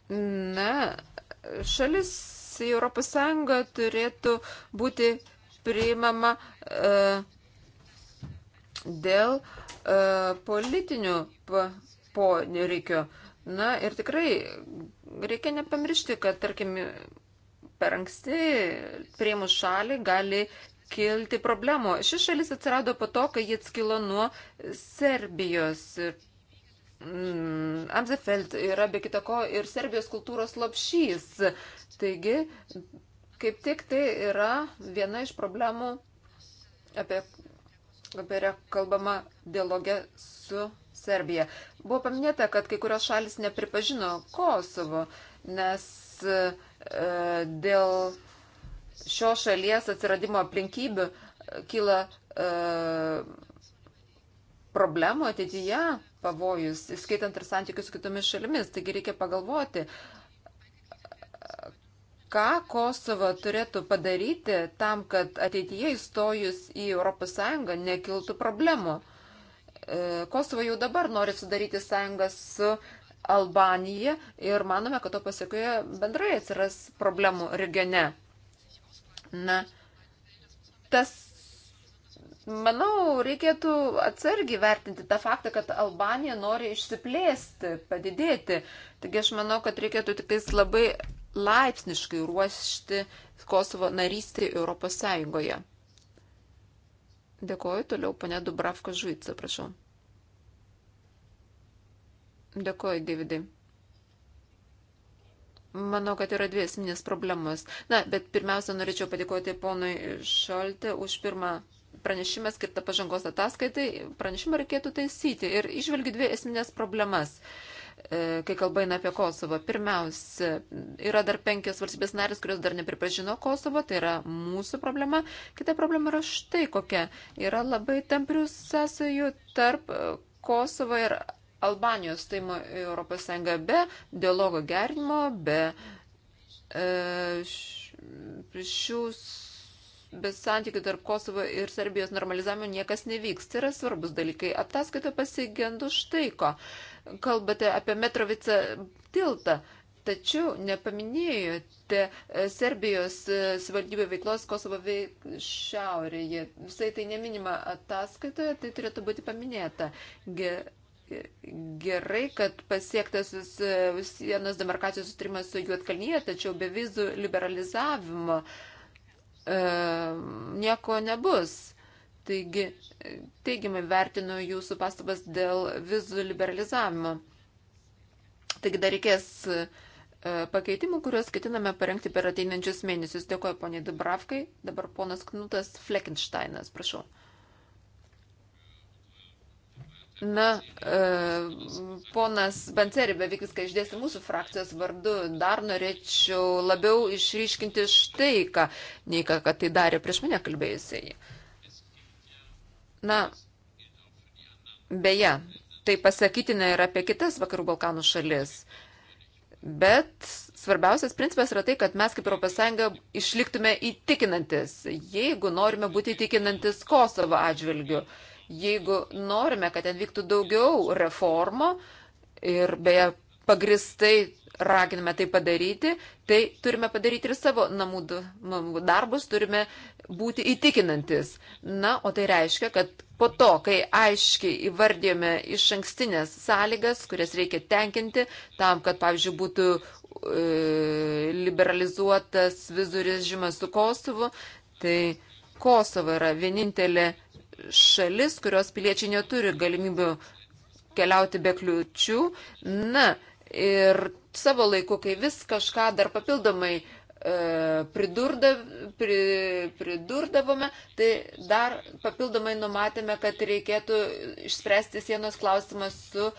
C: Na, šalis į Europos Sąjungą turėtų būti priimama uh, dėl uh, politinių poreikių. Po Na ir tikrai reikia nepamiršti, kad, tarkim, per anksti prieimus šalį gali kilti problemų. Šis šalis atsirado po to, kai jie atskilo nuo Serbijos. Mm, Amzefeld yra be kitako ir Serbijos kultūros lopšys. Taigi, kaip tik tai yra viena iš problemų, apie, apie kurią kalbama dialogė su Serbija. Buvo paminėta, kad kai kurios šalis nepripažino Kosovo, nes e, dėl šio šalies atsiradimo aplinkybių e, kyla e, problemų ateityje pavojus, skaitant ir santykius su kitomis šalimis. Taigi reikia pagalvoti, ką Kosovo turėtų padaryti tam, kad ateityje įstojus į ES nekiltų problemų. E, Kosovo jau dabar nori sudaryti sąjungą su Albanija ir manome, kad to pasiekoje bendrai atsiras problemų regione. Na, tas, manau, reikėtų atsargiai vertinti tą faktą, kad Albanija nori išsiplėsti, padidėti. Taigi aš manau, kad reikėtų tik labai laipsniškai ruošti Kosovo narystį Europos Sąjungoje. Dėkoju, toliau pane Dubravka Žuica, prašau. Dėkuoju, Davidai. Manau, kad yra dvi esminės problemos. Na, bet pirmiausia, norėčiau padėkoti ponui Šoltė už pirmą pranešimą skirtą pažangos ataskaitai. Pranešimą reikėtų taisyti ir išvelgi dvi esminės problemas e, kai kalba eina apie Kosovą. Pirmiausia, yra dar penkios valstybės narės, kurios dar nepripažino Kosovo, tai yra mūsų problema. Kita problema yra štai kokia. Yra labai tamprių sąsajų tarp Kosovo ir Albanijos stojimo Europos Sąjungą be dialogo gerinimo, be e, šių be santykių tarp Kosovo ir Serbijos normalizavimo niekas nevyks. Tai yra svarbus dalykai. Ataskaita pasigendu štai ko. Kalbate apie Metrovicą tiltą. Tačiau nepaminėjote e, Serbijos e, svaldybė veiklos Kosovo veik šiaurėje. Visai tai neminima ataskaitoje, tai turėtų būti paminėta. Ge gerai, kad pasiektas sienos demarkacijos sutrimas su Juotkalnyje, tačiau be vizų liberalizavimo e, nieko nebus. Taigi, teigiamai vertinu jūsų pastabas dėl vizų liberalizavimo. Taigi dar reikės e, pakeitimų, kuriuos ketiname parengti per ateinančius mėnesius. Dėkuoju poniai Dubravkai. Dabar ponas Knutas Fleckensteinas, prašau. Na, e, ponas Banceri beveik viską išdėsti mūsų frakcijos vardu. Dar norėčiau labiau išryškinti štai ką, nei ką, kad tai darė prieš mane kalbėjusiai. Na, beje, tai pasakytina ir apie kitas Vakarų Balkanų šalis. Bet svarbiausias principas yra tai, kad mes kaip Europos Sąjunga išliktume įtikinantis, jeigu norime būti įtikinantis Kosovo atžvilgiu. Uh, Jeigu norime, kad ten vyktų daugiau reformų ir beje pagristai raginame tai padaryti, tai turime padaryti ir savo namų darbus, turime būti įtikinantis. Na, o tai reiškia, kad po to, kai aiškiai įvardėjome iš ankstinės sąlygas, kurias reikia tenkinti, tam, kad, pavyzdžiui, būtų e, liberalizuotas vizų režimas su Kosovu, tai Kosovo yra vienintelė šalis, kurios piliečiai neturi galimybių keliauti be kliučių. Na, ir savo laiku, kai vis kažką dar papildomai e, pridurda, pri, pridurdavome, tai dar papildomai numatėme, kad reikėtų išspręsti sienos klausimą su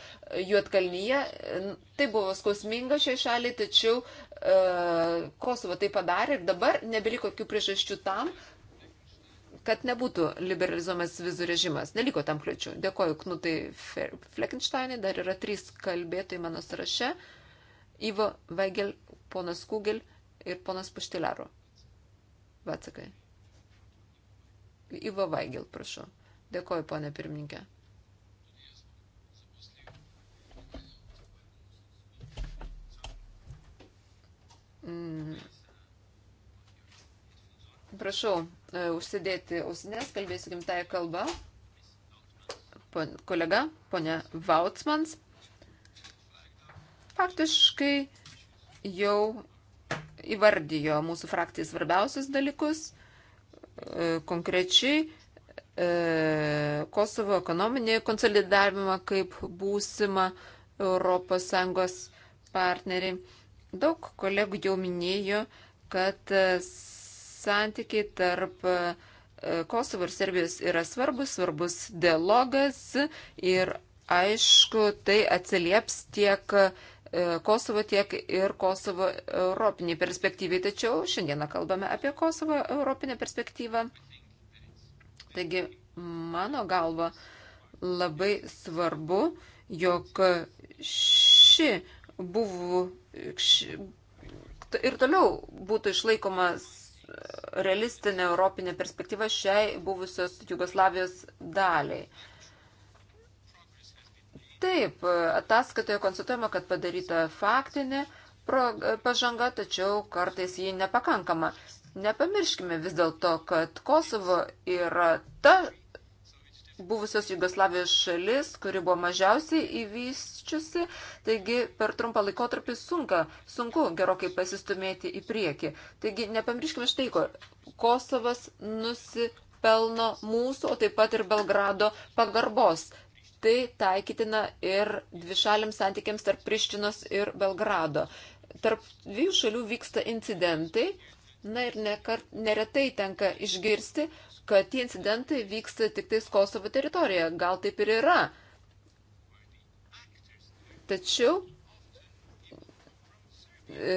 C: Juotkalnyje. Tai buvo skausminga šiai šaliai, tačiau e, Kosovo tai padarė ir dabar nebeliko jokių priežasčių tam, kad nebūtų liberalizuomas vizų režimas. Neliko tam kliučių. Dėkoju Knutai Fleckensteinai, dar yra trys kalbėtojai mano sąraše. Ivo Vegel, ponas Kugel ir ponas Puštilaro. Vatsakai. Ivo Vegel, prašau. Dėkoju, ponė pirmininkė. Mm Prašau e, užsidėti ausinės, kalbėsiu gimtąją kalbą. Pon, kolega, ponia Vautsmans, faktiškai jau įvardijo mūsų frakcijai svarbiausius dalykus, e, konkrečiai e, Kosovo ekonominį konsolidavimą kaip būsimą ES partnerį. Daug kolegų jau minėjo, kad santykiai tarp e, Kosovo ir Serbijos yra svarbus, svarbus dialogas ir aišku, tai atsilieps tiek e, Kosovo, tiek ir Kosovo europiniai perspektyviai. Tačiau šiandieną kalbame apie Kosovo europinę perspektyvą. Taigi, mano galva, labai svarbu, jog ši buvo ši, ir toliau būtų išlaikomas realistinę europinę perspektyvą šiai buvusios Jugoslavijos daliai. Taip, ataskaitoje konstatuojama, kad padaryta faktinė pažanga, tačiau kartais ji nepakankama. Nepamirškime vis dėlto, kad Kosovo yra ta buvusios Jugoslavijos šalis, kuri buvo mažiausiai įvyščiusi, taigi per trumpą laikotarpį sunka, sunku gerokai pasistumėti į priekį. Taigi nepamirškime štai ko, Kosovas nusipelno mūsų, o taip pat ir Belgrado pagarbos. Tai taikytina ir dvišaliams santykiams tarp Prištinos ir Belgrado. Tarp dviejų šalių vyksta incidentai, na ir nekart, neretai tenka išgirsti, kad tie incidentai vyksta tik tais Kosovo teritorijoje. Gal taip ir yra. Tačiau e,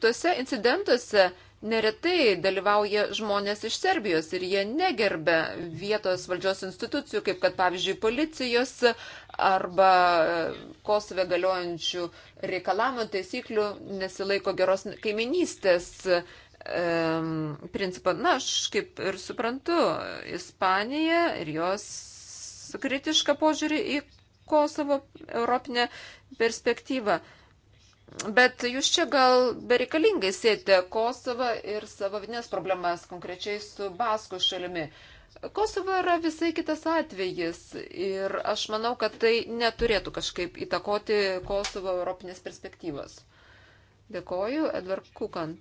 C: tuose incidentuose neretai dalyvauja žmonės iš Serbijos ir jie negerbė vietos valdžios institucijų, kaip kad pavyzdžiui policijos arba Kosove galiojančių reikalavimų taisyklių nesilaiko geros kaiminystės. E, principą, na, aš kaip ir suprantu, Ispaniją ir jos kritišką požiūrį į Kosovo europinę perspektyvą. Bet jūs čia gal bereikalingai sėtė Kosovą ir savo vidinės problemas, konkrečiai su Baskų šalimi. Kosovo yra visai kitas atvejis ir aš manau, kad tai neturėtų kažkaip įtakoti Kosovo europinės perspektyvos. Dėkoju, Edvard Kukan.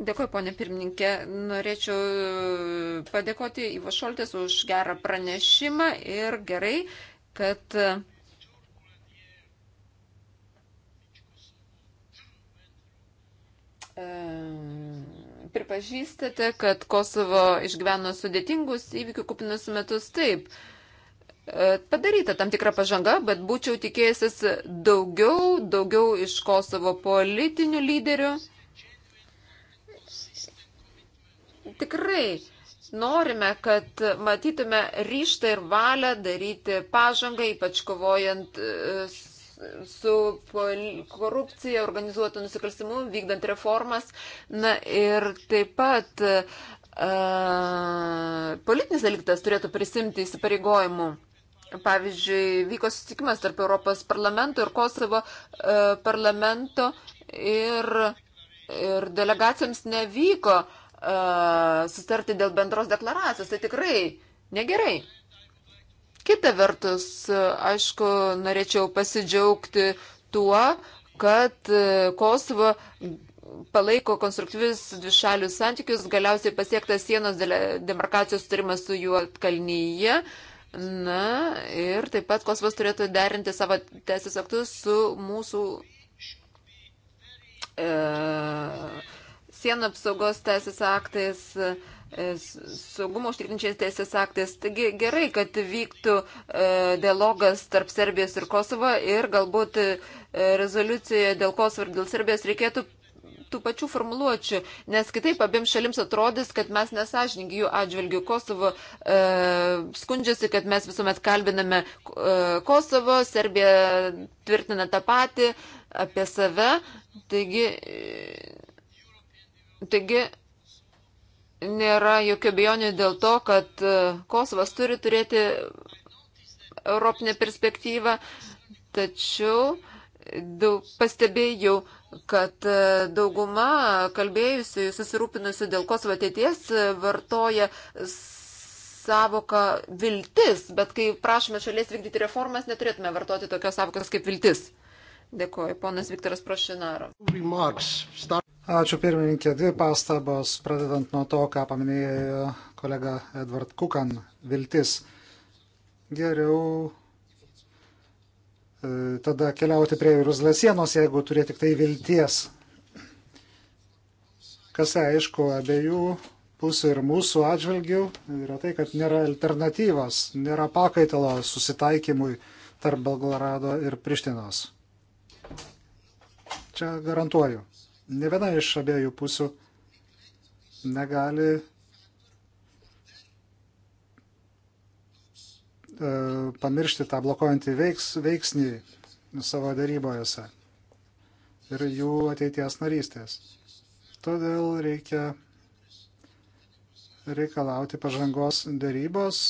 C: Dėkuoju, ponė pirmininkė. Norėčiau e, padėkoti Ivo Šoltės už gerą pranešimą ir gerai, kad e, pripažįstate, kad Kosovo išgyveno sudėtingus įvykių kupinus metus taip. E, padaryta tam tikra pažanga, bet būčiau tikėjęsis daugiau, daugiau iš Kosovo politinių lyderių. tikrai norime, kad matytume ryštą ir valią daryti pažangą, ypač kovojant e, su korupcija, organizuotų nusikalstimų, vykdant reformas. Na ir taip pat uh, politinis dalykas turėtų prisimti įsipareigojimų. Pavyzdžiui, vyko susitikimas tarp Europos parlamento ir Kosovo uh, parlamento ir, ir delegacijams nevyko uh, uh, e, sustarti dėl bendros deklaracijos. Tai tikrai negerai. Kita vertus, aišku, norėčiau pasidžiaugti tuo, kad Kosovo palaiko konstruktyvius dvišalius santykius, galiausiai pasiektas sienos demarkacijos turimas su juo kalnyje. Na ir taip pat Kosovas turėtų derinti savo teisės aktus su mūsų e, sienų apsaugos teisės aktais, e, saugumo užtikrinčiais teisės aktais. Taigi gerai, kad vyktų e, dialogas tarp Serbijos ir Kosovo ir galbūt e, rezoliucijoje dėl Kosovo ir dėl Serbijos reikėtų tų pačių formuluočių, nes kitaip abiems šalims atrodys, kad mes nesažininkai jų atžvilgių. Kosovo e, skundžiasi, kad mes visuomet kalbiname e, Kosovo, Serbija tvirtina tą patį apie save. Taigi, e, Taigi nėra jokio bejonių dėl to, kad e, Kosovas turi turėti europinę perspektyvą, tačiau daug, pastebėjau, kad e, dauguma kalbėjusių, susirūpinusių dėl Kosovo ateities e, vartoja savoką viltis, bet kai prašome šalies vykdyti reformas, neturėtume vartoti tokios savokos kaip viltis. Dėkuoju, ponas Viktoras Prošinaro.
B: Ačiū pirmininkė. Dvi pastabos, pradedant nuo to, ką paminėjo kolega Edvard Kukan, viltis. Geriau e, tada keliauti prie Jeruzalės sienos, jeigu turi tik tai vilties. Kas aišku, abiejų pusių ir mūsų atžvilgių yra tai, kad nėra alternatyvas, nėra pakaitalo susitaikymui tarp Belgrado ir Prištinos. Čia garantuoju ne viena iš abiejų pusių negali e, pamiršti tą blokuojantį veiks, veiksnį savo darybojose ir jų ateities narystės. Todėl reikia reikalauti pažangos darybos,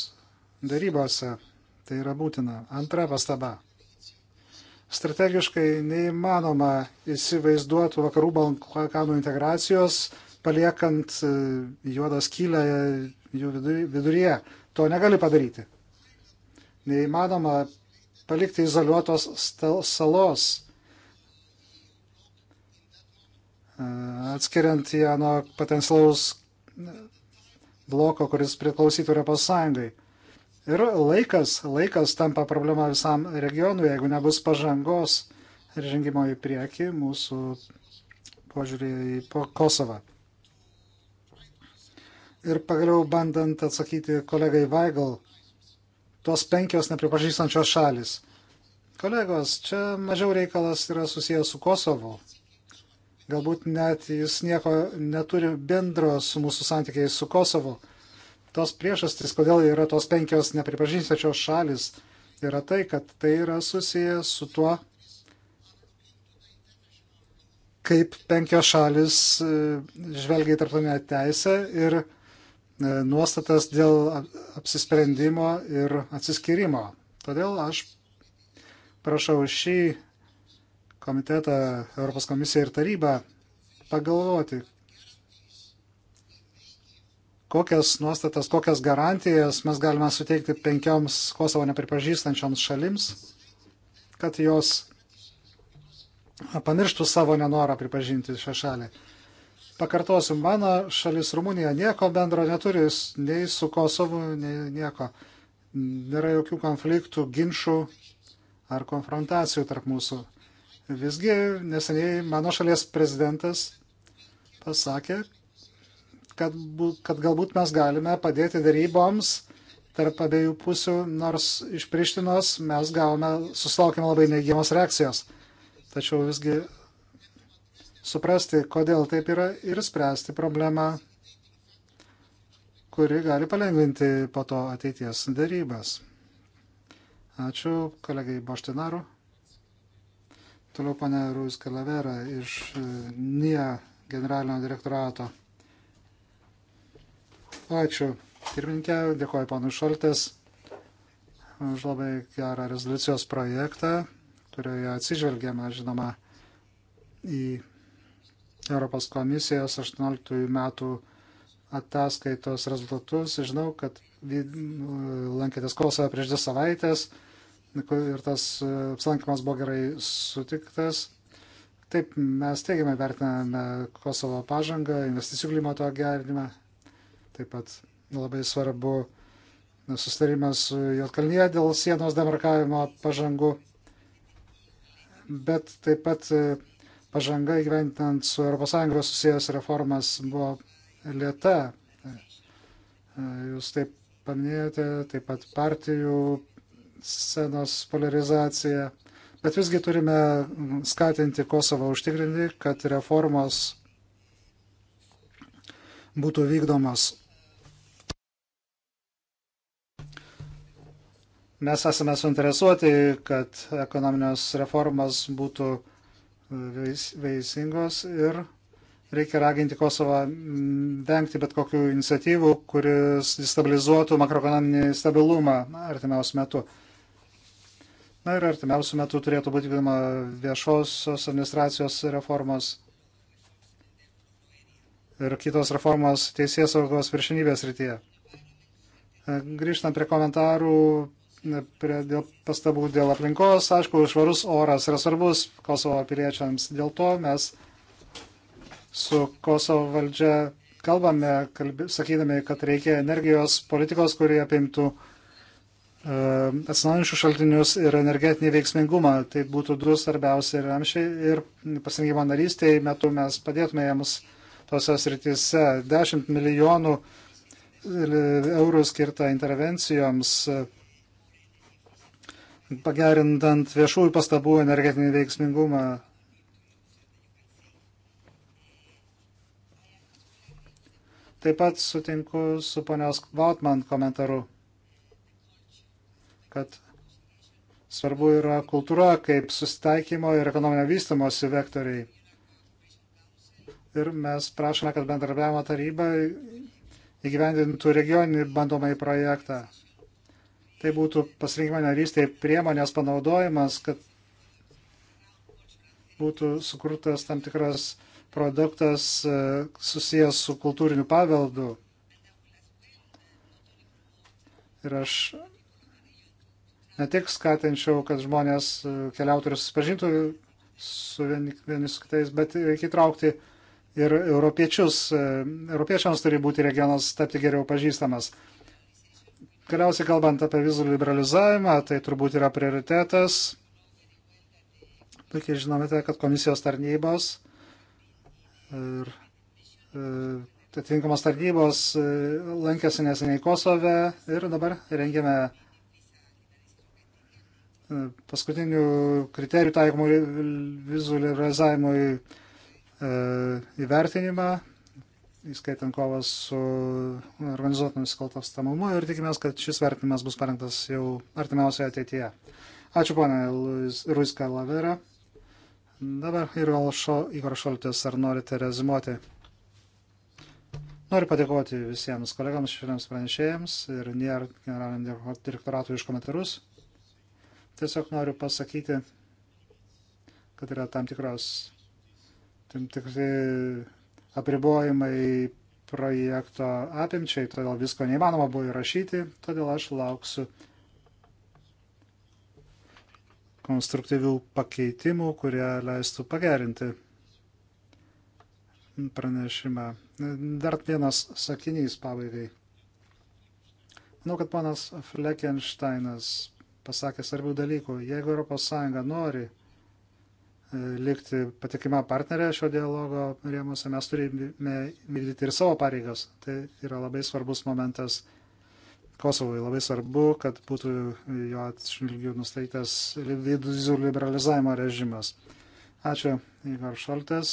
B: darybose. Tai yra būtina. Antra pastaba. Strategiškai neįmanoma įsivaizduoti vakarų Balkanų integracijos, paliekant e, juodą skylę jų viduryje. To negali padaryti. Neįmanoma palikti izoliuotos salos, e, atskiriant ją nuo potencialaus e, bloko, kuris priklausytų Europos Sąjungai. Ir laikas, laikas tampa problema visam regionui, jeigu nebus pažangos ir žengimo į priekį mūsų požiūrį į Kosovą. Ir pagaliau bandant atsakyti kolegai Vaigal, tos penkios nepripažįstančios šalis. Kolegos, čia mažiau reikalas yra susijęs su Kosovu. Galbūt net jis nieko neturi bendro su mūsų santykiais su Kosovu. Tos priežastys, kodėl yra tos penkios nepripažįstačios šalis, yra tai, kad tai yra susiję su tuo, kaip penkios šalis e, žvelgia į tarptautinę teisę ir e, nuostatas dėl apsisprendimo ir atsiskirimo. Todėl aš prašau šį komitetą, Europos komisiją ir tarybą pagalvoti, kokias nuostatas, kokias garantijas mes galime suteikti penkioms Kosovo nepripažįstančioms šalims, kad jos pamirštų savo nenorą pripažinti šią šalį. Pakartosiu, mano šalis Rumunija nieko bendro neturi nei su Kosovu, nei nieko. Nėra jokių konfliktų, ginčių ar konfrontacijų tarp mūsų. Visgi neseniai mano šalies prezidentas pasakė, kad, kad galbūt mes galime padėti daryboms tarp abiejų pusių, nors iš Prištinos mes gavome, susilaukime labai neigiamos reakcijos. Tačiau visgi suprasti, kodėl taip yra ir spręsti problemą, kuri gali palengvinti po to ateities darybas. Ačiū kolegai Boštinaru. Toliau pane Rūs Kalavera iš e, NIA generalinio direktorato. Ačiū. Pirminkė, dėkoju panu Šaltės už labai gerą rezoliucijos projektą, kurioje atsižvelgiama, žinoma, į Europos komisijos 18 metų ataskaitos rezultatus. Žinau, kad lankėtės Kosovoje prieš dvi savaitės ir tas apsilankimas buvo gerai sutiktas. Taip, mes teigiamai vertiname Kosovo pažangą, investicijų klimato gerinimą Taip pat labai svarbu sustarimas su Jotkalnyje dėl sienos demarkavimo pažangų, bet taip pat e, pažanga įgyventinant su ES susijęs reformas buvo lėta. E, jūs taip paminėjote, taip pat partijų scenos polarizacija. Bet visgi turime skatinti Kosovą užtikrinti, kad reformos būtų vykdomos Mes esame suinteresuoti, kad ekonominės reformas būtų e, veisingos ir reikia raginti Kosovą mm, vengti bet kokių iniciatyvų, kuris destabilizuotų makroekonominį stabilumą artimiausiu metu. Na ir artimiausiu metu turėtų būti vykdoma viešosios administracijos reformos ir kitos reformos teisės saugos viršinybės rytyje. E, grįžtant prie komentarų prie, dėl pastabų dėl aplinkos. Aišku, švarus oras yra svarbus Kosovo piliečiams. Dėl to mes su Kosovo valdžia kalbame, kalbė, sakydami, kad reikia energijos politikos, kurie apimtų e, atsinaujančių šaltinius ir energetinį veiksmingumą. Tai būtų du svarbiausi ramšiai ir pasirinkimo narystėje metu mes padėtume jiems tose srityse 10 milijonų e, eurų skirta intervencijoms. E, pagerindant viešųjų pastabų energetinį veiksmingumą. Taip pat sutinku su ponios Vautman komentaru, kad svarbu yra kultūra kaip susitaikymo ir ekonominio vystimosi vektoriai. Ir mes prašome, kad bendradarbiavimo taryba įgyvendintų regioninį bandomąjį projektą tai būtų pasirinkimo narystėje priemonės panaudojimas, kad būtų sukurtas tam tikras produktas e, susijęs su kultūriniu paveldu. Ir aš ne tik skatinčiau, kad žmonės e, keliautų ir susipažintų su vieni, vieni su kitais, bet reikia įtraukti ir europiečius. E, europiečiams turi būti regionas tapti geriau pažįstamas. Galiausiai kalbant apie vizų liberalizavimą, tai turbūt yra prioritetas. Puikiai žinomite, tai, kad komisijos tarnybos ir e, atitinkamos tarnybos e, lankėsi neseniai Kosove ir dabar rengiame e, paskutinių kriterijų taikomų vizų liberalizavimui įvertinimą įskaitant kovas su organizuotų nusikaltastamumu ir tikimės, kad šis vertinimas bus parengtas jau artimiausioje ateityje. Ačiū ponė Ruiz Kalavera. Dabar ir Igor Šoltis, ar norite rezimuoti? Noriu padėkoti visiems kolegams, šiandiems pranešėjams ir NIR generaliniam direktoratui iš komentarus. Tiesiog noriu pasakyti, kad yra tam tikros tam tikri apribojimai projekto apimčiai, todėl visko neįmanoma buvo įrašyti, todėl aš lauksiu konstruktyvių pakeitimų, kurie leistų pagerinti pranešimą. Dar vienas sakinys pabaigai. Manau, kad ponas Fleckensteinas pasakė svarbių dalykų. Jeigu ES nori E, likti patikima partnerė šio dialogo rėmose, mes turime vykdyti ir savo pareigas. Tai yra labai svarbus momentas Kosovui. Labai svarbu, kad būtų jo atšvilgių nustatytas vizų liberalizavimo režimas. Ačiū, Igor Šoltas.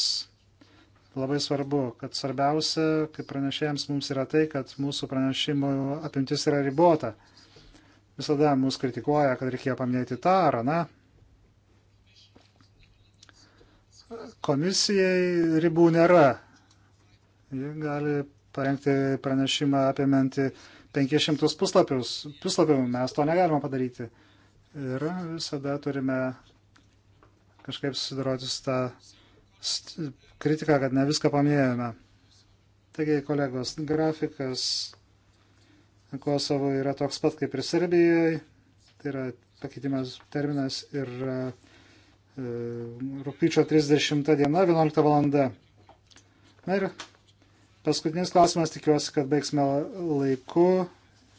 B: Labai svarbu, kad svarbiausia, kaip pranešėjams, mums yra tai, kad mūsų pranešimų apimtis yra ribota. Visada mus kritikuoja, kad reikėjo paminėti tą ar aną, Komisijai ribų nėra. Ji gali parengti pranešimą apimantį 500 puslapius. puslapių. Mes to negalime padaryti. Ir visada turime kažkaip susidoroti su tą kritiką, kad ne viską paminėjome. Taigi, kolegos, grafikas Kosovo yra toks pat kaip ir Serbijoje. Tai yra pakeitimas terminas ir uh, rūpyčio 30 diena, 11 valanda. Na ir paskutinis klausimas, tikiuosi, kad baigsime laiku.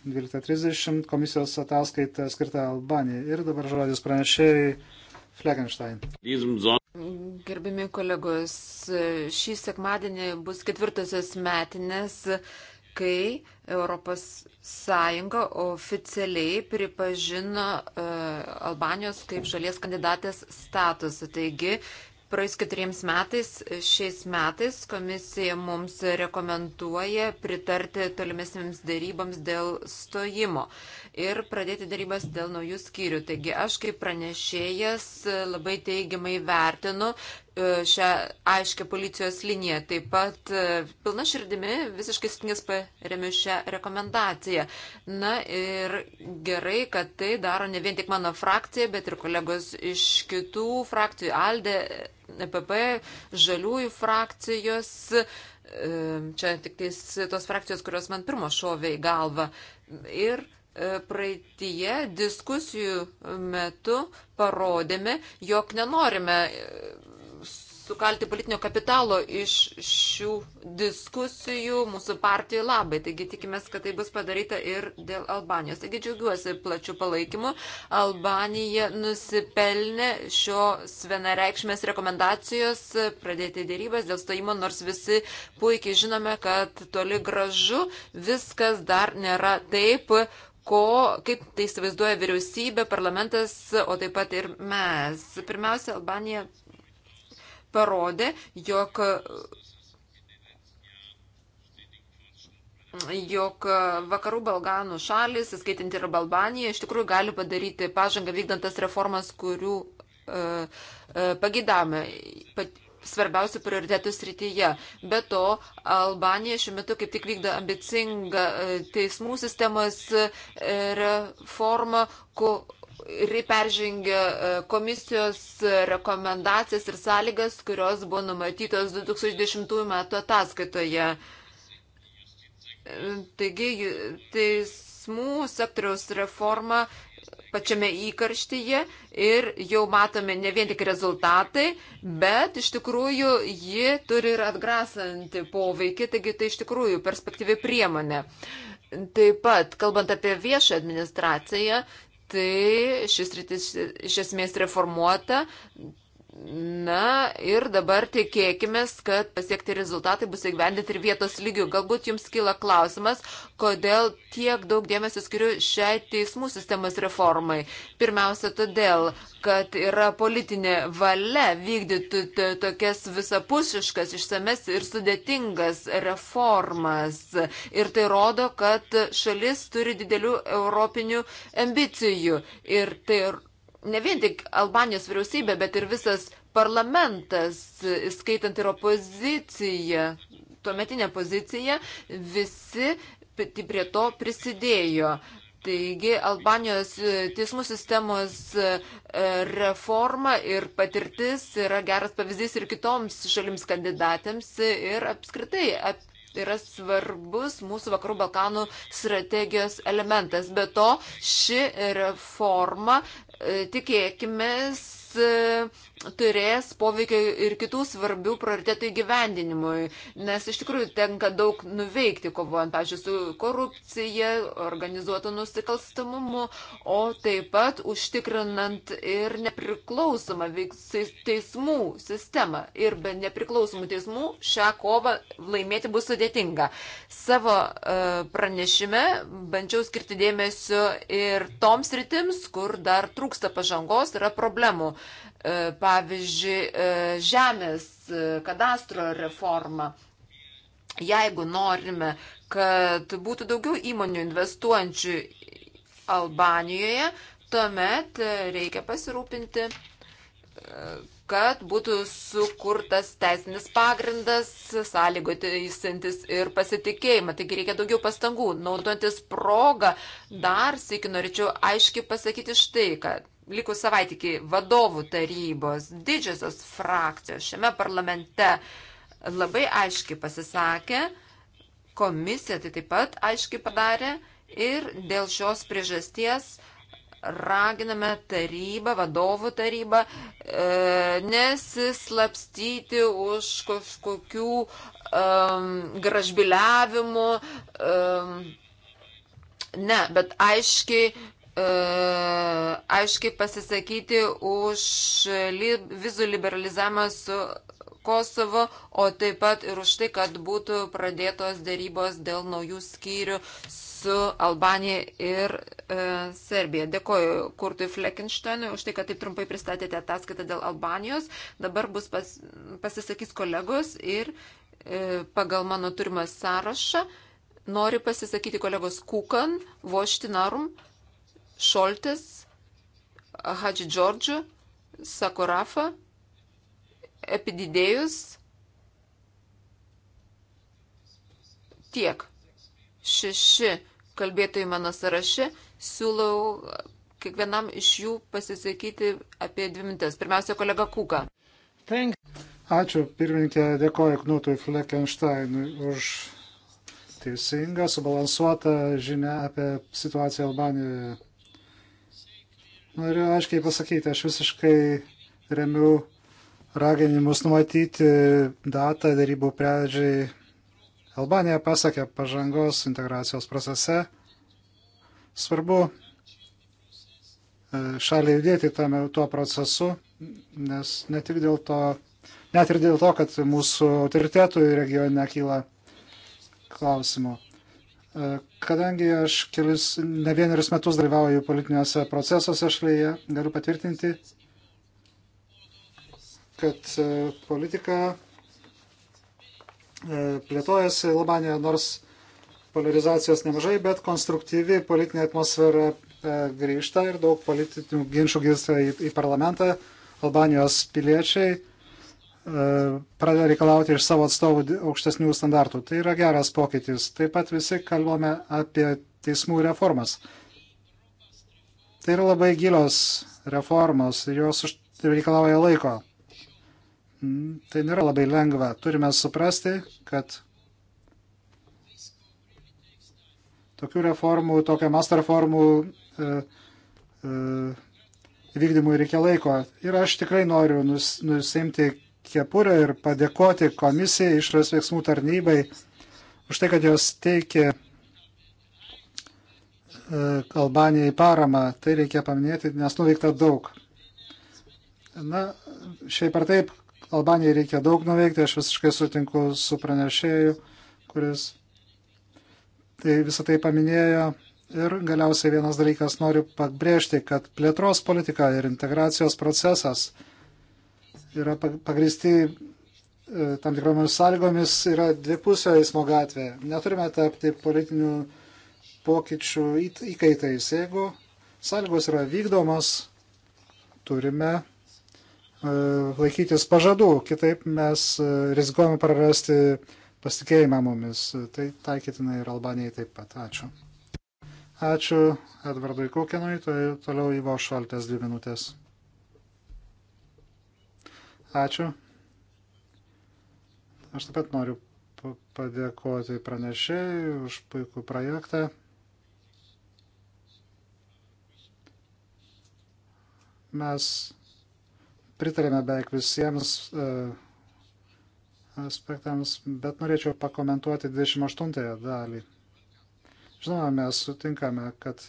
B: 12.30 komisijos ataskaita skirta Albanijai. Ir dabar žodis pranešėjai Fleckenstein.
C: Gerbimi kolegos, šį sekmadienį bus ketvirtosios metinės kai ES oficialiai pripažino uh, Albanijos kaip šalies kandidatės statusą. Taigi, praeis keturiems metais, šiais metais komisija mums rekomenduoja pritarti tolimesnėms dėryboms dėl stojimo ir pradėti dėrybas dėl naujų skyrių. Taigi, aš kaip pranešėjas labai teigiamai vertinu E, šią aiškę policijos liniją. Taip pat e, pilna širdimi visiškai stingas paremiu šią rekomendaciją. Na ir gerai, kad tai daro ne vien tik mano frakcija, bet ir kolegos iš kitų frakcijų, ALDE, EPP, Žaliųjų frakcijos. E, čia tik tais tos frakcijos, kurios man pirmo šovė į galvą. Ir praeitie diskusijų metu parodėme, jog nenorime sukalti politinio kapitalo iš šių diskusijų mūsų partijų labai. Taigi tikimės, kad tai bus padaryta ir dėl Albanijos. Taigi džiaugiuosi plačių palaikymų. Albanija nusipelnė šios vienareikšmės rekomendacijos pradėti dėrybas dėl stojimo, nors visi puikiai žinome, kad toli gražu viskas dar nėra taip ko, kaip tai įsivaizduoja vyriausybė, parlamentas, o taip pat ir mes. Pirmiausia, Albanija parodė, jog jog vakarų Balganų šalis, skaitinti ir Balbaniją, iš tikrųjų gali padaryti pažangą vykdantas reformas, kurių uh, e, e, pagidame svarbiausių prioritetų srityje. Be to, Albanija šiuo metu kaip tik vykdo ambicingą e, teismų sistemos reformą, ku peržengia e, komisijos rekomendacijas ir sąlygas, kurios buvo numatytos 2010 metų ataskaitoje. E, taigi, teismų sektoriaus reforma pačiame įkarštyje ir jau matome ne vien tik rezultatai, bet iš tikrųjų ji turi ir atgrasantį poveikį, taigi tai iš tikrųjų perspektyvi priemonė. Taip pat, kalbant apie viešą administraciją, tai šis rytis iš esmės reformuota, Na ir dabar tikėkime, kad pasiekti rezultatai bus įgyvendinti ir vietos lygių. Galbūt jums kyla klausimas, kodėl tiek daug dėmesio skiriu šiai teismų sistemos reformai. Pirmiausia, todėl, kad yra politinė valia vykdyti tokias visapusiškas, išsames ir sudėtingas reformas. Ir tai rodo, kad šalis turi didelių europinių ambicijų. Ir tai ne vien tik Albanijos vyriausybė, bet ir visas parlamentas, skaitant ir opoziciją, tuometinę poziciją, visi prie to prisidėjo. Taigi Albanijos e, teismų sistemos e, reforma ir patirtis yra geras pavyzdys ir kitoms šalims kandidatėms ir apskritai ap yra svarbus mūsų Vakarų Balkanų strategijos elementas. Be to, ši reforma Tikėkime, E, turės poveikio ir kitų svarbių prioritetų įgyvendinimui, nes iš tikrųjų tenka daug nuveikti, kovojant, pažiūrėjau, su korupcija, organizuotų nusikalstamumu, o taip pat užtikrinant ir nepriklausomą teismų sistemą. Ir be nepriklausomų teismų šią kovą laimėti bus sudėtinga. Savo uh, pranešime bandžiau skirti dėmesio ir toms rytims, kur dar trūksta pažangos, yra problemų. E, pavyzdžiui, e, žemės e, kadastro reforma. Jeigu norime, kad būtų daugiau įmonių investuojančių Albanijoje, tuomet reikia pasirūpinti, kad būtų sukurtas teisinis pagrindas, sąlygoti įsintis ir pasitikėjimą. Taigi reikia daugiau pastangų. Naudojantis progą, dar sėki norėčiau aiškiai pasakyti štai, kad likus savaitį iki vadovų tarybos didžiosios frakcijos šiame parlamente labai aiškiai pasisakė, komisija tai taip pat aiškiai padarė ir dėl šios priežasties raginame tarybą, vadovų tarybą e, nesislapstyti už kažkokių e, gražbiliavimų. E, ne, bet aiškiai E, aiškiai pasisakyti už li, vizų liberalizavimą su Kosovo, o taip pat ir už tai, kad būtų pradėtos dėrybos dėl naujų skyrių su Albanija ir e, Serbija. Dėkoju Kurtui Fleckensteinui už tai, kad taip trumpai pristatėte ataskaitą dėl Albanijos. Dabar bus pas, pasisakys kolegos ir e, pagal mano turimą sąrašą nori pasisakyti kolegos Kukan, Voštinarum. Šoltis, Hadži Džordžiu, Sakurafa, Epididėjus. Tiek. Šeši kalbėtojai mano sąraše. Siūlau kiekvienam iš jų pasisakyti apie dvi mintis. Pirmiausia, kolega Kūka.
B: Ačiū, pirmininkė, dėkoju Knutui Fleckensteinui už teisingą, subalansuotą žinę apie situaciją Albanijoje Noriu aiškiai pasakyti, aš visiškai remiu raginimus numatyti datą darybų pradžiai. Albanija pasakė pažangos integracijos procese. Svarbu e, šaliai judėti tame, tuo procesu, nes ne tik dėl to, net ir dėl to, kad mūsų autoritetui regione kyla klausimų. Kadangi aš kelis, ne vienerius metus dalyvauju politiniuose procesuose šalyje, galiu patvirtinti, kad e, politika e, plėtojasi Albanijoje, nors polarizacijos nemažai, bet konstruktyvi politinė atmosfera e, grįžta ir daug politinių ginčių grįžta į, į parlamentą. Albanijos piliečiai E, pradeda reikalauti iš savo atstovų aukštesnių standartų. Tai yra geras pokytis. Taip pat visi kalbame apie teismų reformas. Tai yra labai gilios reformos ir jos reikalauja laiko. Mm, tai nėra labai lengva. Turime suprasti, kad tokių reformų, tokio masto reformų e, e, vykdymui reikia laiko. Ir aš tikrai noriu nus, nusimti kepurę ir padėkoti komisijai, išras veiksmų tarnybai už tai, kad jos teikė e, Albanijai paramą. Tai reikia paminėti, nes nuveikta daug. Na, šiaip ar taip, Albanijai reikia daug nuveikti, aš visiškai sutinku su pranešėju, kuris tai visą tai paminėjo. Ir galiausiai vienas dalykas noriu pabrėžti, kad plėtros politika ir integracijos procesas yra pagristi e, tam tikromis sąlygomis, yra dvipusio eismo gatvė. Neturime tapti politinių pokyčių įkaitais. Jeigu sąlygos yra vykdomos, turime e, laikytis pažadų, kitaip mes e, rizikuojame prarasti pasitikėjimą mumis. Tai taikytina ir Albanijai taip pat. Ačiū. Ačiū Edvardui Kukinui, tai toliau Ivo Šaltės dvi minutės. Ačiū. Aš taip pat noriu padėkoti pranešėjai už puikų projektą. Mes pritarėme beveik visiems e, aspektams, bet norėčiau pakomentuoti 28 dalį. Žinoma, mes sutinkame, kad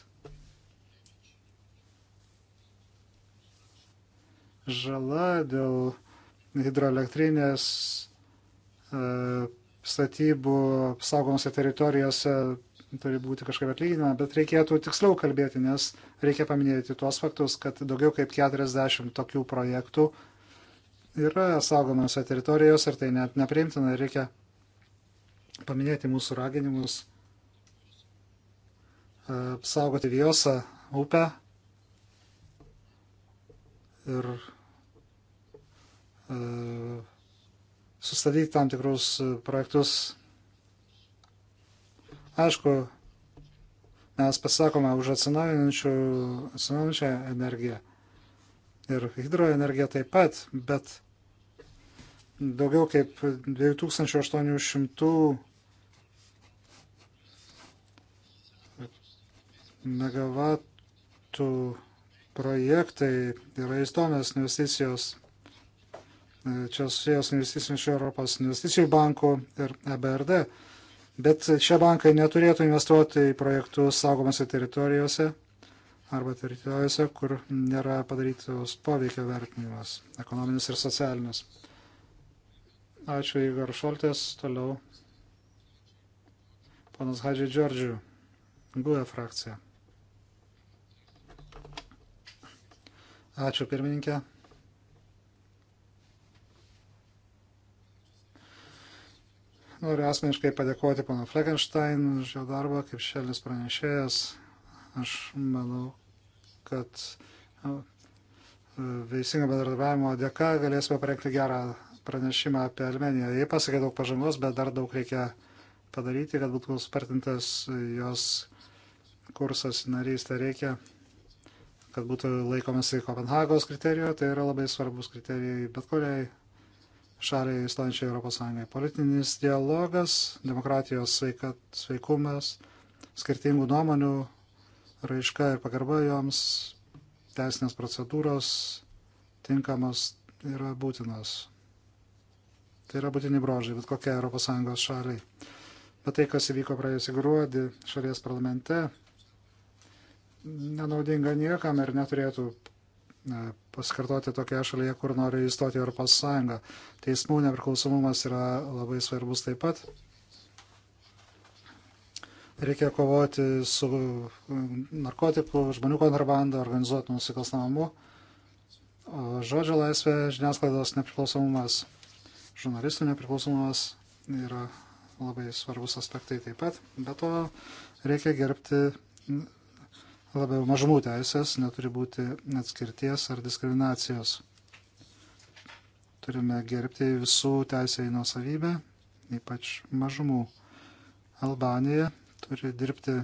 B: žala dėl hidroelektrinės e, statybų saugomose teritorijose turi būti kažkaip atlyginama, bet reikėtų tiksliau kalbėti, nes reikia paminėti tuos faktus, kad daugiau kaip 40 tokių projektų yra saugomose teritorijose ir tai net nepriimtina, reikia paminėti mūsų raginimus apsaugoti e, Vijosą upę ir E, sustabdyti tam tikrus e, projektus. Aišku, mes pasakome už atsinaujinančią energiją ir hidroenergiją taip pat, bet daugiau kaip 2800 megavatų projektai yra įstomios investicijos čia susijęs investicinių iš Europos investicijų bankų ir EBRD. Bet šie bankai neturėtų investuoti į projektus saugomose teritorijose arba teritorijose, kur nėra padarytos poveikio vertinimas, ekonominis ir socialinis. Ačiū Igor Šoltės, toliau panas Hadži Džordžių, GUE frakcija. Ačiū pirmininkė. Noriu asmeniškai padėkoti pana Fleckenstein už jo darbą kaip šelnis pranešėjas. Aš manau, kad veisingo bendradarbiavimo dėka galėsime parengti gerą pranešimą apie Armeniją. Jie pasakė daug pažangos, bet dar daug reikia padaryti, kad būtų spartintas jos kursas narystė reikia, kad būtų laikomasi Kopenhagos kriterijų, tai yra labai svarbus kriterijai bet kuriai šaliai įstojančiai Europos Sąjungai. Politinis dialogas, demokratijos sveikat, sveikumas, skirtingų nuomonių raiška ir pagarba joms, teisinės procedūros tinkamos yra būtinos. Tai yra būtini brožai, bet kokia ES šaliai. Bet tai, kas įvyko praėjusį gruodį šalies parlamente, nenaudinga niekam ir neturėtų pasikartoti tokioje šalyje, kur nori įstoti į Europos Sąjungą. Teismų nepriklausomumas yra labai svarbus taip pat. Reikia kovoti su e, narkotikų, žmonių kontrabanda, organizuotų nusikalstamumu. Žodžio laisvė, žiniasklaidos nepriklausomumas, žurnalistų nepriklausomumas yra labai svarbus aspektai taip pat. Be to reikia gerbti labiau mažumų teisės, neturi būti atskirties ar diskriminacijos. Turime gerbti visų teisę į nuosavybę, ypač mažumų. Albanija turi dirbti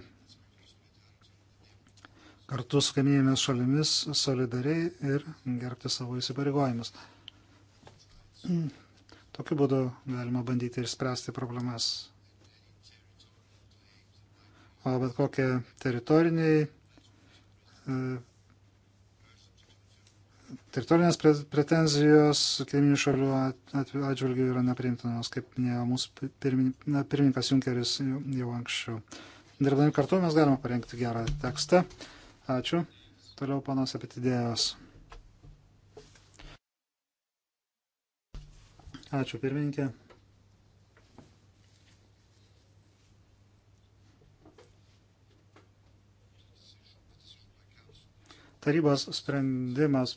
B: kartu su kaimynėmis šalimis solidariai ir gerbti savo įsipareigojimus. Tokiu būdu galima bandyti ir spręsti problemas. O bet kokie teritoriniai teritorinės pretenzijos kaiminių šalių atžvilgių yra nepriimtinos, kaip minėjo mūsų pirmininkas Junkeris jau anksčiau. Dirbdami kartu mes galime parengti gerą tekstą. Ačiū. Toliau panos apetidėjos. Ačiū pirmininkė. Tarybos sprendimas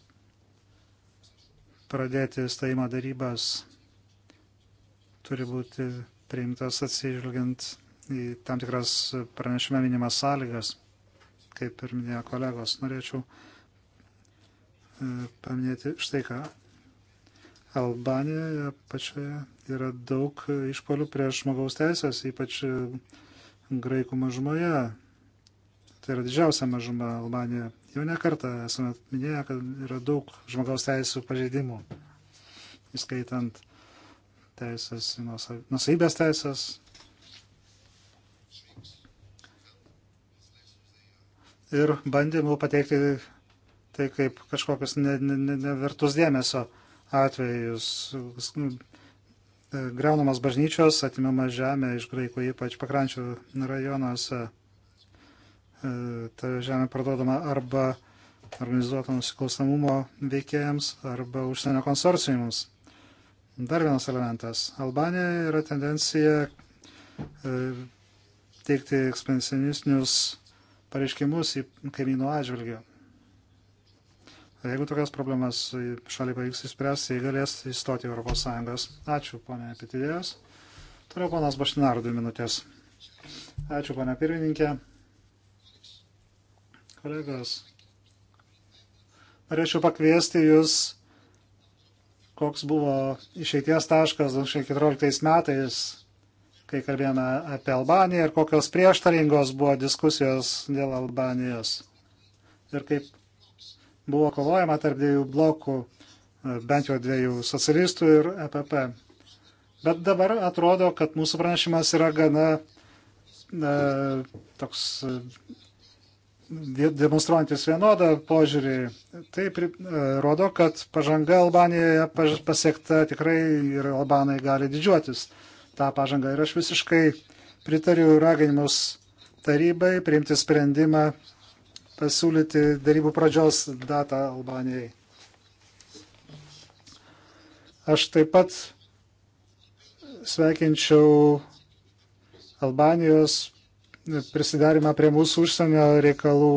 B: pradėti stojimo darybas turi būti priimtas atsižvelgiant į tam tikras pranešime minimas sąlygas, kaip ir minėjo kolegos. Norėčiau e, paminėti štai ką. Albanijoje pačioje yra daug išpolių prieš žmogaus teisės, ypač e, graikų mažumoje tai yra didžiausia mažuma Albanijoje. Jau nekartą esame minėję, kad yra daug žmogaus teisų pažeidimų, įskaitant teisės, nusaibės teisės. Ir bandymų pateikti tai kaip kažkokius nevertus ne, ne, ne dėmesio atvejus. Greunamas bažnyčios, atimama žemė iš graikų, ypač pakrančių rajonuose. E, ta žemė parduodama arba organizuoto nusikalstamumo veikėjams arba užsienio konsorcijams. Dar vienas elementas. Albanija yra tendencija e, teikti ekspansionistinius pareiškimus į kaimynų atžvilgių. Jeigu tokias problemas šaliai pavyks įspręsti, jie galės įstoti į Europos Sąjungas. Ačiū, ponė Pitidėjas. Toliau ponas Baštinar, dvi minutės. Ačiū, ponė pirmininkė kolegos. Norėčiau pakviesti Jūs, koks buvo išeities taškas 2014 metais, kai kalbėjome apie Albaniją ir kokios prieštaringos buvo diskusijos dėl Albanijos. Ir kaip buvo kovojama tarp dviejų blokų, bent jau dviejų socialistų ir EPP. Bet dabar atrodo, kad mūsų pranešimas yra gana e, toks demonstruojantis vienodą požiūrį, tai e, rodo, kad pažanga Albanijoje pasiekta tikrai ir Albanai gali didžiuotis tą pažangą. Ir aš visiškai pritariu raginimus tarybai priimti sprendimą pasiūlyti darybų pradžios datą Albanijai. Aš taip pat sveikinčiau Albanijos prisidarimą prie mūsų užsienio reikalų,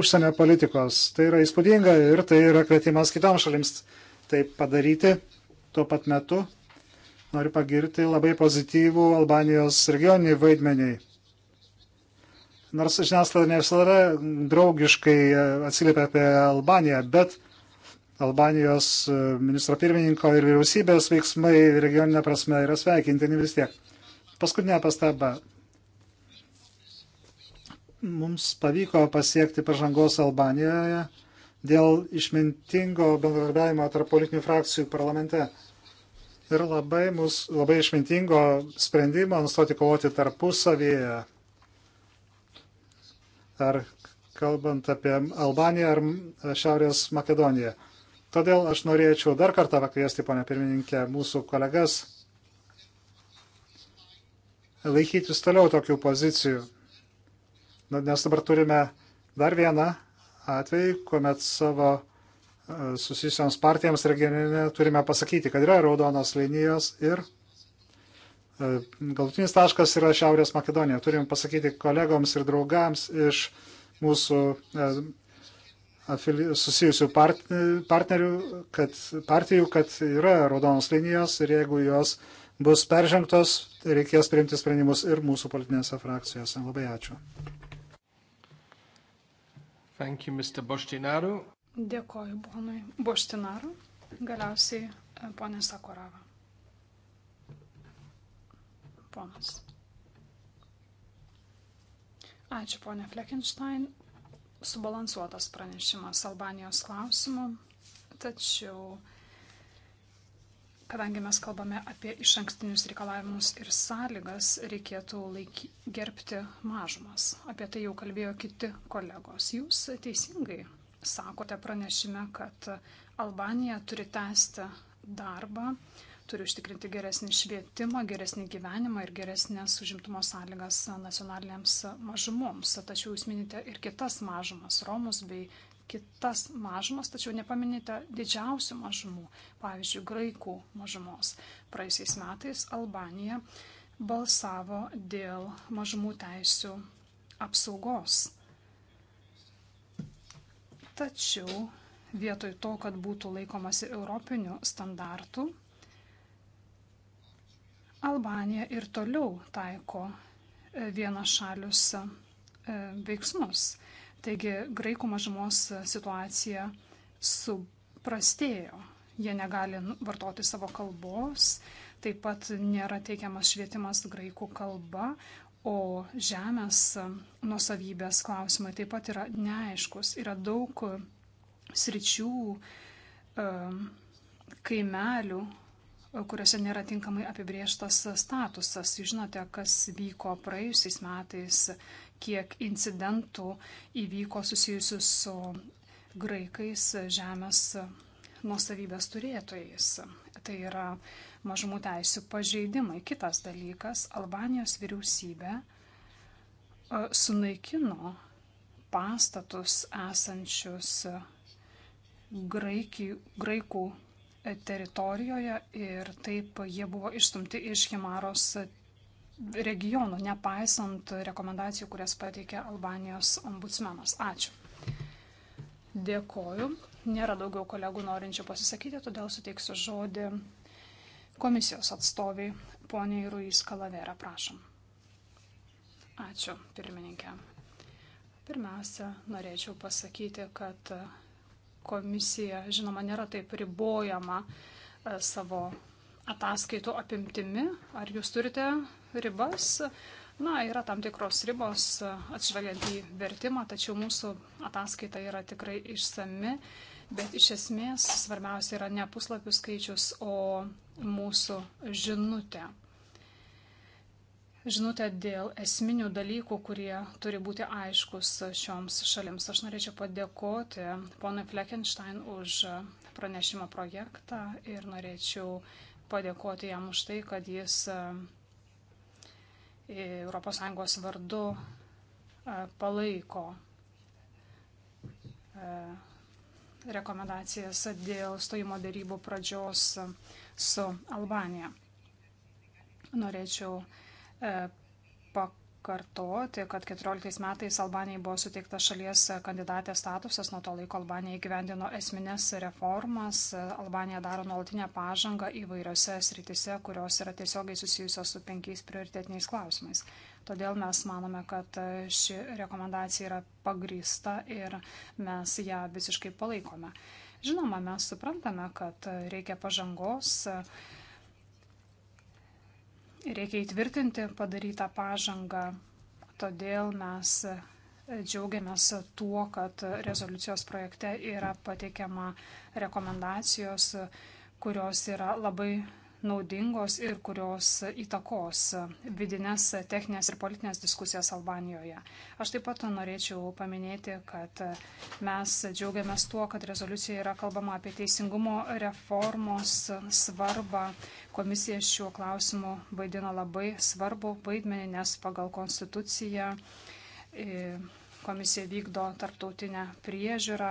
B: užsienio politikos. Tai yra įspūdinga ir tai yra kvietimas kitoms šalims tai padaryti tuo pat metu. Noriu pagirti labai pozityvų Albanijos regioninį vaidmenį. Nors žiniasklaida ne visada draugiškai e, atsiliepia apie Albaniją, bet Albanijos e, ministro pirmininko ir vyriausybės veiksmai regioninė prasme yra sveikintini vis tiek. Paskutinė pastaba mums pavyko pasiekti pažangos Albanijoje dėl išmintingo bendradarbiavimo tarp politinių frakcijų parlamente ir labai, mus, labai išmintingo sprendimo nustoti kovoti tarpusavėje. Ar kalbant apie Albaniją ar Šiaurės Makedoniją. Todėl aš norėčiau dar kartą pakviesti, ponia pirmininkė, mūsų kolegas laikytis toliau tokių pozicijų. Nes dabar turime dar vieną atvejį, kuomet savo e, susijusiams partijams regione turime pasakyti, kad yra raudonos linijos ir e, galutinis taškas yra Šiaurės Makedonija. Turim pasakyti kolegoms ir draugams iš mūsų e, susijusių partnerių, kad, partijų, kad yra raudonos linijos ir jeigu jos bus peržengtos, reikės priimti sprendimus ir mūsų politinėse frakcijose. Labai ačiū. Thank you, Mr. Boštinaru.
A: Dėkoju, ponui Boštinaru. Galiausiai, e, ponė Sakorava. Ponas. Ačiū, ponė Fleckenstein. Subalansuotas pranešimas Albanijos klausimu, tačiau uh, Kadangi mes kalbame apie iš ankstinius reikalavimus ir sąlygas, reikėtų laiky, gerbti mažumas. Apie tai jau kalbėjo kiti kolegos. Jūs teisingai sakote pranešime, kad Albanija turi tęsti darbą, turi užtikrinti geresnį švietimą, geresnį gyvenimą ir geresnės užimtumo sąlygas nacionalinėms mažumoms. Tačiau jūs minite ir kitas mažumas - Romus bei kitas mažumas, tačiau nepaminite didžiausių mažumų, pavyzdžiui, graikų mažumos. Praėjusiais metais Albanija balsavo dėl mažumų teisių apsaugos. Tačiau vietoj to, kad būtų laikomasi europinių standartų, Albanija ir toliau taiko vienašalius e, veiksmus. Taigi graikų mažumos situacija suprastėjo. Jie negali vartoti savo kalbos, taip pat nėra teikiamas švietimas graikų kalba, o žemės nusavybės klausimai taip pat yra neaiškus. Yra daug sričių, e, kaimelių, kuriuose nėra tinkamai apibrieštas statusas. Jūs žinote, kas vyko praėjusiais metais kiek incidentų įvyko susijusių su graikais žemės nuosavybės turėtojais. Tai yra mažumų teisų pažeidimai. Kitas dalykas - Albanijos vyriausybė e, sunaikino pastatus esančius graikį, graikų teritorijoje ir taip jie buvo išstumti iš Himaros regionų, nepaisant rekomendacijų, kurias pateikė Albanijos ombudsmenas. Ačiū. Dėkoju. Nėra daugiau kolegų norinčių pasisakyti, todėl suteiksiu žodį komisijos atstoviai, poniai Ruiz Kalavera, prašom. Ačiū, pirmininkė. Pirmiausia, norėčiau pasakyti, kad komisija, žinoma, nėra taip ribojama e, savo ataskaitų apimtimi. Ar jūs turite ribas. Na, yra tam tikros ribos e, atsižvelgiant į vertimą, tačiau mūsų ataskaita yra tikrai išsami, bet iš esmės svarbiausia yra ne puslapių skaičius, o mūsų žinutė. Žinutė dėl esminių dalykų, kurie turi būti aiškus šioms šalims. Aš norėčiau padėkoti ponui Fleckenstein už pranešimo projektą ir norėčiau padėkoti jam už tai, kad jis e, ES vardu e, palaiko e, rekomendacijas dėl stojimo dėrybų pradžios su Albanija. Norėčiau e, pak pakartoti, kad 14 metais Albanijai buvo suteiktas šalies kandidatės statusas, nuo to laiko Albanija įgyvendino esminės reformas, Albanija daro nuolatinę pažangą įvairiose sritise, kurios yra tiesiogiai susijusios su penkiais prioritetiniais klausimais. Todėl mes manome, kad ši rekomendacija yra pagrįsta ir mes ją visiškai palaikome. Žinoma, mes suprantame, kad reikia pažangos Reikia įtvirtinti padarytą pažangą, todėl mes džiaugiamės tuo, kad rezoliucijos projekte yra pateikiama rekomendacijos, kurios yra labai naudingos ir kurios įtakos vidinės techninės ir politinės diskusijas Albanijoje. Aš taip pat norėčiau paminėti, kad mes džiaugiamės tuo, kad rezoliucijoje yra kalbama apie teisingumo reformos svarbą, Komisija šiuo klausimu vaidina labai svarbu vaidmenį, nes pagal konstituciją e, komisija vykdo tarptautinę priežiūrą.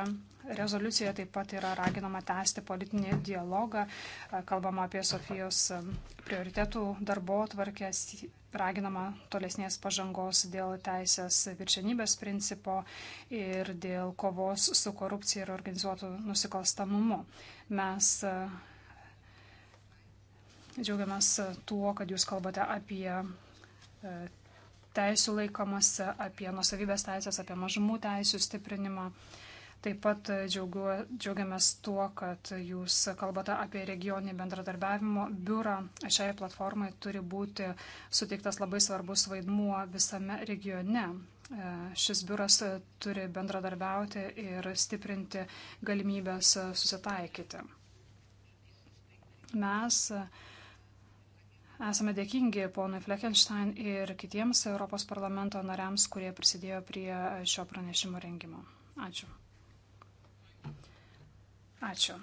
A: Rezoliucijoje taip pat yra raginama tęsti politinį dialogą, e, kalbama apie Sofijos e, prioritetų darbo atvarkės, raginama tolesnės pažangos dėl teisės viršenybės principo ir dėl kovos su korupcija ir organizuotų nusikalstamumu. Mes Džiaugiamės e, tuo, kad jūs kalbate apie e, teisų laikomasi, apie nusavybės teisės, apie mažumų teisų stiprinimą. Taip pat e, džiaugiu, džiaugiamės tuo, kad jūs kalbate apie regioninį bendradarbiavimo biurą. Šiai platformai turi būti suteiktas labai svarbus vaidmuo visame regione. Šis biuras turi bendradarbiauti ir stiprinti galimybės susitaikyti. Mes Esame dėkingi ponui Fleckenstein ir kitiems Europos parlamento nariams, kurie prisidėjo prie šio pranešimo rengimo. Ačiū. Ačiū.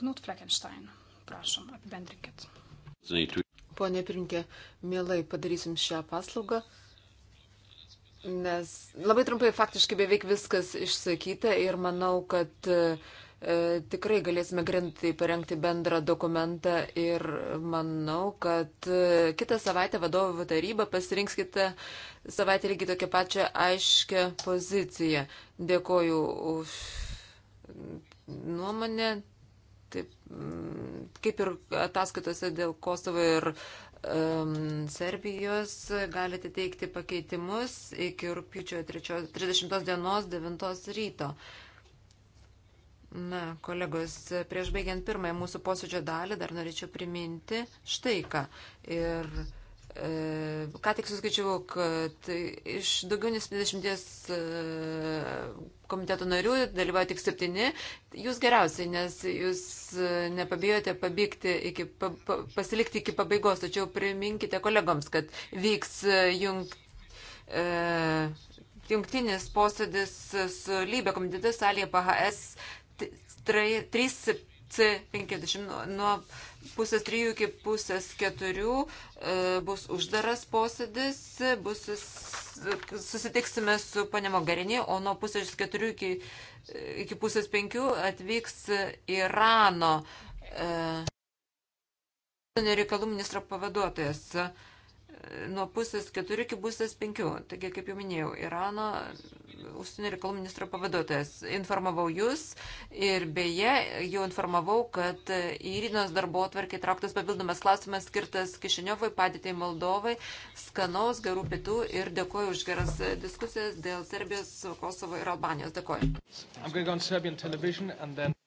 A: Knut Fleckenstein, prašom, apibendrinkit. Pone Pirinkė, mielai padarysim šią paslaugą.
C: Nes labai trumpai faktiškai beveik viskas išsakyta ir manau, kad uh, E, tikrai galėsime grintai parengti bendrą dokumentą ir manau, kad e, kitą savaitę vadovų taryba pasirinks kitą savaitę lygiai tokią pačią aiškę poziciją. Dėkoju už nuomonę. Taip, mm, kaip ir ataskaitose dėl Kosovo ir um, Serbijos galite teikti pakeitimus iki rūpiučio 30 dienos 9 ryto. Uh, Na, kolegos, prieš baigiant pirmąją mūsų posėdžio dalį dar norėčiau priminti štai ką. Ir e, ką tik suskaičiavau, kad iš daugiau nes 20 e, komiteto narių dalyvauja tik 7. Jūs geriausiai, nes jūs e, nepabijote pabėgti iki, pa, pa, pasilikti iki pabaigos, tačiau priminkite kolegoms, kad vyks e, jungt. E, jungtinis posėdis su lybė komitetu salėje PHS 3C50 nuo pusės 3 iki pusės 4 e, bus uždaras posėdis, bus, susitiksime su pane Mogherini, o nuo pusės 4 iki, e, iki pusės 5 atvyks Irano e, reikalų ministro pavaduotojas nuo pusės keturių iki pusės penkių. Taigi, kaip jau minėjau, Irano užsienio reikalų ministro pavaduotojas. Informavau jūs ir beje, jau informavau, kad į Irinos darbo atvarkį trauktas papildomas klausimas skirtas Kišiniovui, padėtai Moldovai, skanaus, gerų pietų ir dėkoju už geras diskusijas dėl Serbijos, Kosovo ir Albanijos. Dėkoju.
B: Then...